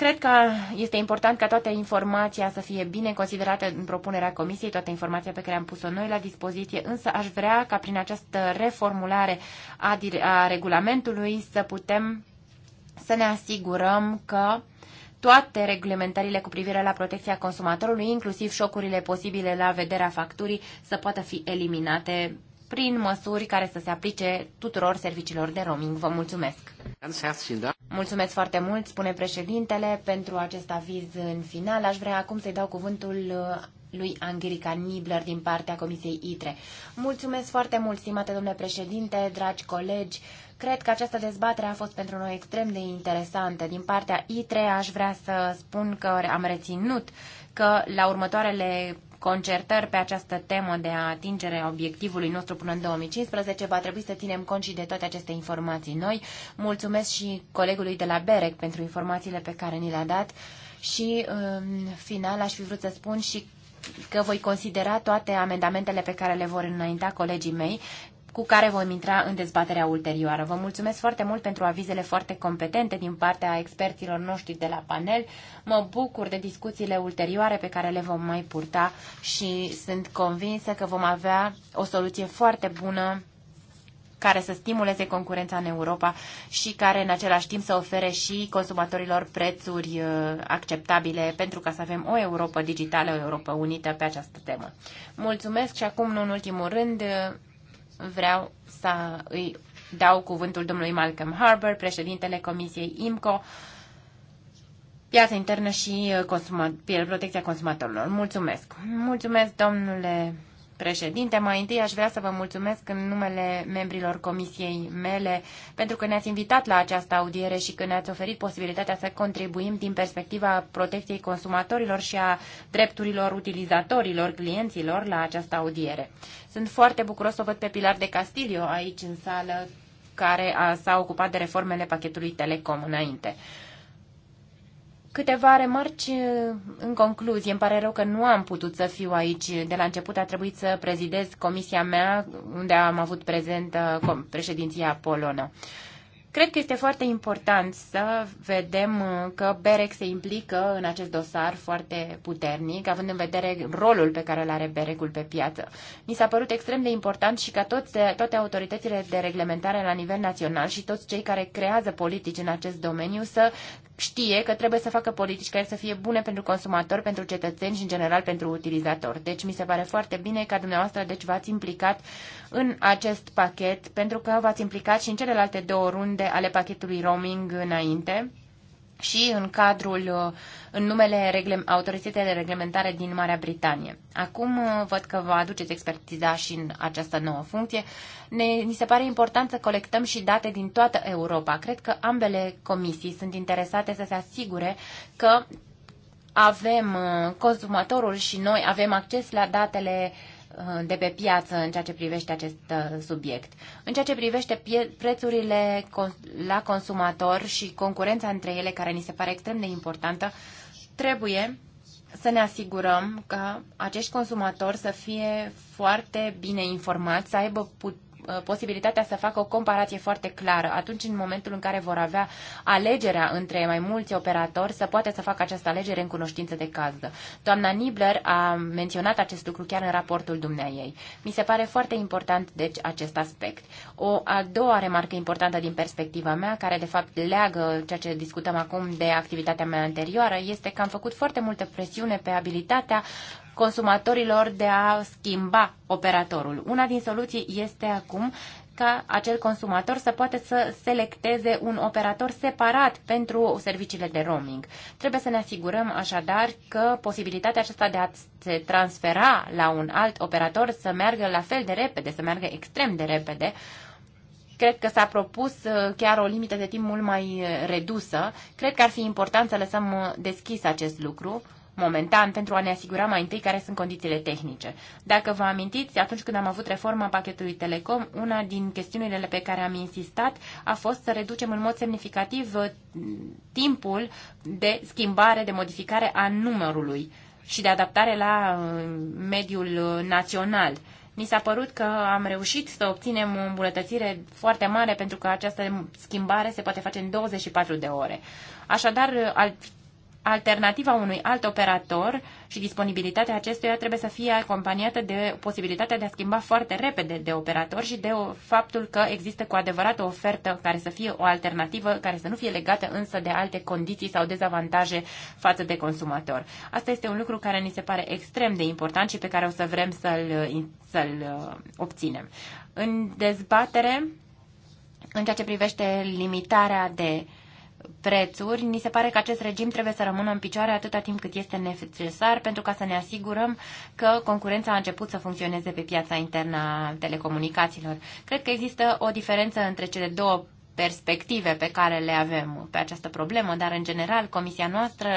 Cred că este important ca toată informația să fie bine considerată în propunerea comisiei, toată informația pe care am pus-o noi la dispoziție, însă aș vrea ca prin această reformulare a, a regulamentului să putem să ne asigurăm că toate reglementările cu privire la protecția consumatorului, inclusiv șocurile posibile la vederea facturii, să poată fi eliminate prin măsuri care să se aplice tuturor serviciilor de roaming. Vă mulțumesc! Mulțumesc foarte mult, spune președintele, pentru acest aviz în final. Aș vrea acum să-i dau cuvântul uh, lui Angelica Nibler din partea Comisiei ITRE. Mulțumesc foarte mult, stimate domnule președinte, dragi colegi. Cred că această dezbatere a fost pentru noi extrem de interesantă. Din partea ITRE aș vrea să spun că am reținut că la următoarele concertări pe această temă de a atingerea obiectivului nostru până în 2015, va trebui să ținem cont și de toate aceste informații noi. Mulțumesc și colegului de la BEREC pentru informațiile pe care ni le-a dat și, în final, aș fi vrut să spun și că voi considera toate amendamentele pe care le vor înainta colegii mei cu care vom intra în dezbaterea ulterioară. Vă mulțumesc foarte mult pentru avizele foarte competente din partea experților noștri de la panel. Mă bucur de discuțiile ulterioare pe care le vom mai purta și sunt convinsă că vom avea o soluție foarte bună care să stimuleze concurența în Europa și care în același timp să ofere și consumatorilor prețuri uh, acceptabile pentru ca să avem o Europa digitală, o Europa unită pe această temă. Mulțumesc și acum, nu în ultimul rând, vreau să îi dau cuvântul domnului Malcolm Harbour, președintele Comisiei IMCO, Piața internă și eh, consuma, protecția consumatorilor. Mulțumesc. Mulțumesc, domnule președinte. Mai întâi aș vrea să vă mulțumesc în numele membrilor comisiei mele pentru că ne-ați invitat la această audiere și că ne-ați oferit posibilitatea să contribuim din perspectiva protecției consumatorilor și a drepturilor utilizatorilor, clienților la această audiere. Sunt foarte bucuros să văd pe Pilar de Castilio aici în sală care s-a ocupat de reformele pachetului Telecom înainte. Câteva remarci uh, în concluzie. Îmi pare rău că nu am putut să fiu aici. De la început a trebuit să prezidez comisia mea, unde am avut prezent uh, președinția polonă. Cred că este foarte important să vedem uh, că BEREC se implică în acest dosar foarte puternic, având în vedere rolul pe care îl are BEREC-ul pe piață. Mi s-a părut extrem de important și ca toți, toate autoritățile de reglementare la nivel național și toți cei care creează politici în acest domeniu să știe că trebuie să facă politici care să fie bune pentru consumatori, pentru cetățeni și, în general, pentru utilizatori. Deci, mi se pare foarte bine că dumneavoastră deci, v-ați implicat în acest pachet, pentru că v-ați implicat și în celelalte două runde ale pachetului roaming înainte și în cadrul, uh, în numele autorității de reglementare din Marea Britanie. Acum uh, văd că vă aduceți expertiza și în această nouă funcție. Ne, ni se pare important să colectăm și date din toată Europa. Cred că ambele comisii sunt interesate să se asigure că avem, uh, consumatorul și noi avem acces la datele uh, Uh, de pe piață în ceea ce privește acest uh, subiect. În ceea ce privește prețurile la consumator și concurența între ele, care ni se pare extrem de importantă, trebuie să ne asigurăm că acești consumatori să fie foarte bine informați, să aibă put- Uh, posibilitatea să facă o comparație foarte clară atunci în momentul în care vor avea alegerea între mai mulți operatori să poate să facă această alegere în cunoștință de cază. Doamna Nibler a menționat acest lucru chiar în raportul dumneaei. Mi se pare foarte important, deci, acest aspect. O a doua remarcă importantă din perspectiva mea, care de fapt leagă ceea ce discutăm acum de activitatea mea anterioară, este că am făcut foarte multă presiune pe abilitatea consumatorilor de a schimba operatorul. Una din soluții este acum ca acel consumator să poată să selecteze un operator separat pentru serviciile de roaming. Trebuie să ne asigurăm așadar că posibilitatea aceasta de a se transfera la un alt operator să meargă la fel de repede, să meargă extrem de repede. Cred că s-a propus uh, chiar o limită de timp mult mai uh, redusă. Cred că ar fi important să lăsăm uh, deschis acest lucru momentan pentru a ne asigura mai întâi care sunt condițiile tehnice. Dacă vă amintiți, atunci când am avut reforma pachetului Telecom, una din chestiunile pe care am insistat a fost să reducem în mod semnificativ uh, timpul de schimbare, de modificare a numărului și de adaptare la uh, mediul uh, național. Mi s-a părut că am reușit să obținem o îmbunătățire foarte mare pentru că această schimbare se poate face în 24 de ore. Așadar, alternativa unui alt operator și disponibilitatea acestuia trebuie să fie acompaniată de posibilitatea de a schimba foarte repede de operator și de faptul că există cu adevărat o ofertă care să fie o alternativă, care să nu fie legată însă de alte condiții sau dezavantaje față de consumator. Asta este un lucru care ni se pare extrem de important și pe care o să vrem să-l, să uh, obținem. În dezbatere, în ceea ce privește limitarea de uh, prețuri, ni se pare că acest regim trebuie să rămână în picioare atâta timp cât este necesar pentru ca să ne asigurăm că concurența a început să funcționeze pe piața internă a telecomunicațiilor. Cred că există o diferență între cele două perspective pe care le avem pe această problemă, dar în general Comisia noastră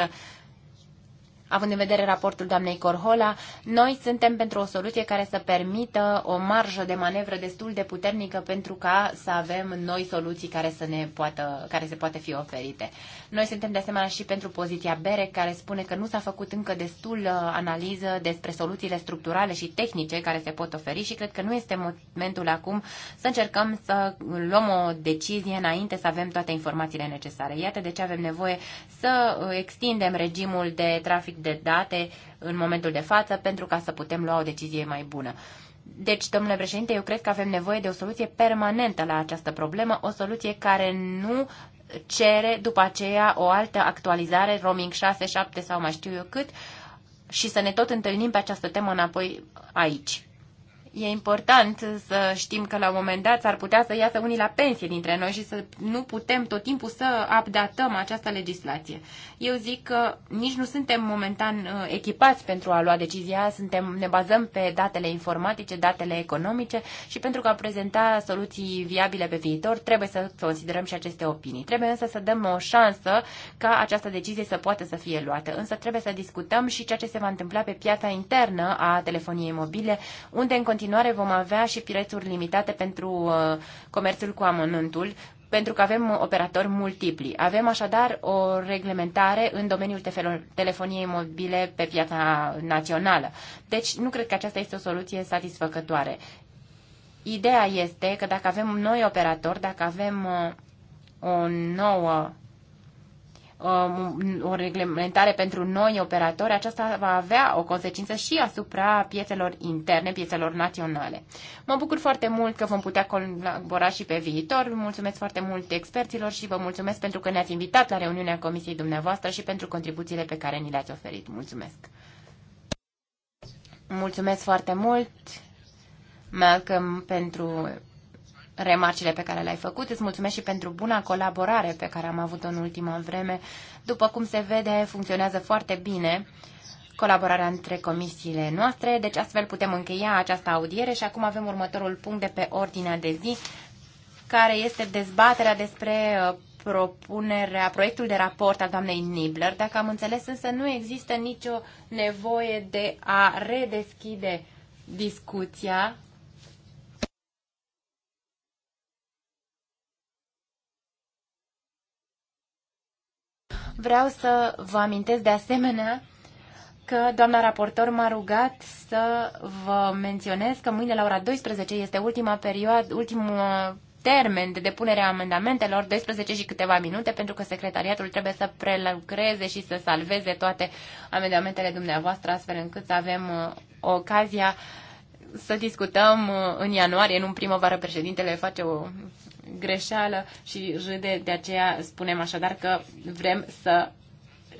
având în vedere raportul doamnei Corhola, noi suntem pentru o soluție care să permită o marjă de manevră destul de puternică pentru ca să avem noi soluții care, să ne poată, care se poate fi oferite. Noi suntem de asemenea și pentru poziția BEREC, care spune că nu s-a făcut încă destul uh, analiză despre soluțiile structurale și tehnice care se pot oferi și cred că nu este momentul acum să încercăm să luăm o decizie înainte să avem toate informațiile necesare. Iată de ce avem nevoie să uh, extindem regimul de trafic de date în momentul de față pentru ca să putem lua o decizie mai bună. Deci, domnule președinte, eu cred că avem nevoie de o soluție permanentă la această problemă, o soluție care nu cere după aceea o altă actualizare, roaming 6, 7 sau mai știu eu cât, și să ne tot întâlnim pe această temă înapoi aici. E important să știm că la un moment dat s-ar putea să iasă unii la pensie dintre noi și să nu putem tot timpul să updatăm această legislație. Eu zic că nici nu suntem momentan uh, echipați pentru a lua decizia, suntem, ne bazăm pe datele informatice, datele economice și pentru că a prezenta soluții viabile pe viitor trebuie să considerăm și aceste opinii. Trebuie însă să dăm o șansă ca această decizie să poată să fie luată, însă trebuie să discutăm și ceea ce se va întâmpla pe piața internă a telefoniei mobile, unde în continuare continuare vom avea și prețuri limitate pentru uh, comerțul cu amănântul, pentru că avem operatori multipli. Avem așadar o reglementare în domeniul telefoniei mobile pe piața națională. Deci nu cred că aceasta este o soluție satisfăcătoare. Ideea este că dacă avem noi operatori, dacă avem uh, o nouă Um, o reglementare pentru noi operatori, aceasta va avea o consecință și asupra piețelor interne, piețelor naționale. Mă bucur foarte mult că vom putea colabora și pe viitor. Mulțumesc foarte mult experților și vă mulțumesc pentru că ne-ați invitat la reuniunea comisiei dumneavoastră și pentru contribuțiile pe care ni le-ați oferit. Mulțumesc! Mulțumesc foarte mult, Malcolm, pentru remarcile pe care le-ai făcut. Îți mulțumesc și pentru buna colaborare pe care am avut-o în ultima vreme. După cum se vede, funcționează foarte bine colaborarea între comisiile noastre, deci astfel putem încheia această audiere și acum avem următorul punct de pe ordinea de zi, care este dezbaterea despre uh, propunerea, proiectul de raport al doamnei Nibler. Dacă am înțeles, însă nu există nicio nevoie de a redeschide discuția Vreau să vă amintesc de asemenea că doamna raportor m-a rugat să vă menționez că mâine la ora 12 este ultima perioadă, ultimul uh, termen de depunere a amendamentelor, 12 și câteva minute, pentru că secretariatul trebuie să prelucreze și să salveze toate amendamentele dumneavoastră, astfel încât să avem uh, ocazia să discutăm uh, în ianuarie, nu în primăvară, președintele face o greșeală și râde, de aceea spunem așadar că vrem să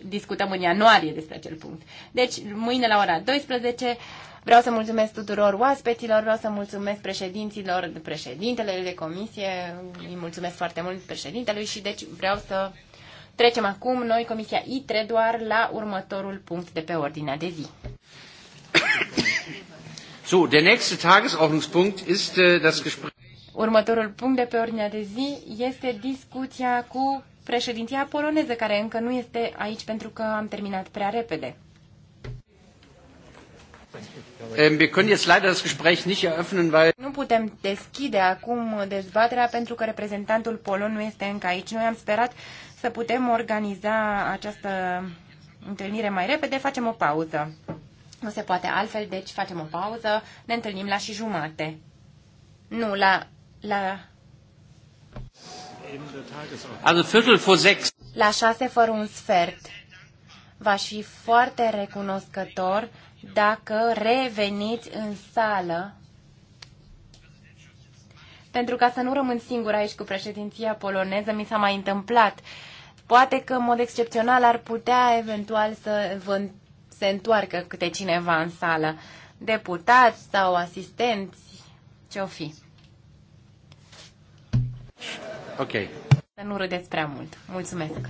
discutăm în ianuarie despre acel punct. Deci, mâine la ora 12, vreau să mulțumesc tuturor oaspeților, vreau să mulțumesc președinților, președintele de comisie, îi mulțumesc foarte mult președintelui și deci vreau să trecem acum noi, Comisia ITRE, doar la următorul punct de pe ordinea de zi. So, der nächste Tagesordnungspunkt ist äh, das Gespräch. Următorul punct de pe ordinea de zi este discuția cu președinția poloneză, care încă nu este aici pentru că am terminat prea repede. Ähm, nu putem deschide acum dezbaterea pentru că reprezentantul polon nu este încă aici. Noi am sperat să putem organiza această întâlnire mai repede. Facem o pauză. Nu se poate altfel, deci facem o pauză. Ne întâlnim la și jumate. Nu, la la Also Viertel vor sechs. La șase fără un sfert. V-aș fi foarte recunoscător dacă reveniți în sală pentru ca să nu rămân singur aici cu președinția poloneză, mi s-a mai întâmplat. Poate că, în mod excepțional, ar putea eventual să vă, se întoarcă câte cineva în sală, deputați sau asistenți, ce-o fi. Ok. Să nu râdeți prea mult. Mulțumesc.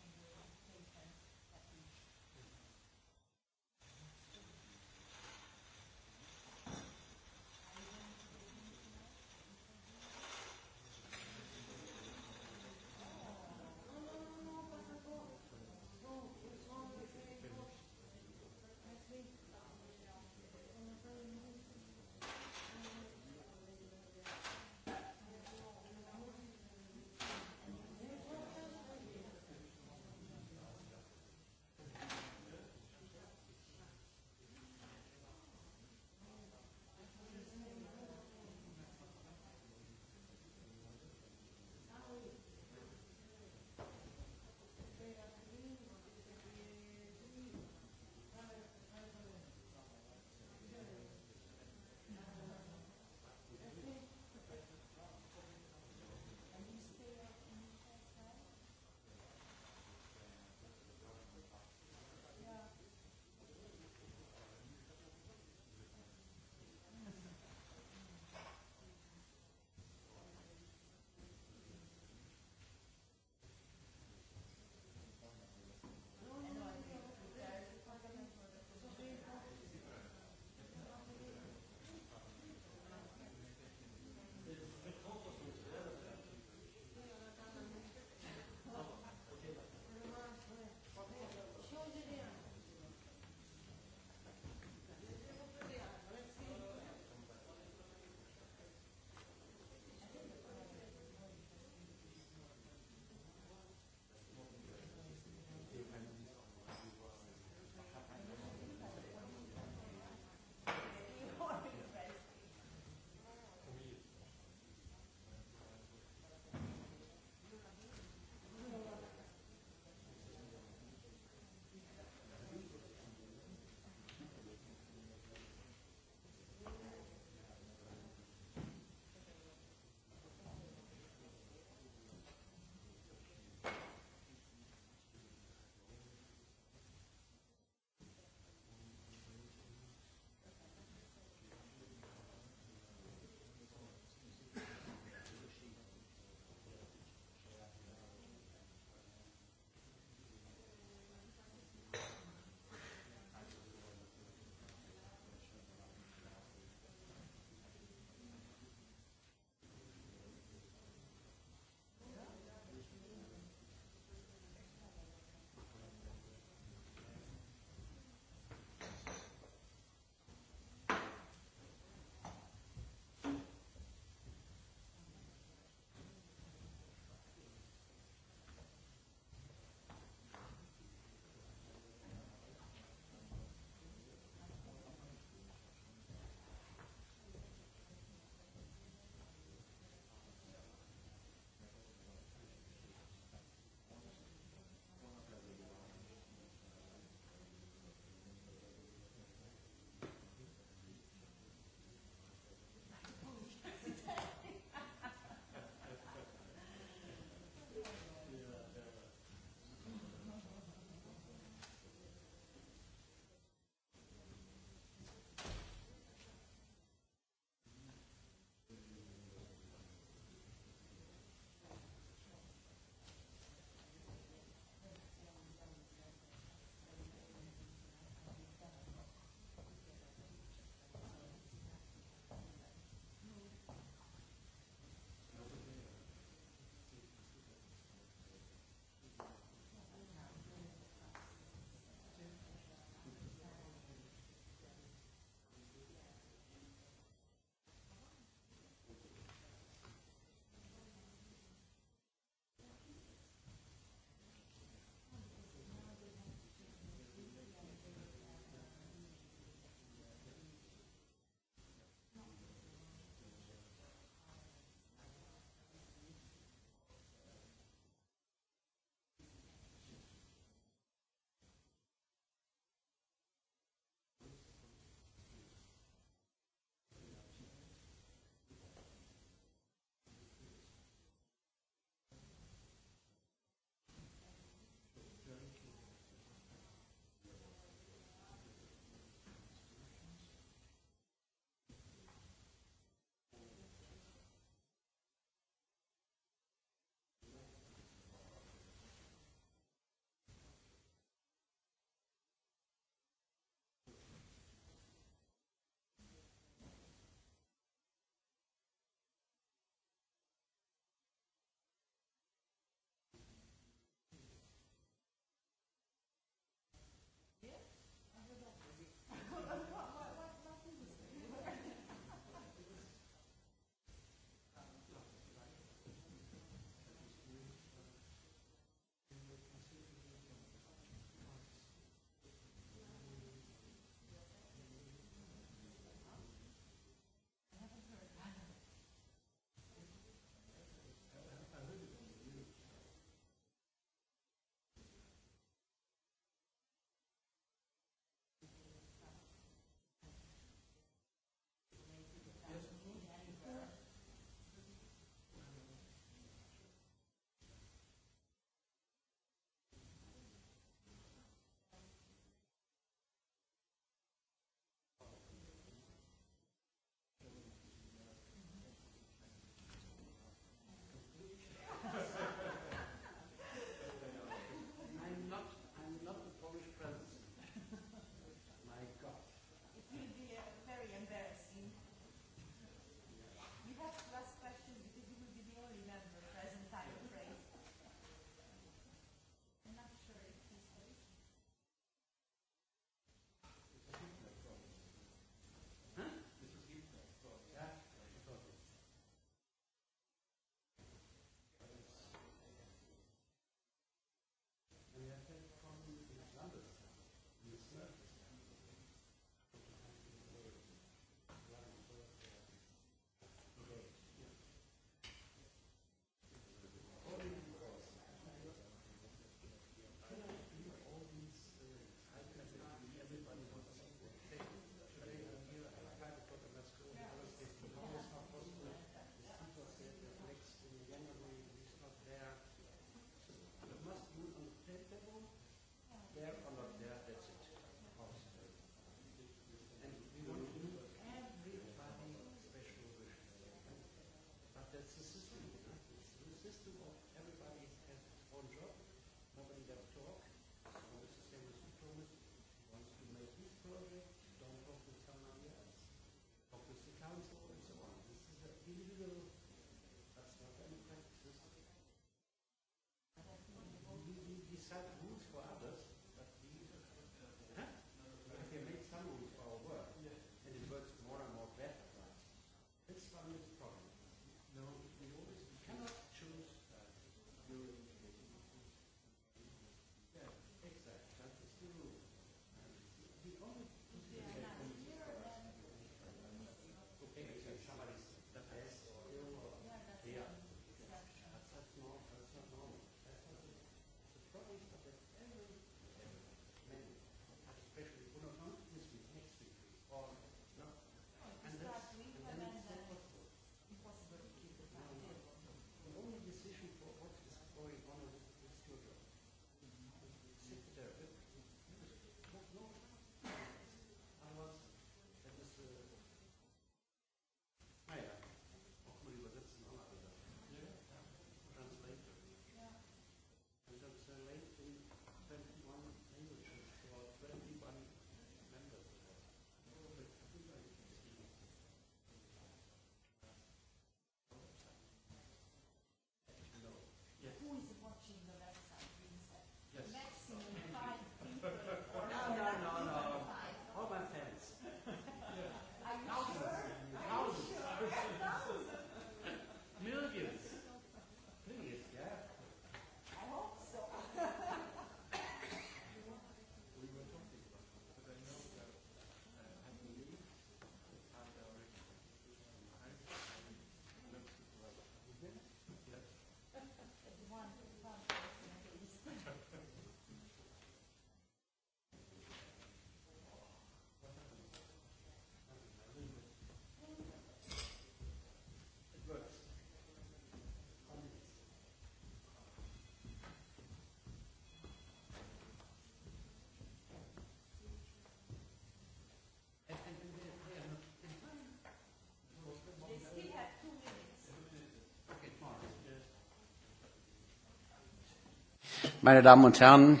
meine Damen und Herren.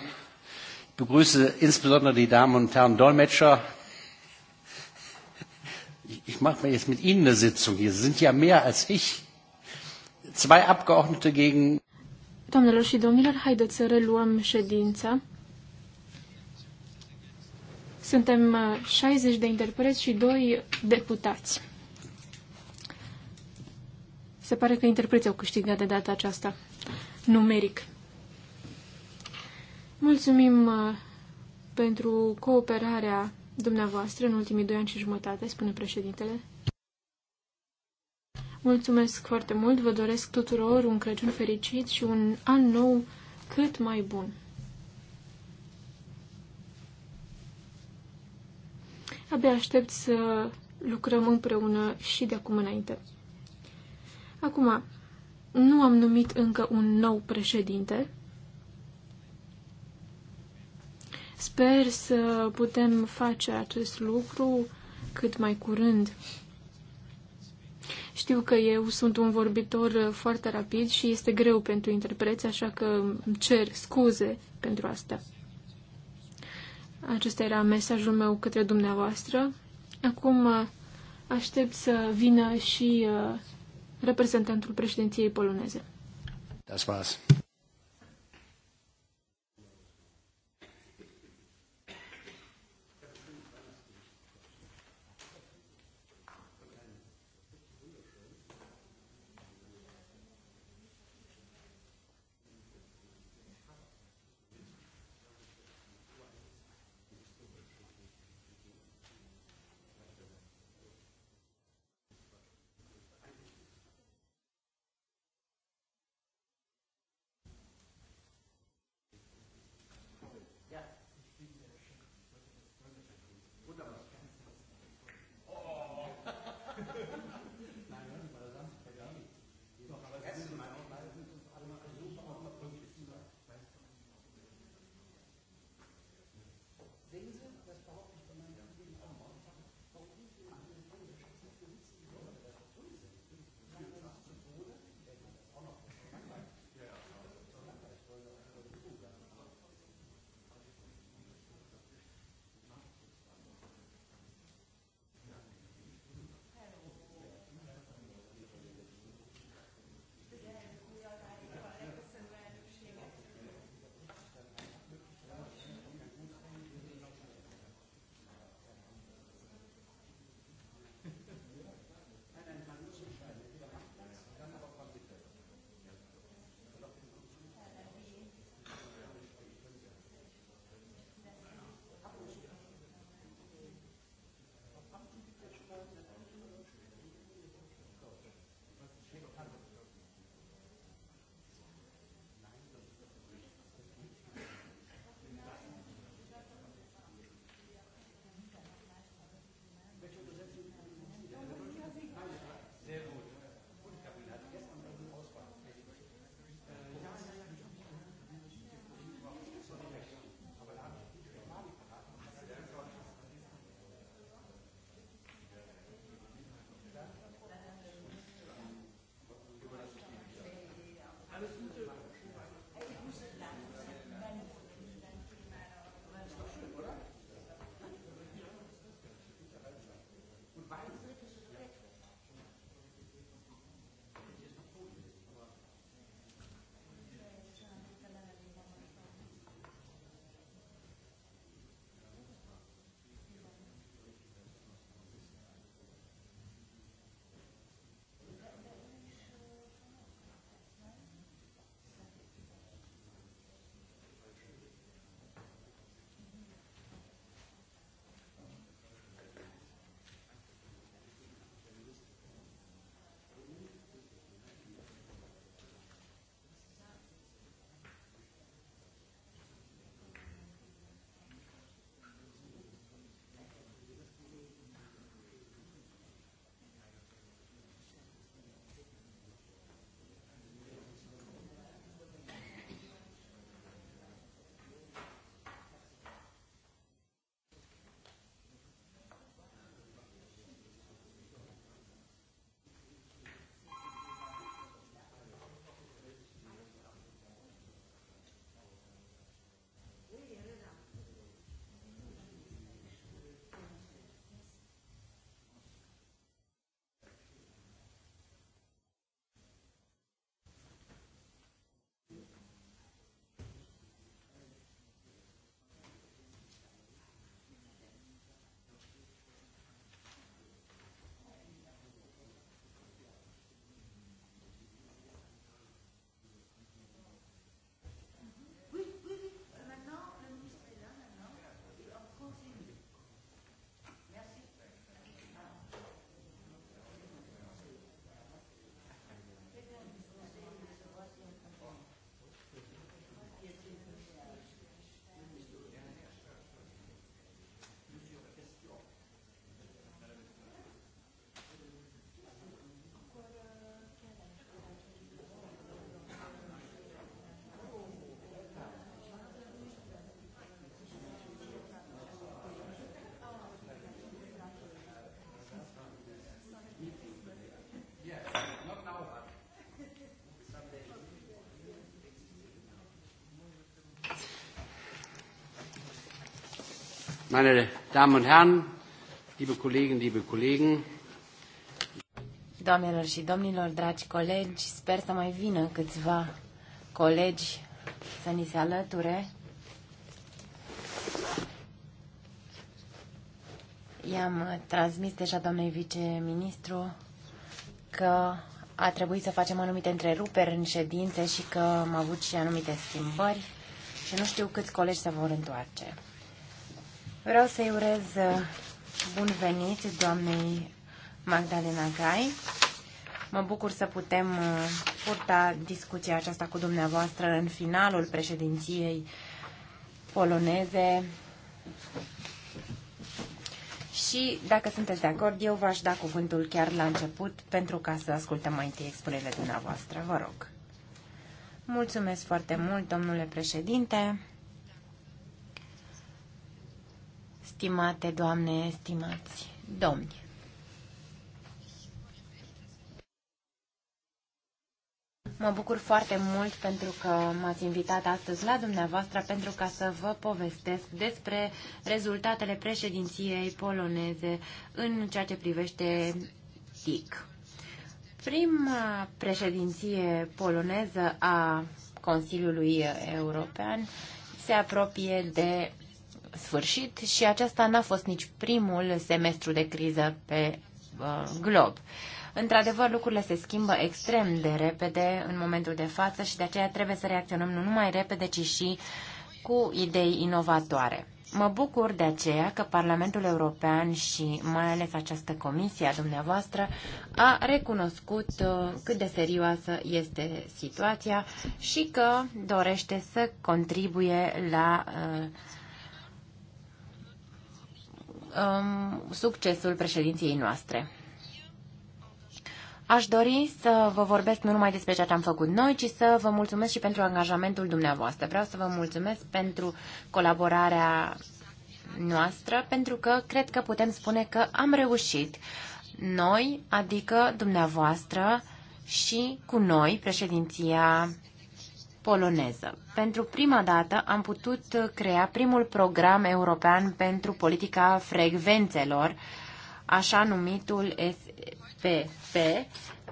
Ich begrüße insbesondere die Damen und Herren Dolmetscher. Ich, ich mache mir jetzt mit Ihnen eine Sitzung hier. Sie sind ja mehr als ich. Zwei Abgeordnete gegen. Doamnelor și domnilor, haideți să reluăm ședința. Suntem 60 uh, de interpreți și 2 deputați. Se pare că interpreții au câștigat de data aceasta, numeric. Mulțumim uh, pentru cooperarea dumneavoastră în ultimii doi ani și jumătate, spune președintele. Mulțumesc foarte mult, vă doresc tuturor un Crăciun fericit și un an nou cât mai bun. Abia aștept să lucrăm împreună și de acum înainte. Acum, nu am numit încă un nou președinte, Sper să putem face acest lucru cât mai curând. Știu că eu sunt un vorbitor foarte rapid și este greu pentru interpreți, așa că îmi cer scuze pentru asta. Acesta era mesajul meu către dumneavoastră. Acum uh, aștept să vină și uh, reprezentantul președinției poloneze. Das war's. Meine Damen und Herren, liebe Kollegen, liebe Kollegen. Doamnelor și domnilor, dragi colegi, sper să mai vină câțiva colegi să ni se alăture. I-am transmis deja doamnei viceministru că a trebuit să facem anumite întreruperi în ședințe și că am avut și anumite schimbări și nu știu câți colegi se vor întoarce. Vreau să-i urez uh, bun venit doamnei Magdalena Gai. Mă bucur să putem uh, purta discuția aceasta cu dumneavoastră în finalul președinției poloneze. Și, dacă sunteți de acord, eu v-aș da cuvântul chiar la început pentru ca să ascultăm mai întâi expunerile dumneavoastră. Vă rog. Mulțumesc foarte mult, domnule președinte. Stimate doamne, stimați domni. Mă bucur foarte mult pentru că m-ați invitat astăzi la dumneavoastră pentru ca să vă povestesc despre rezultatele președinției poloneze în ceea ce privește TIC. Prima președinție poloneză a Consiliului European se apropie de sfârșit și acesta n-a fost nici primul semestru de criză pe uh, glob. Într-adevăr, lucrurile se schimbă extrem de repede în momentul de față și de aceea trebuie să reacționăm nu numai repede, ci și cu idei inovatoare. Mă bucur de aceea că Parlamentul European și mai ales această comisie a dumneavoastră a recunoscut uh, cât de serioasă este situația și că dorește să contribuie la uh, um, succesul președinției noastre. Aș dori să vă vorbesc nu numai despre ceea ce am făcut noi, ci să vă mulțumesc și pentru angajamentul dumneavoastră. Vreau să vă mulțumesc pentru colaborarea noastră, pentru că cred că putem spune că am reușit noi, adică dumneavoastră și cu noi, președinția poloneză. Pentru prima dată am putut crea primul program european pentru politica frecvențelor, așa numitul SPP,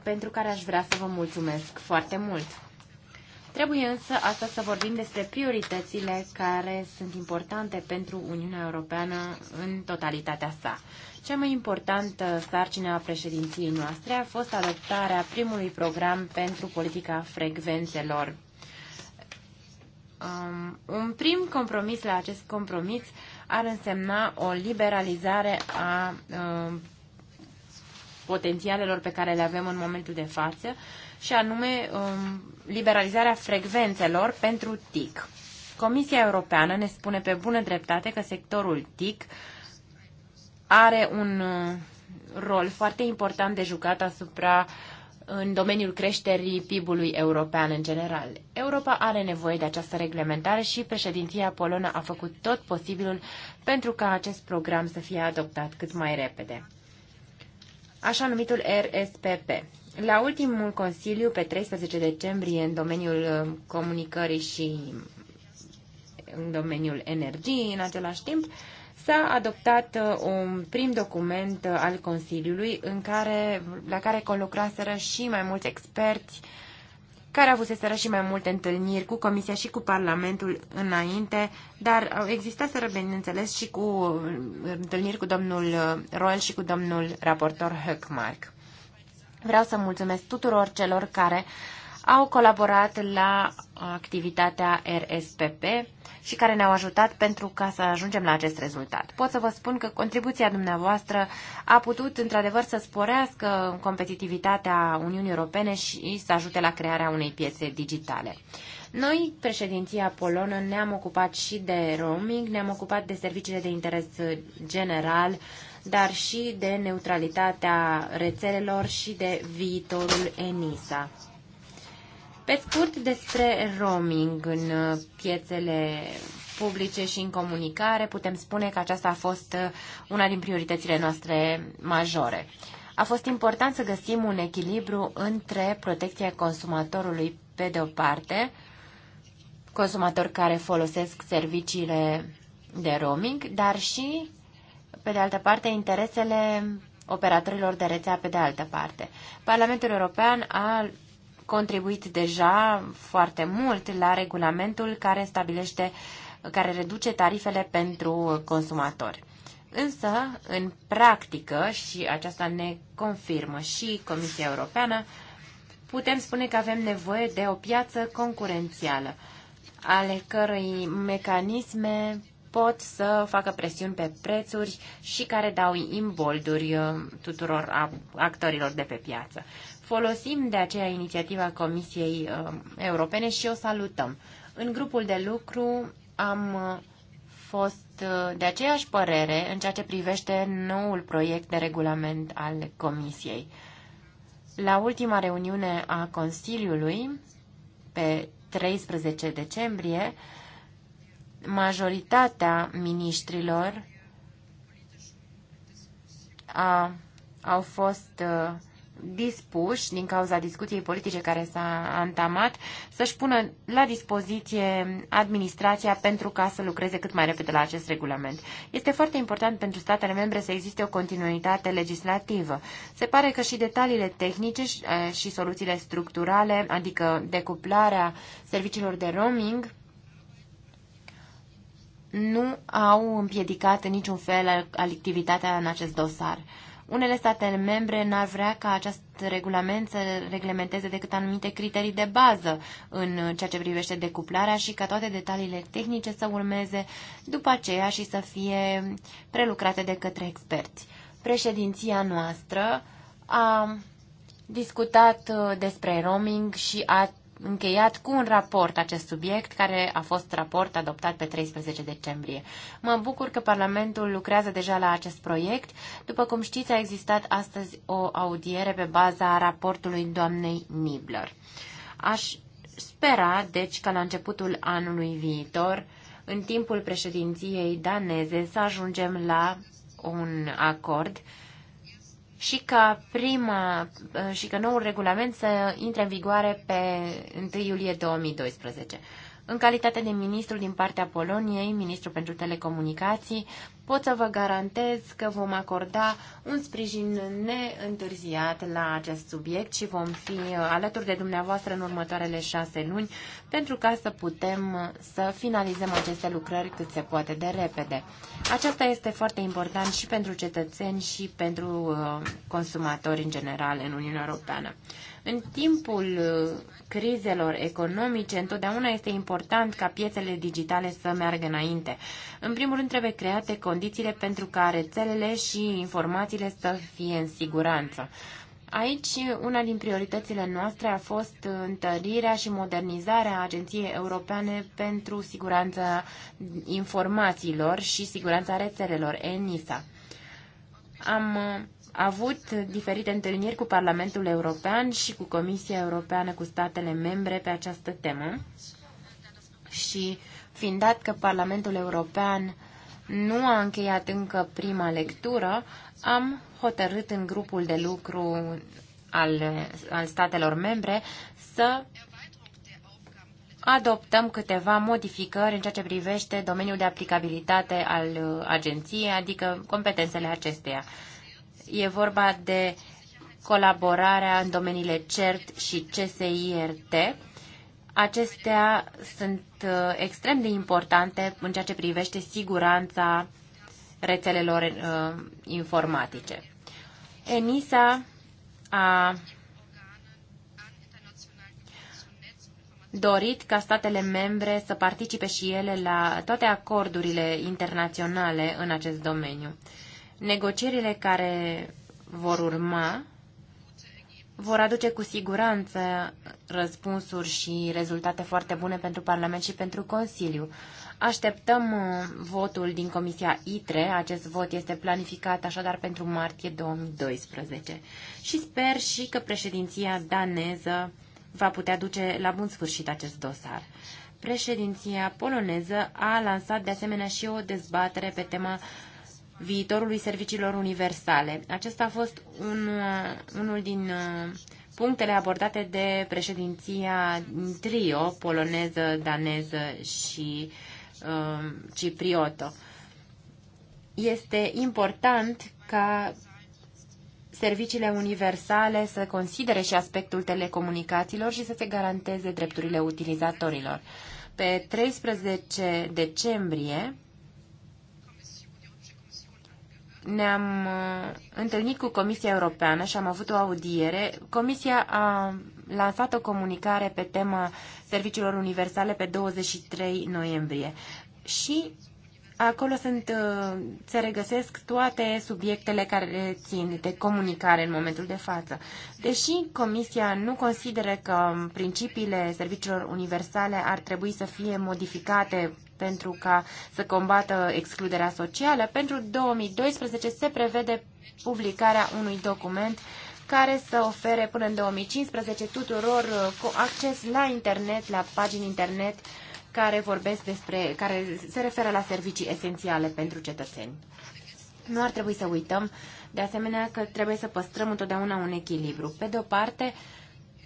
pentru care aș vrea să vă mulțumesc foarte mult. Trebuie însă astăzi să vorbim despre prioritățile care sunt importante pentru Uniunea Europeană în totalitatea sa. Cea mai importantă sarcină a președinției noastre a fost adoptarea primului program pentru politica frecvențelor Um, un prim compromis la acest compromis ar însemna o liberalizare a um, potențialelor pe care le avem în momentul de față și anume um, liberalizarea frecvențelor pentru TIC. Comisia Europeană ne spune pe bună dreptate că sectorul TIC are un uh, rol foarte important de jucat asupra uh, în domeniul creșterii PIB-ului european în general. Europa are nevoie de această reglementare și președinția polonă a făcut tot posibilul pentru ca acest program să fie adoptat cât mai repede. Așa numitul RSPP. La ultimul consiliu, pe 13 decembrie, în domeniul uh, comunicării și în domeniul energiei, în același timp, uh, s-a adoptat uh, un prim document uh, al Consiliului în care, la care colucraseră și mai mulți experți care avuseseră și mai multe întâlniri cu Comisia și cu Parlamentul înainte, dar au existat, sără, bineînțeles, și cu uh, întâlniri cu domnul Roel și cu domnul raportor Höckmark. Vreau să mulțumesc tuturor celor care au colaborat la activitatea RSPP și care ne-au ajutat pentru ca să ajungem la acest rezultat. Pot să vă spun că contribuția dumneavoastră a putut într-adevăr să sporească competitivitatea Uniunii Europene și să ajute la crearea unei piețe digitale. Noi, președinția polonă, ne-am ocupat și de roaming, ne-am ocupat de serviciile de interes general, dar și de neutralitatea rețelelor și de viitorul ENISA. Pe scurt, despre roaming în uh, piețele publice și în comunicare, putem spune că aceasta a fost uh, una din prioritățile noastre majore. A fost important să găsim un echilibru între protecția consumatorului pe de o parte, consumatori care folosesc serviciile de roaming, dar și, pe de altă parte, interesele operatorilor de rețea pe de altă parte. Parlamentul European a contribuit deja foarte mult la regulamentul care stabilește, care reduce tarifele pentru consumatori. Însă, în practică, și aceasta ne confirmă și Comisia Europeană, putem spune că avem nevoie de o piață concurențială, ale cărei mecanisme pot să facă presiuni pe prețuri și care dau imbolduri uh, tuturor actorilor de pe piață. Folosim de aceea inițiativa Comisiei uh, Europene și o salutăm. În grupul de lucru am uh, fost uh, de aceeași părere în ceea ce privește noul proiect de regulament al Comisiei. La ultima reuniune a Consiliului, pe 13 decembrie, majoritatea ministrilor a, au fost uh, dispuși, din cauza discuției politice care s-a antamat, să-și pună la dispoziție administrația pentru ca să lucreze cât mai repede la acest regulament. Este foarte important pentru statele membre să existe o continuitate legislativă. Se pare că și detaliile tehnice și eh, soluțiile structurale, adică decuplarea serviciilor de roaming, nu au împiedicat în niciun fel activitatea în acest dosar. Unele state membre n-ar vrea ca acest regulament să reglementeze decât anumite criterii de bază în ceea ce privește decuplarea și ca toate detaliile tehnice să urmeze după aceea și să fie prelucrate de către experți. Președinția noastră a discutat uh, despre roaming și a încheiat cu un raport acest subiect, care a fost raport adoptat pe 13 decembrie. Mă bucur că Parlamentul lucrează deja la acest proiect. După cum știți, a existat astăzi o audiere pe baza raportului doamnei Nibler. Aș spera, deci, că la începutul anului viitor, în timpul președinției daneze, să ajungem la un acord uh, și ca prima uh, și că noul regulament să intre în vigoare pe 1 iulie 2012. În calitate de ministru din partea Poloniei, ministru pentru telecomunicații, pot să vă garantez că vom acorda un sprijin neîntârziat la acest subiect și vom fi uh, alături de dumneavoastră în următoarele șase luni pentru ca să putem uh, să finalizăm aceste lucrări cât se poate de repede. Aceasta este foarte important și pentru cetățeni și pentru uh, consumatori în general în Uniunea Europeană. În timpul uh, crizelor economice, întotdeauna este important ca piețele digitale să meargă înainte. În primul rând, trebuie create condițiile pentru ca rețelele și informațiile să fie în siguranță. Aici, una din prioritățile noastre a fost întărirea și modernizarea Agenției Europene pentru Siguranța Informațiilor și Siguranța Rețelelor, ENISA. Am uh, avut diferite întâlniri cu Parlamentul European și cu Comisia Europeană, cu statele membre pe această temă. Și fiind dat că Parlamentul European nu a încheiat încă prima lectură, am hotărât în grupul de lucru al, al statelor membre să adoptăm câteva modificări în ceea ce privește domeniul de aplicabilitate al uh, agenției, adică competențele acesteia. E vorba de colaborarea în domeniile CERT și CSIRT. Acestea sunt uh, extrem de importante în ceea ce privește siguranța rețelelor uh, informatice. ENISA a dorit ca statele membre să participe și ele la toate acordurile internaționale în acest domeniu. Negocierile care vor urma vor aduce cu siguranță răspunsuri și rezultate foarte bune pentru Parlament și pentru Consiliu. Așteptăm uh, votul din Comisia ITRE. Acest vot este planificat așadar pentru martie 2012. Și sper și că președinția daneză va putea duce la bun sfârșit acest dosar. Președinția poloneză a lansat de asemenea și o dezbatere pe tema viitorului serviciilor universale. Acesta a fost un, uh, unul din uh, punctele abordate de președinția trio poloneză, daneză și uh, ciprioto. Este important ca serviciile universale să considere și aspectul telecomunicațiilor și să se garanteze drepturile utilizatorilor. Pe 13 decembrie, ne-am uh, întâlnit cu Comisia Europeană și am avut o audiere. Comisia a lansat o comunicare pe tema serviciilor universale pe 23 noiembrie și acolo sunt, uh, se regăsesc toate subiectele care țin de comunicare în momentul de față. Deși Comisia nu consideră că um, principiile serviciilor universale ar trebui să fie modificate pentru ca să combată excluderea socială, pentru 2012 se prevede publicarea unui document care să ofere până în 2015 tuturor uh, acces la internet, la pagini internet care vorbesc despre, care se referă la servicii esențiale pentru cetățeni. Nu ar trebui să uităm, de asemenea, că trebuie să păstrăm întotdeauna un echilibru. Pe de o parte,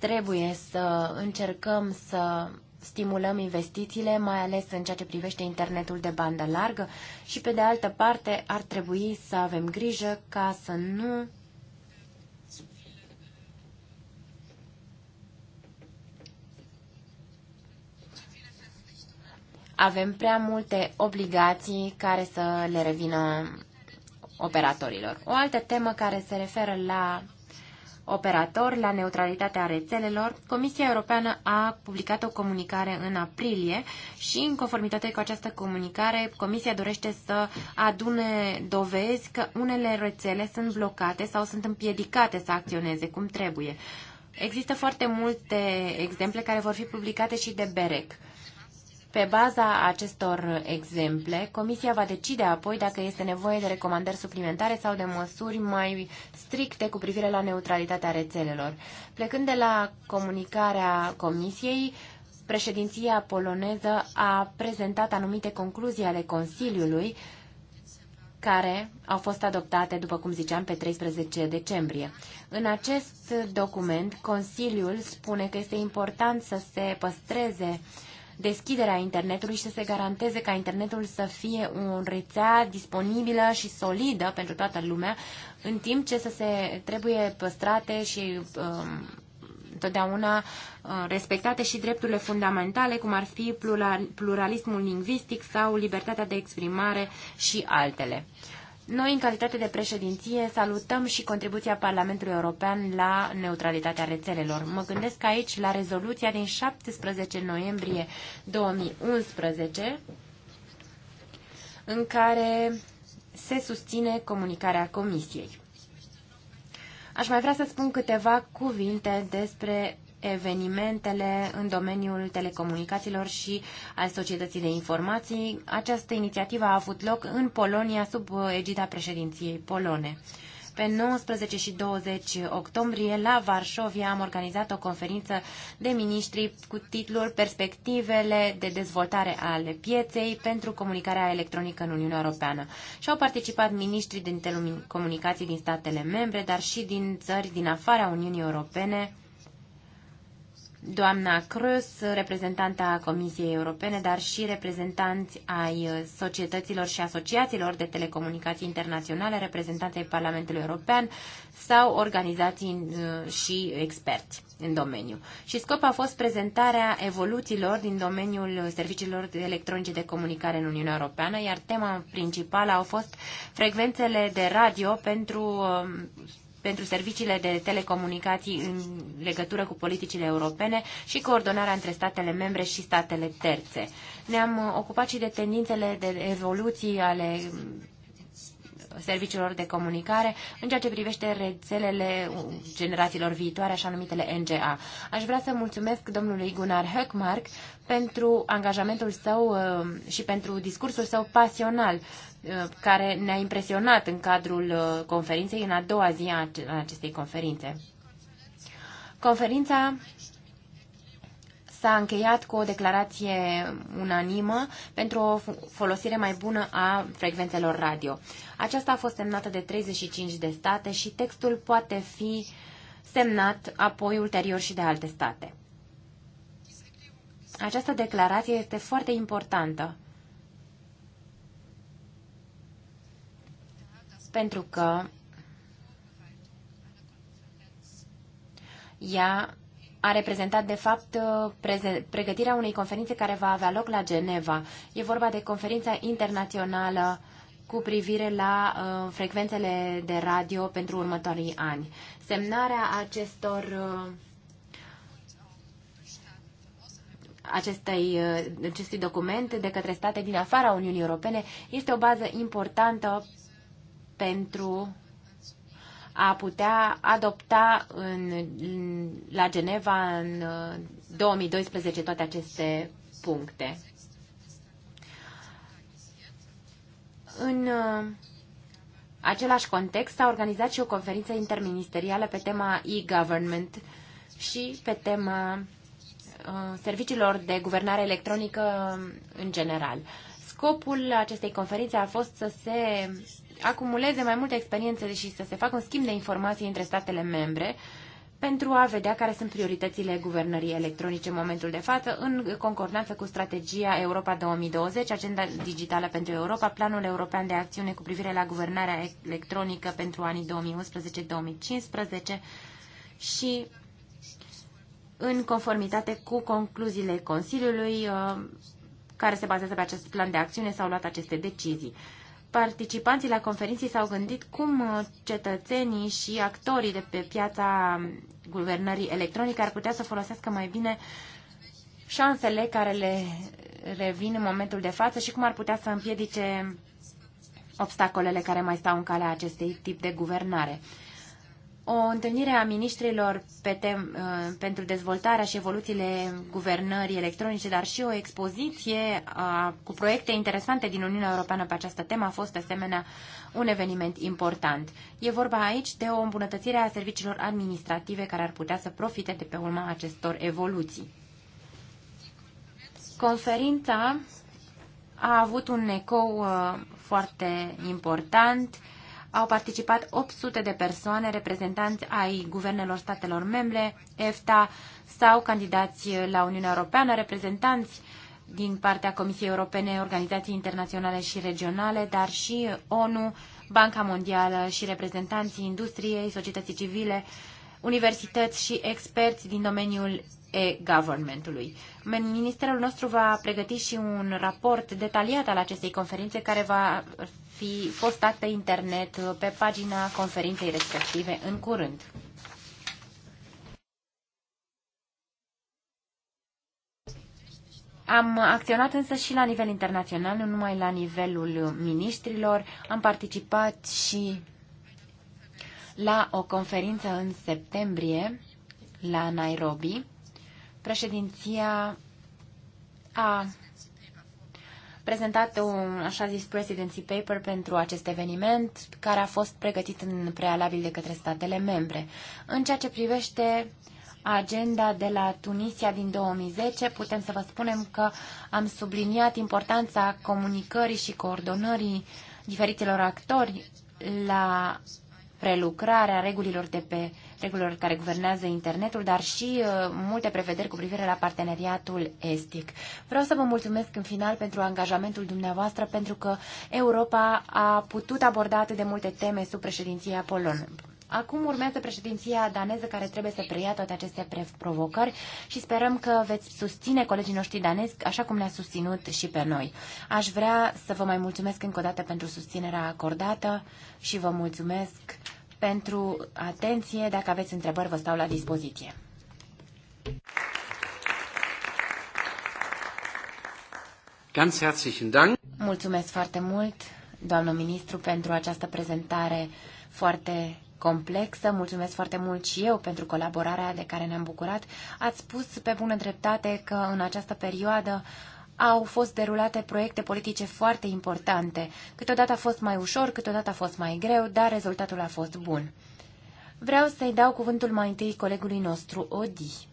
trebuie să încercăm să stimulăm investițiile, mai ales în ceea ce privește internetul de bandă largă și, pe de altă parte, ar trebui să avem grijă ca să nu avem prea multe obligații care să le revină operatorilor. O altă temă care se referă la operator la neutralitatea rețelelor, Comisia Europeană a publicat o comunicare în aprilie și, în conformitate cu această comunicare, Comisia dorește să adune dovezi că unele rețele sunt blocate sau sunt împiedicate să acționeze cum trebuie. Există foarte multe exemple care vor fi publicate și de BEREC. Pe baza acestor exemple, Comisia va decide apoi dacă este nevoie de recomandări suplimentare sau de măsuri mai stricte cu privire la neutralitatea rețelelor. Plecând de la comunicarea Comisiei, președinția poloneză a prezentat anumite concluzii ale Consiliului care au fost adoptate, după cum ziceam, pe 13 decembrie. În acest document, Consiliul spune că este important să se păstreze uh, deschiderea internetului și să se garanteze ca internetul să fie o rețea disponibilă și solidă pentru toată lumea, în timp ce să se trebuie păstrate și um, întotdeauna uh, respectate și drepturile fundamentale, cum ar fi pluralismul lingvistic sau libertatea de exprimare și altele. Noi, în calitate de președinție, salutăm și contribuția Parlamentului European la neutralitatea rețelelor. Mă gândesc aici la rezoluția din 17 noiembrie 2011, în care se susține comunicarea Comisiei. Aș mai vrea să spun câteva cuvinte despre evenimentele în domeniul telecomunicațiilor și al societății de informații. Această inițiativă a avut loc în Polonia sub egida președinției polone. Pe 19 și 20 octombrie, la Varșovia, am organizat o conferință de miniștri cu titlul Perspectivele de dezvoltare ale pieței pentru comunicarea electronică în Uniunea Europeană. Și au participat miniștri din telecomunicații din statele membre, dar și din țări din afara Uniunii Europene, doamna Crăs, reprezentanta Comisiei Europene, dar și reprezentanți ai societăților și asociațiilor de telecomunicații internaționale, ai Parlamentului European sau organizații uh, și experți în domeniu. Și scopul a fost prezentarea evoluțiilor din domeniul serviciilor electronice de comunicare în Uniunea Europeană, iar tema principală au fost frecvențele de radio pentru uh, pentru serviciile de telecomunicații în legătură cu politicile europene și coordonarea între statele membre și statele terțe. Ne-am uh, ocupat și de tendințele de evoluții ale mm, serviciilor de comunicare în ceea ce privește rețelele uh, generațiilor viitoare, așa numitele NGA. Aș vrea să mulțumesc domnului Gunnar Höckmark pentru angajamentul său uh, și pentru discursul său pasional Uh, care ne-a impresionat în cadrul uh, conferinței, în a doua zi a acestei conferințe. Conferința s-a încheiat cu o declarație unanimă pentru o folosire mai bună a frecvențelor radio. Aceasta a fost semnată de 35 de state și textul poate fi semnat apoi ulterior și de alte state. Această declarație este foarte importantă pentru că ea a reprezentat, de fapt, pregătirea unei conferințe care va avea loc la Geneva. E vorba de conferința internațională cu privire la uh, frecvențele de radio pentru următorii ani. Semnarea acestor uh, acestei, uh, acestui document de către state din afara Uniunii Europene este o bază importantă pentru a putea adopta în, la Geneva în 2012 uh, toate aceste puncte. În uh, același context s-a organizat și o conferință interministerială pe tema e-government și pe tema uh, serviciilor de guvernare electronică în general. Scopul acestei conferințe a fost să se acumuleze mai multe experiențe și să se facă un schimb de informații între statele membre pentru a vedea care sunt prioritățile guvernării electronice în momentul de față, în concordanță cu strategia Europa 2020, Agenda Digitală pentru Europa, Planul European de Acțiune cu privire la guvernarea electronică pentru anii 2011-2015 și în conformitate cu concluziile Consiliului uh, care se bazează pe acest plan de acțiune, s-au luat aceste decizii participanții la conferinții s-au gândit cum uh, cetățenii și actorii de pe piața guvernării electronice ar putea să folosească mai bine șansele care le revin în momentul de față și cum ar putea să împiedice obstacolele care mai stau în calea acestei tip de guvernare. O întâlnire a ministrilor pe tem, uh, pentru dezvoltarea și evoluțiile guvernării electronice, dar și o expoziție uh, cu proiecte interesante din Uniunea Europeană pe această temă a fost, de asemenea, un eveniment important. E vorba aici de o îmbunătățire a serviciilor administrative care ar putea să profite de pe urma acestor evoluții. Conferința a avut un ecou uh, foarte important au participat 800 de persoane, reprezentanți ai guvernelor statelor membre, EFTA sau candidați la Uniunea Europeană, reprezentanți din partea Comisiei Europene, organizații internaționale și regionale, dar și ONU, Banca Mondială și reprezentanții industriei, societății civile, universități și experți din domeniul e-governmentului. Ministerul nostru va pregăti și un raport detaliat al acestei conferințe care va fi postat pe internet pe pagina conferinței respective în curând. Am acționat însă și la nivel internațional, nu numai la nivelul ministrilor. Am participat și la o conferință în septembrie la Nairobi Președinția a prezentat un așa zis presidency paper pentru acest eveniment, care a fost pregătit în prealabil de către statele membre. În ceea ce privește agenda de la Tunisia din 2010, putem să vă spunem că am subliniat importanța comunicării și coordonării diferitelor actori la prelucrarea regulilor de pe regulilor care guvernează internetul, dar și uh, multe prevederi cu privire la parteneriatul estic. Vreau să vă mulțumesc în final pentru angajamentul dumneavoastră, pentru că Europa a putut aborda atât de multe teme sub președinția Polonă. Acum urmează președinția daneză care trebuie să preia toate aceste provocări și sperăm că veți susține colegii noștri danezi așa cum ne-a susținut și pe noi. Aș vrea să vă mai mulțumesc încă o dată pentru susținerea acordată și vă mulțumesc pentru atenție. Dacă aveți întrebări, vă stau la dispoziție. Ganz herzlichen Dank. Mulțumesc foarte mult, doamnă ministru, pentru această prezentare foarte complexă. Mulțumesc foarte mult și eu pentru colaborarea de care ne-am bucurat. Ați spus pe bună dreptate că în această perioadă au fost derulate proiecte politice foarte importante. Câteodată a fost mai ușor, câteodată a fost mai greu, dar rezultatul a fost bun. Vreau să-i dau cuvântul mai întâi colegului nostru, Odi.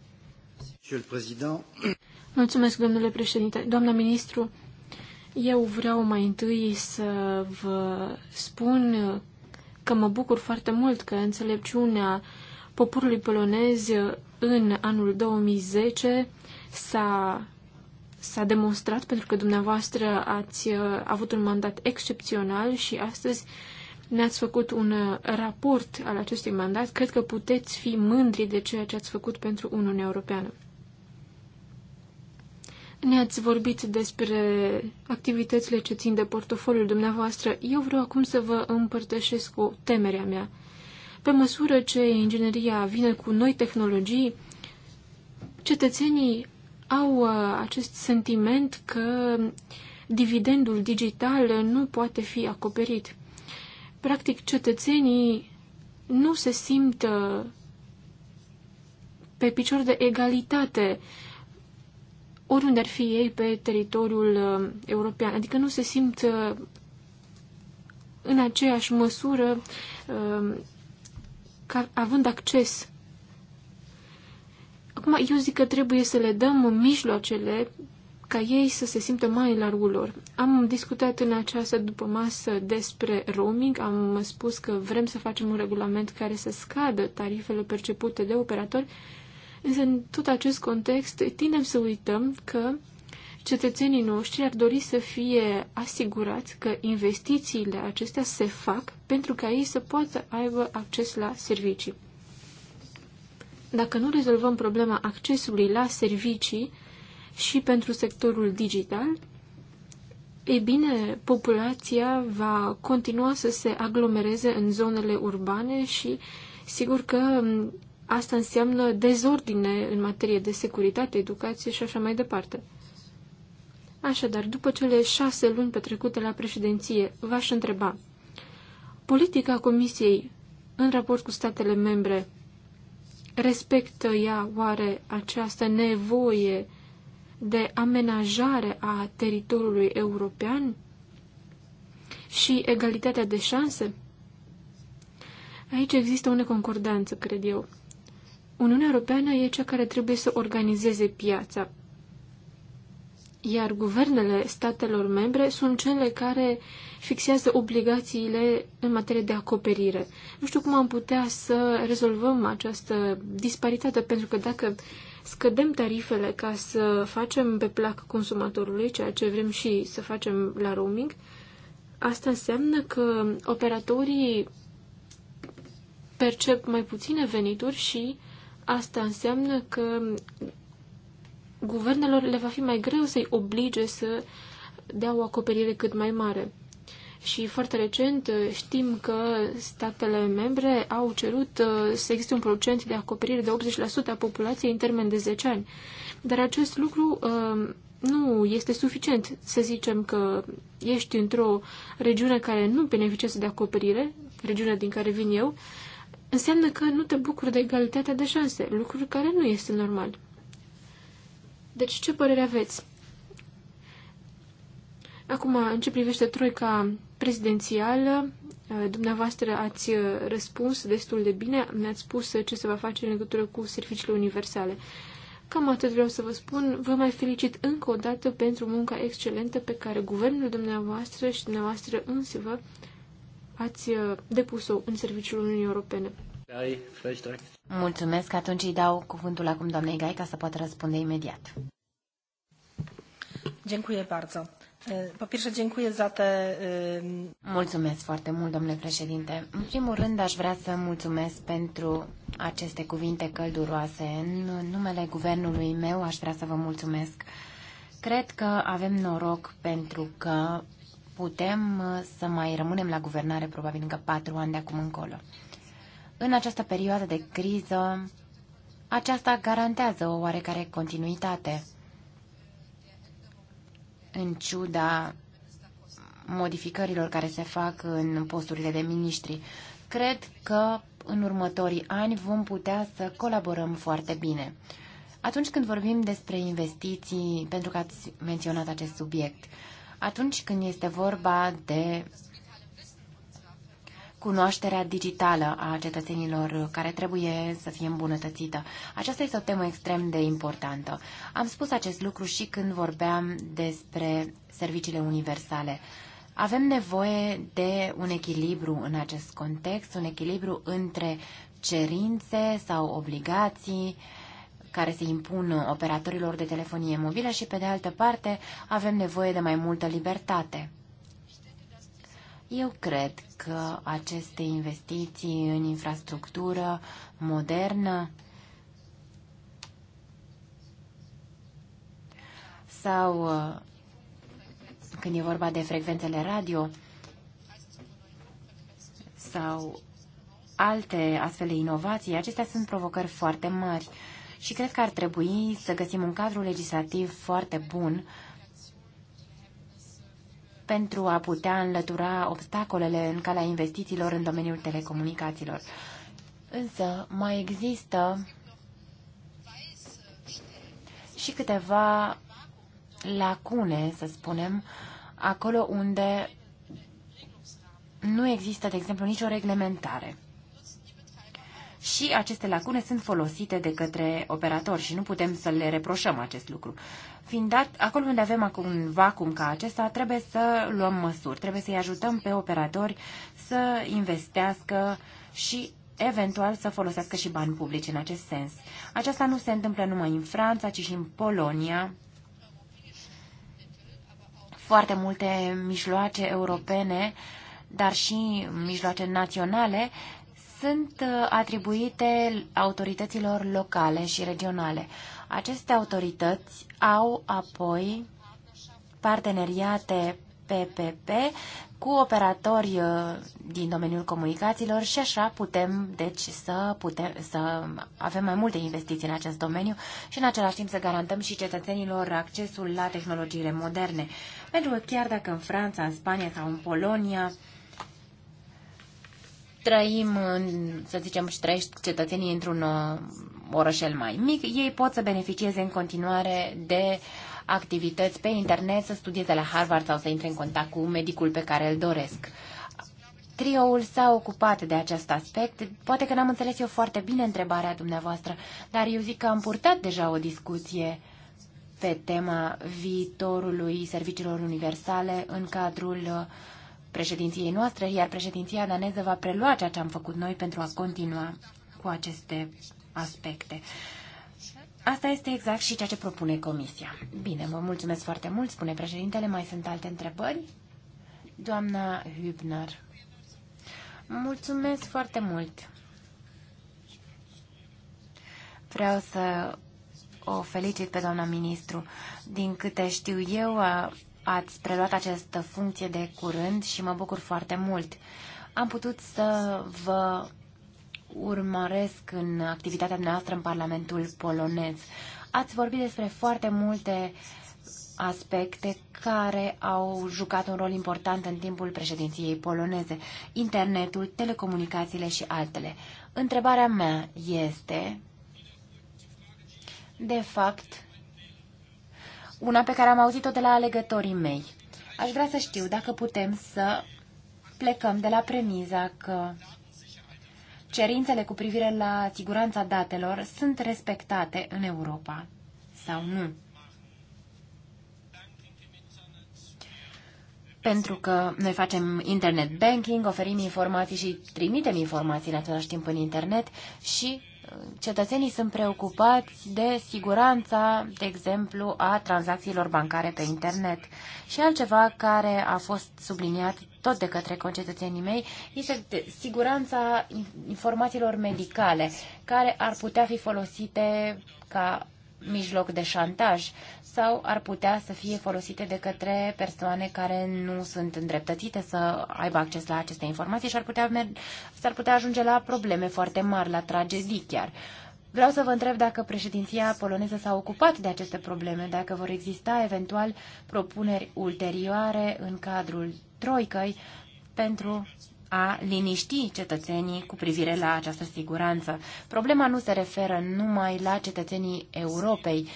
Mulțumesc, domnule președinte. Doamna ministru, eu vreau mai întâi să vă spun că mă bucur foarte mult că înțelepciunea poporului polonez în anul 2010 s-a s-a demonstrat pentru că dumneavoastră ați uh, avut un mandat excepțional și astăzi ne-ați făcut un uh, raport al acestui mandat. Cred că puteți fi mândri de ceea ce ați făcut pentru Uniunea Europeană. Ne-ați vorbit despre activitățile ce țin de portofoliul dumneavoastră. Eu vreau acum să vă împărtășesc o temerea mea. Pe măsură ce ingineria vine cu noi tehnologii, cetățenii au uh, acest sentiment că dividendul digital nu poate fi acoperit. Practic, cetățenii nu se simt uh, pe picior de egalitate oriunde ar fi ei pe teritoriul uh, european. Adică nu se simt în aceeași măsură ca având acces Acum, eu zic că trebuie să le dăm mijloacele ca ei să se simtă mai largul lor. Am discutat în această după masă despre roaming, am spus că vrem să facem un regulament care să scadă tarifele percepute de operatori, însă în tot acest context tindem să uităm că cetățenii noștri ar dori să fie asigurați că investițiile acestea se fac pentru ca ei să poată aibă acces la servicii. Dacă nu rezolvăm problema accesului la servicii și pentru sectorul digital, e bine, populația va continua să se aglomereze în zonele urbane și sigur că asta înseamnă dezordine în materie de securitate, educație și așa mai departe. Așadar, după cele șase luni petrecute la președinție, v-aș întreba, politica Comisiei în raport cu statele membre respectă ea oare această nevoie de amenajare a teritoriului european și egalitatea de șanse? Aici există o neconcordanță, cred eu. Uniunea Europeană e cea care trebuie să organizeze piața, iar guvernele statelor membre sunt cele care uh, fixează obligațiile în materie de acoperire. Nu știu cum am putea să rezolvăm această disparitate, pentru că dacă scădem tarifele ca să facem pe plac consumatorului, ceea ce vrem și să facem la roaming, asta înseamnă că operatorii percep mai puține venituri și asta înseamnă că guvernelor le va fi mai greu să-i oblige să dea o acoperire cât mai mare. Și foarte recent uh, știm că statele membre au cerut uh, să existe un procent de acoperire de 80% a populației în termen de 10 ani. Dar acest lucru uh, nu este suficient să zicem că ești într-o regiune care nu beneficiază de acoperire, regiunea din care vin eu, înseamnă că nu te bucuri de egalitatea de șanse, lucru care nu este normal. Deci, ce părere aveți? Acum, în ce privește Troica prezidențială. Uh, dumneavoastră ați uh, răspuns destul de bine, mi ați spus uh, ce se va face în legătură cu serviciile universale. Cam atât vreau să vă spun. Vă mai felicit încă o dată pentru munca excelentă pe care guvernul dumneavoastră și dumneavoastră vă ați depus-o în serviciul Uniunii Europene. Mulțumesc, atunci îi dau cuvântul acum doamnei Gai ca să poată răspunde imediat. Dziękuję bardzo. Po pierwsze, dziękuję za te... Mulțumesc foarte mult, domnule președinte. În primul rând, aș vrea să mulțumesc pentru aceste cuvinte călduroase. În numele guvernului meu aș vrea să vă mulțumesc. Cred că avem noroc pentru că putem uh, să mai rămânem la guvernare probabil încă patru ani de acum încolo. În această perioadă de criză, aceasta garantează o oarecare continuitate în ciuda modificărilor care se fac în posturile de miniștri. Cred că în următorii ani vom putea să colaborăm foarte bine. Atunci când vorbim despre investiții, pentru că ați menționat acest subiect, atunci când este vorba de cunoașterea digitală a cetățenilor care trebuie să fie îmbunătățită. Aceasta este o temă extrem de importantă. Am spus acest lucru și când vorbeam despre serviciile universale. Avem nevoie de un echilibru în acest context, un echilibru între cerințe sau obligații care se impun operatorilor de telefonie mobilă și, pe de altă parte, avem nevoie de mai multă libertate. Eu cred că aceste investiții în infrastructură modernă sau uh, când e vorba de frecvențele radio sau alte astfel de inovații, acestea sunt provocări foarte mari și cred că ar trebui să găsim un cadru legislativ foarte bun pentru a putea înlătura obstacolele în calea investițiilor în domeniul telecomunicațiilor. Însă mai există și câteva lacune, să spunem, acolo unde nu există, de exemplu, nicio reglementare. Și aceste lacune sunt folosite de către operatori și nu putem să le reproșăm acest lucru fiind dat, acolo unde avem acum un vacum ca acesta, trebuie să luăm măsuri, trebuie să-i ajutăm pe operatori să investească și eventual să folosească și bani publici în acest sens. Aceasta nu se întâmplă numai în Franța, ci și în Polonia. Foarte multe mijloace europene, dar și mijloace naționale, sunt uh, atribuite autorităților locale și regionale. Aceste autorități au apoi parteneriate PPP cu operatori uh, din domeniul comunicațiilor și așa putem, deci, să, putem, să avem mai multe investiții în acest domeniu și în același timp să garantăm și cetățenilor accesul la tehnologiile moderne. Pentru că chiar dacă în Franța, în Spania sau în Polonia trăim, în, să zicem, și trăiești cetățenii într-un uh, orășel mai mic, ei pot să beneficieze în continuare de activități pe internet, să studieze la Harvard sau să intre în contact cu medicul pe care îl doresc. Trioul s-a ocupat de acest aspect. Poate că n-am înțeles eu foarte bine întrebarea dumneavoastră, dar eu zic că am purtat deja o discuție pe tema viitorului serviciilor universale în cadrul uh, președinției noastre, iar președinția daneză va prelua ceea ce am făcut noi pentru a continua cu aceste aspecte. Asta este exact și ceea ce propune Comisia. Bine, vă mulțumesc foarte mult, spune președintele. Mai sunt alte întrebări? Doamna Hübner. Mulțumesc foarte mult. Vreau să o felicit pe doamna ministru. Din câte știu eu, ați preluat această funcție de curând și mă bucur foarte mult. Am putut să vă urmăresc în activitatea noastră în Parlamentul polonez. Ați vorbit despre foarte multe aspecte care au jucat un rol important în timpul președinției poloneze, internetul, telecomunicațiile și altele. Întrebarea mea este, de fapt, una pe care am auzit-o de la alegătorii mei. Aș vrea să știu dacă putem să plecăm de la premiza că cerințele cu privire la siguranța datelor sunt respectate în Europa sau nu. Pentru că noi facem internet banking, oferim informații și trimitem informații în același timp în internet și uh, cetățenii sunt preocupați de siguranța, de exemplu, a tranzacțiilor bancare pe internet. Și altceva care a fost subliniat tot de către concetățenii mei, este siguranța informațiilor medicale, care ar putea fi folosite ca mijloc de șantaj sau ar putea să fie folosite de către persoane care nu sunt îndreptățite să aibă acces la aceste informații și ar putea, s-ar putea ajunge la probleme foarte mari, la tragedii chiar. Uh, Vreau să vă întreb dacă președinția poloneză s-a ocupat de aceste probleme, dacă vor exista eventual propuneri ulterioare în cadrul troicăi pentru a liniști cetățenii cu privire la această siguranță. Problema nu se referă numai la cetățenii Europei,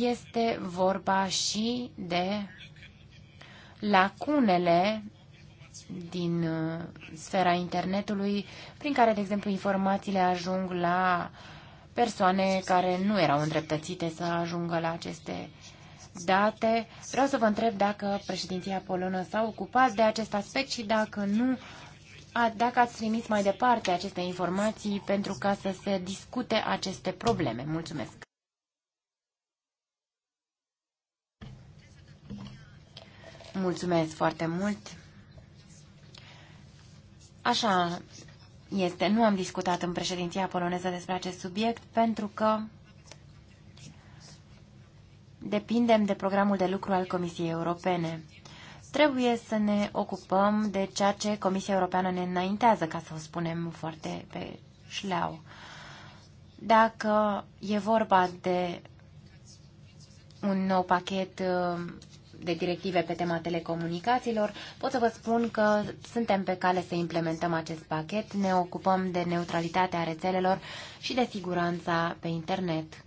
este vorba și de lacunele din uh, sfera internetului, prin care, de exemplu, informațiile ajung la uh, persoane care nu erau îndreptățite să ajungă la aceste date. Vreau să vă întreb dacă președinția polonă s-a ocupat de acest aspect și dacă nu, a, dacă ați trimis mai departe aceste informații pentru ca să se discute aceste probleme. Mulțumesc! Mulțumesc foarte mult! Așa, este, nu am discutat în președinția poloneză despre acest subiect pentru că depindem de programul de lucru al Comisiei Europene. Trebuie să ne ocupăm de ceea ce Comisia Europeană ne înaintează, ca să o spunem foarte pe șleau. Dacă e vorba de un nou pachet uh, de directive pe tema telecomunicațiilor, pot să vă spun că suntem pe cale să implementăm acest pachet, ne ocupăm de neutralitatea rețelelor și de siguranța pe internet.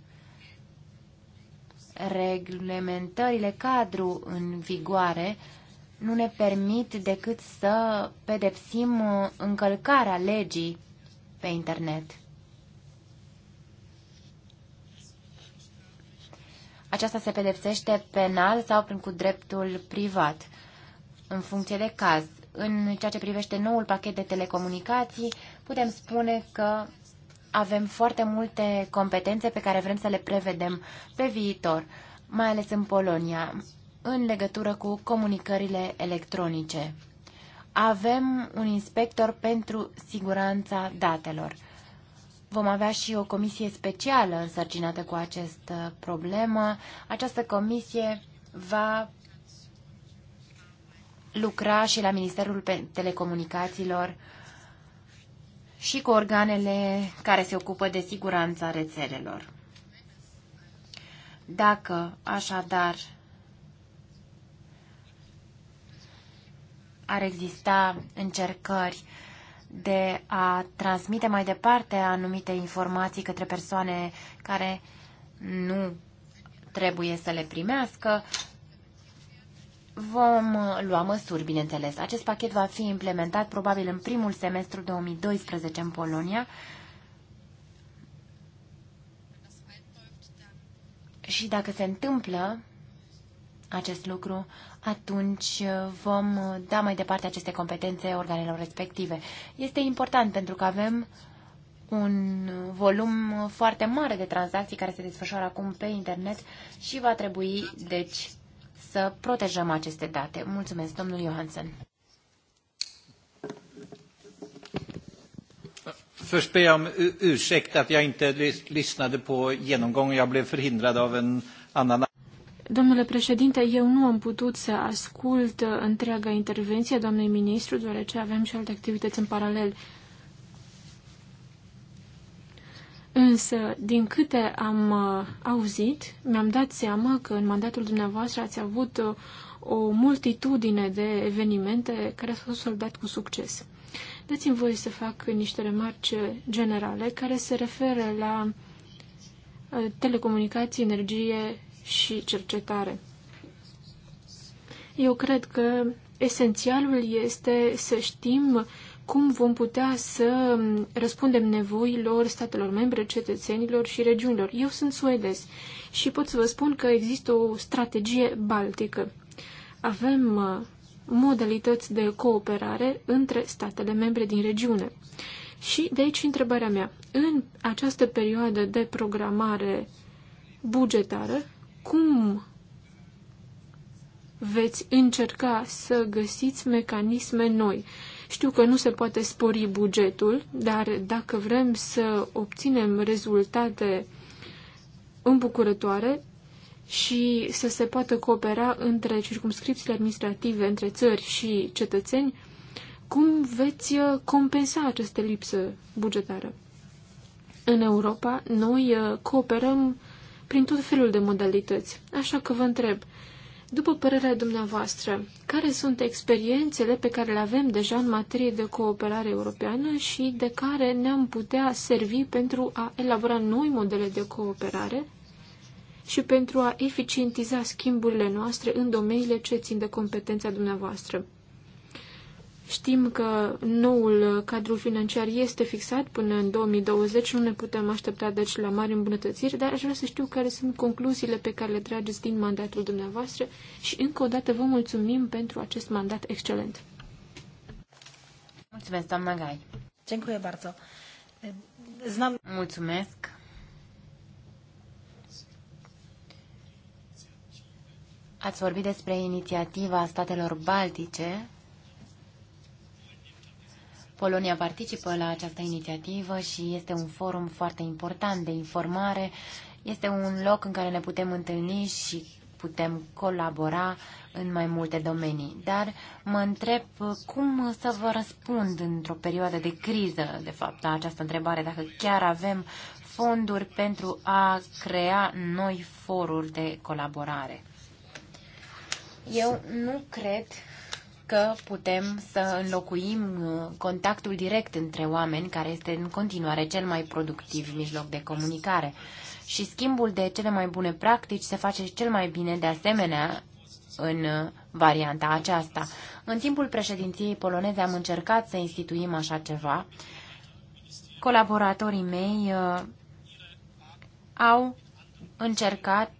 Reglementările cadru în vigoare nu ne permit decât să pedepsim uh, încălcarea legii pe internet. aceasta se pedepsește penal sau prin cu dreptul privat, în funcție de caz. În ceea ce privește noul pachet de telecomunicații, putem spune că avem foarte multe competențe pe care vrem să le prevedem pe viitor, mai ales în Polonia, în legătură cu comunicările electronice. Avem un inspector pentru siguranța datelor. Vom avea și o comisie specială însărcinată cu această problemă. Această comisie va lucra și la Ministerul Telecomunicațiilor și cu organele care se ocupă de siguranța rețelelor. Dacă, așadar, ar exista încercări de a transmite mai departe anumite informații către persoane care nu trebuie să le primească, vom lua măsuri, bineînțeles. Acest pachet va fi implementat probabil în primul semestru 2012 în Polonia și dacă se întâmplă, acest lucru, atunci uh, vom uh, da mai departe aceste competențe organelor respective. Este important pentru că avem un volum uh, foarte mare de tranzacții care se desfășoară acum pe internet și va trebui, deci, să protejăm aceste date. Mulțumesc, domnul Johansen. Först ber jag om ursäkt att jag inte lyssnade på genomgången. Jag blev förhindrad av en annan... Domnule președinte, eu nu am putut să ascult uh, întreaga intervenție doamnei ministru, deoarece aveam și alte activități în paralel. Însă, din câte am uh, auzit, mi-am dat seama că în mandatul dumneavoastră ați avut uh, o multitudine de evenimente care s-au soldat cu succes. Dați-mi voie să fac niște remarci generale care se referă la telecomunicații, energie și cercetare. Eu cred că esențialul este să știm cum vom putea să răspundem nevoilor statelor membre, cetățenilor și regiunilor. Eu sunt suedez și pot să vă spun că există o strategie baltică. Avem uh, modalități de cooperare între statele membre din regiune. Și de aici întrebarea mea. În această perioadă de programare bugetară, cum veți încerca să găsiți mecanisme noi? Știu că nu se poate spori bugetul, dar dacă vrem să obținem rezultate îmbucurătoare și să se poată coopera între circumscripțiile administrative, între țări și cetățeni, cum veți uh, compensa această lipsă bugetară? În Europa, noi uh, cooperăm prin tot felul de modalități. Așa că vă întreb, după părerea dumneavoastră, care sunt experiențele pe care le avem deja în materie de cooperare europeană și de care ne-am putea servi pentru a elabora noi modele de cooperare și pentru a eficientiza schimburile noastre în domeniile ce țin de competența dumneavoastră? Știm că noul cadru financiar este fixat până în 2020, nu ne putem aștepta deci la mari îmbunătățiri, dar aș vrea să știu care sunt concluziile pe care le trageți din mandatul dumneavoastră și încă o dată vă mulțumim pentru acest mandat excelent. Mulțumesc, doamna Gai. Dziękuję bardzo. Znam... Mulțumesc. Ați vorbit despre inițiativa statelor baltice Polonia participă la această inițiativă și este un forum foarte important de informare. Este un loc în care ne putem întâlni și putem colabora în mai multe domenii. Dar mă întreb cum să vă răspund într-o perioadă de criză, de fapt, la această întrebare, dacă chiar avem fonduri pentru a crea noi foruri de colaborare. Eu nu cred că putem să înlocuim uh, contactul direct între oameni, care este în continuare cel mai productiv mijloc de comunicare. Și schimbul de cele mai bune practici se face cel mai bine de asemenea în uh, varianta aceasta. În timpul președinției poloneze am încercat să instituim așa ceva. Colaboratorii mei uh, au încercat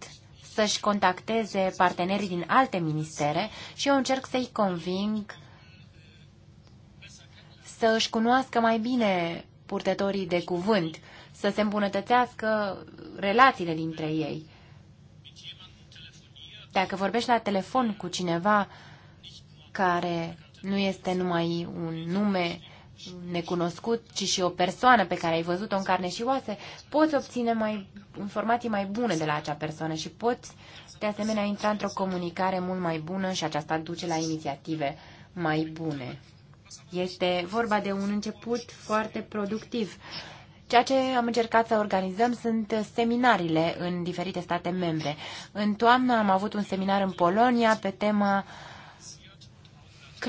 să-și contacteze partenerii din alte ministere și eu încerc să-i conving să își cunoască mai bine purtătorii de cuvânt, să se îmbunătățească relațiile dintre ei. Dacă vorbești la telefon cu cineva care nu este numai un nume necunoscut, ci și o persoană pe care ai văzut-o în carne și oase, poți obține mai, informații mai bune de la acea persoană și poți, de asemenea, intra într-o comunicare mult mai bună și aceasta duce la inițiative mai bune. Este vorba de un început foarte productiv. Ceea ce am încercat să organizăm sunt seminariile în diferite state membre. În toamnă am avut un seminar în Polonia pe tema uh,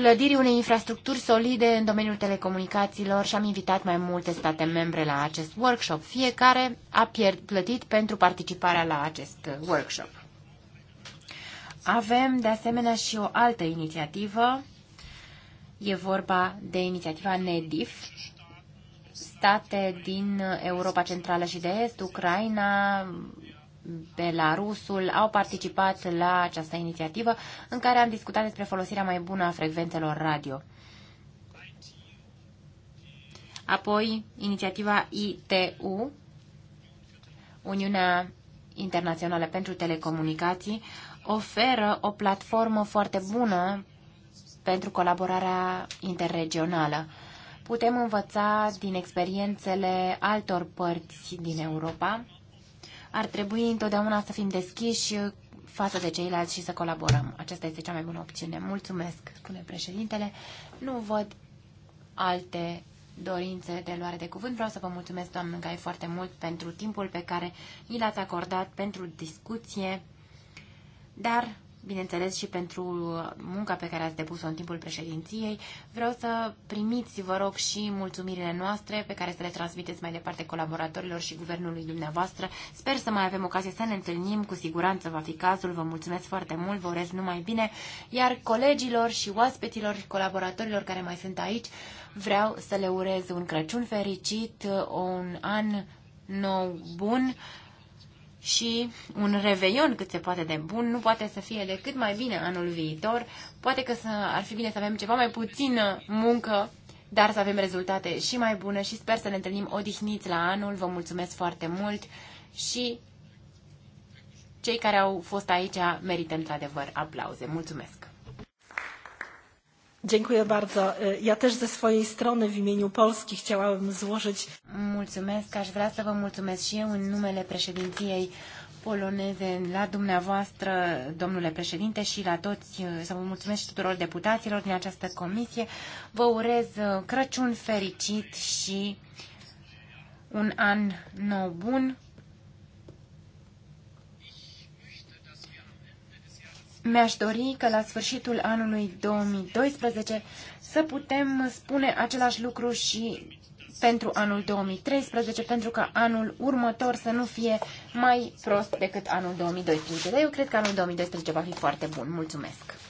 clădirii unei infrastructuri solide în domeniul telecomunicațiilor și am invitat mai multe state membre la acest workshop. Fiecare a plătit pentru participarea la acest workshop. Avem de asemenea și o altă inițiativă. E vorba de inițiativa NEDIF, state din Europa Centrală și de Est, Ucraina, Belarusul au participat la această inițiativă în care am discutat despre folosirea mai bună a frecvențelor radio. Apoi, inițiativa ITU, Uniunea Internațională pentru Telecomunicații, oferă o platformă foarte bună pentru colaborarea interregională. Putem învăța din experiențele altor părți din Europa ar trebui întotdeauna să fim deschiși față de ceilalți și să colaborăm. Aceasta este cea mai bună opțiune. Mulțumesc, spune președintele. Nu văd alte dorințe de luare de cuvânt. Vreau să vă mulțumesc, doamnă Gai, foarte mult pentru timpul pe care ni l-ați acordat pentru discuție, dar bineînțeles și pentru munca pe care ați depus-o în timpul președinției. Vreau să primiți, vă rog, și mulțumirile noastre pe care să le transmiteți mai departe colaboratorilor și guvernului dumneavoastră. Sper să mai avem ocazie să ne întâlnim, cu siguranță va fi cazul. Vă mulțumesc foarte mult, vă urez numai bine. Iar colegilor și oaspeților, și colaboratorilor care mai sunt aici, vreau să le urez un Crăciun fericit, un an nou bun și un reveion cât se poate de bun nu poate să fie decât mai bine anul viitor. Poate că să, ar fi bine să avem ceva mai puțină muncă, dar să avem rezultate și mai bune și sper să ne întâlnim odihniți la anul. Vă mulțumesc foarte mult și cei care au fost aici merită într-adevăr aplauze. Mulțumesc! Dziękuję bardzo. Ja też ze swojej strony w imieniu Polski chciałabym złożyć... Mulțumesc, aș vrea să vă mulțumesc și eu în numele președinției poloneze la dumneavoastră, domnule președinte, și la toți, uh, să vă mulțumesc și tuturor deputaților din această comisie. Vă urez uh, Crăciun fericit și un an nou bun Mi-aș dori că la sfârșitul anului 2012 să putem spune același lucru și pentru anul 2013, pentru că anul următor să nu fie mai prost decât anul 2012. Dar eu cred că anul 2012 va fi foarte bun. Mulțumesc!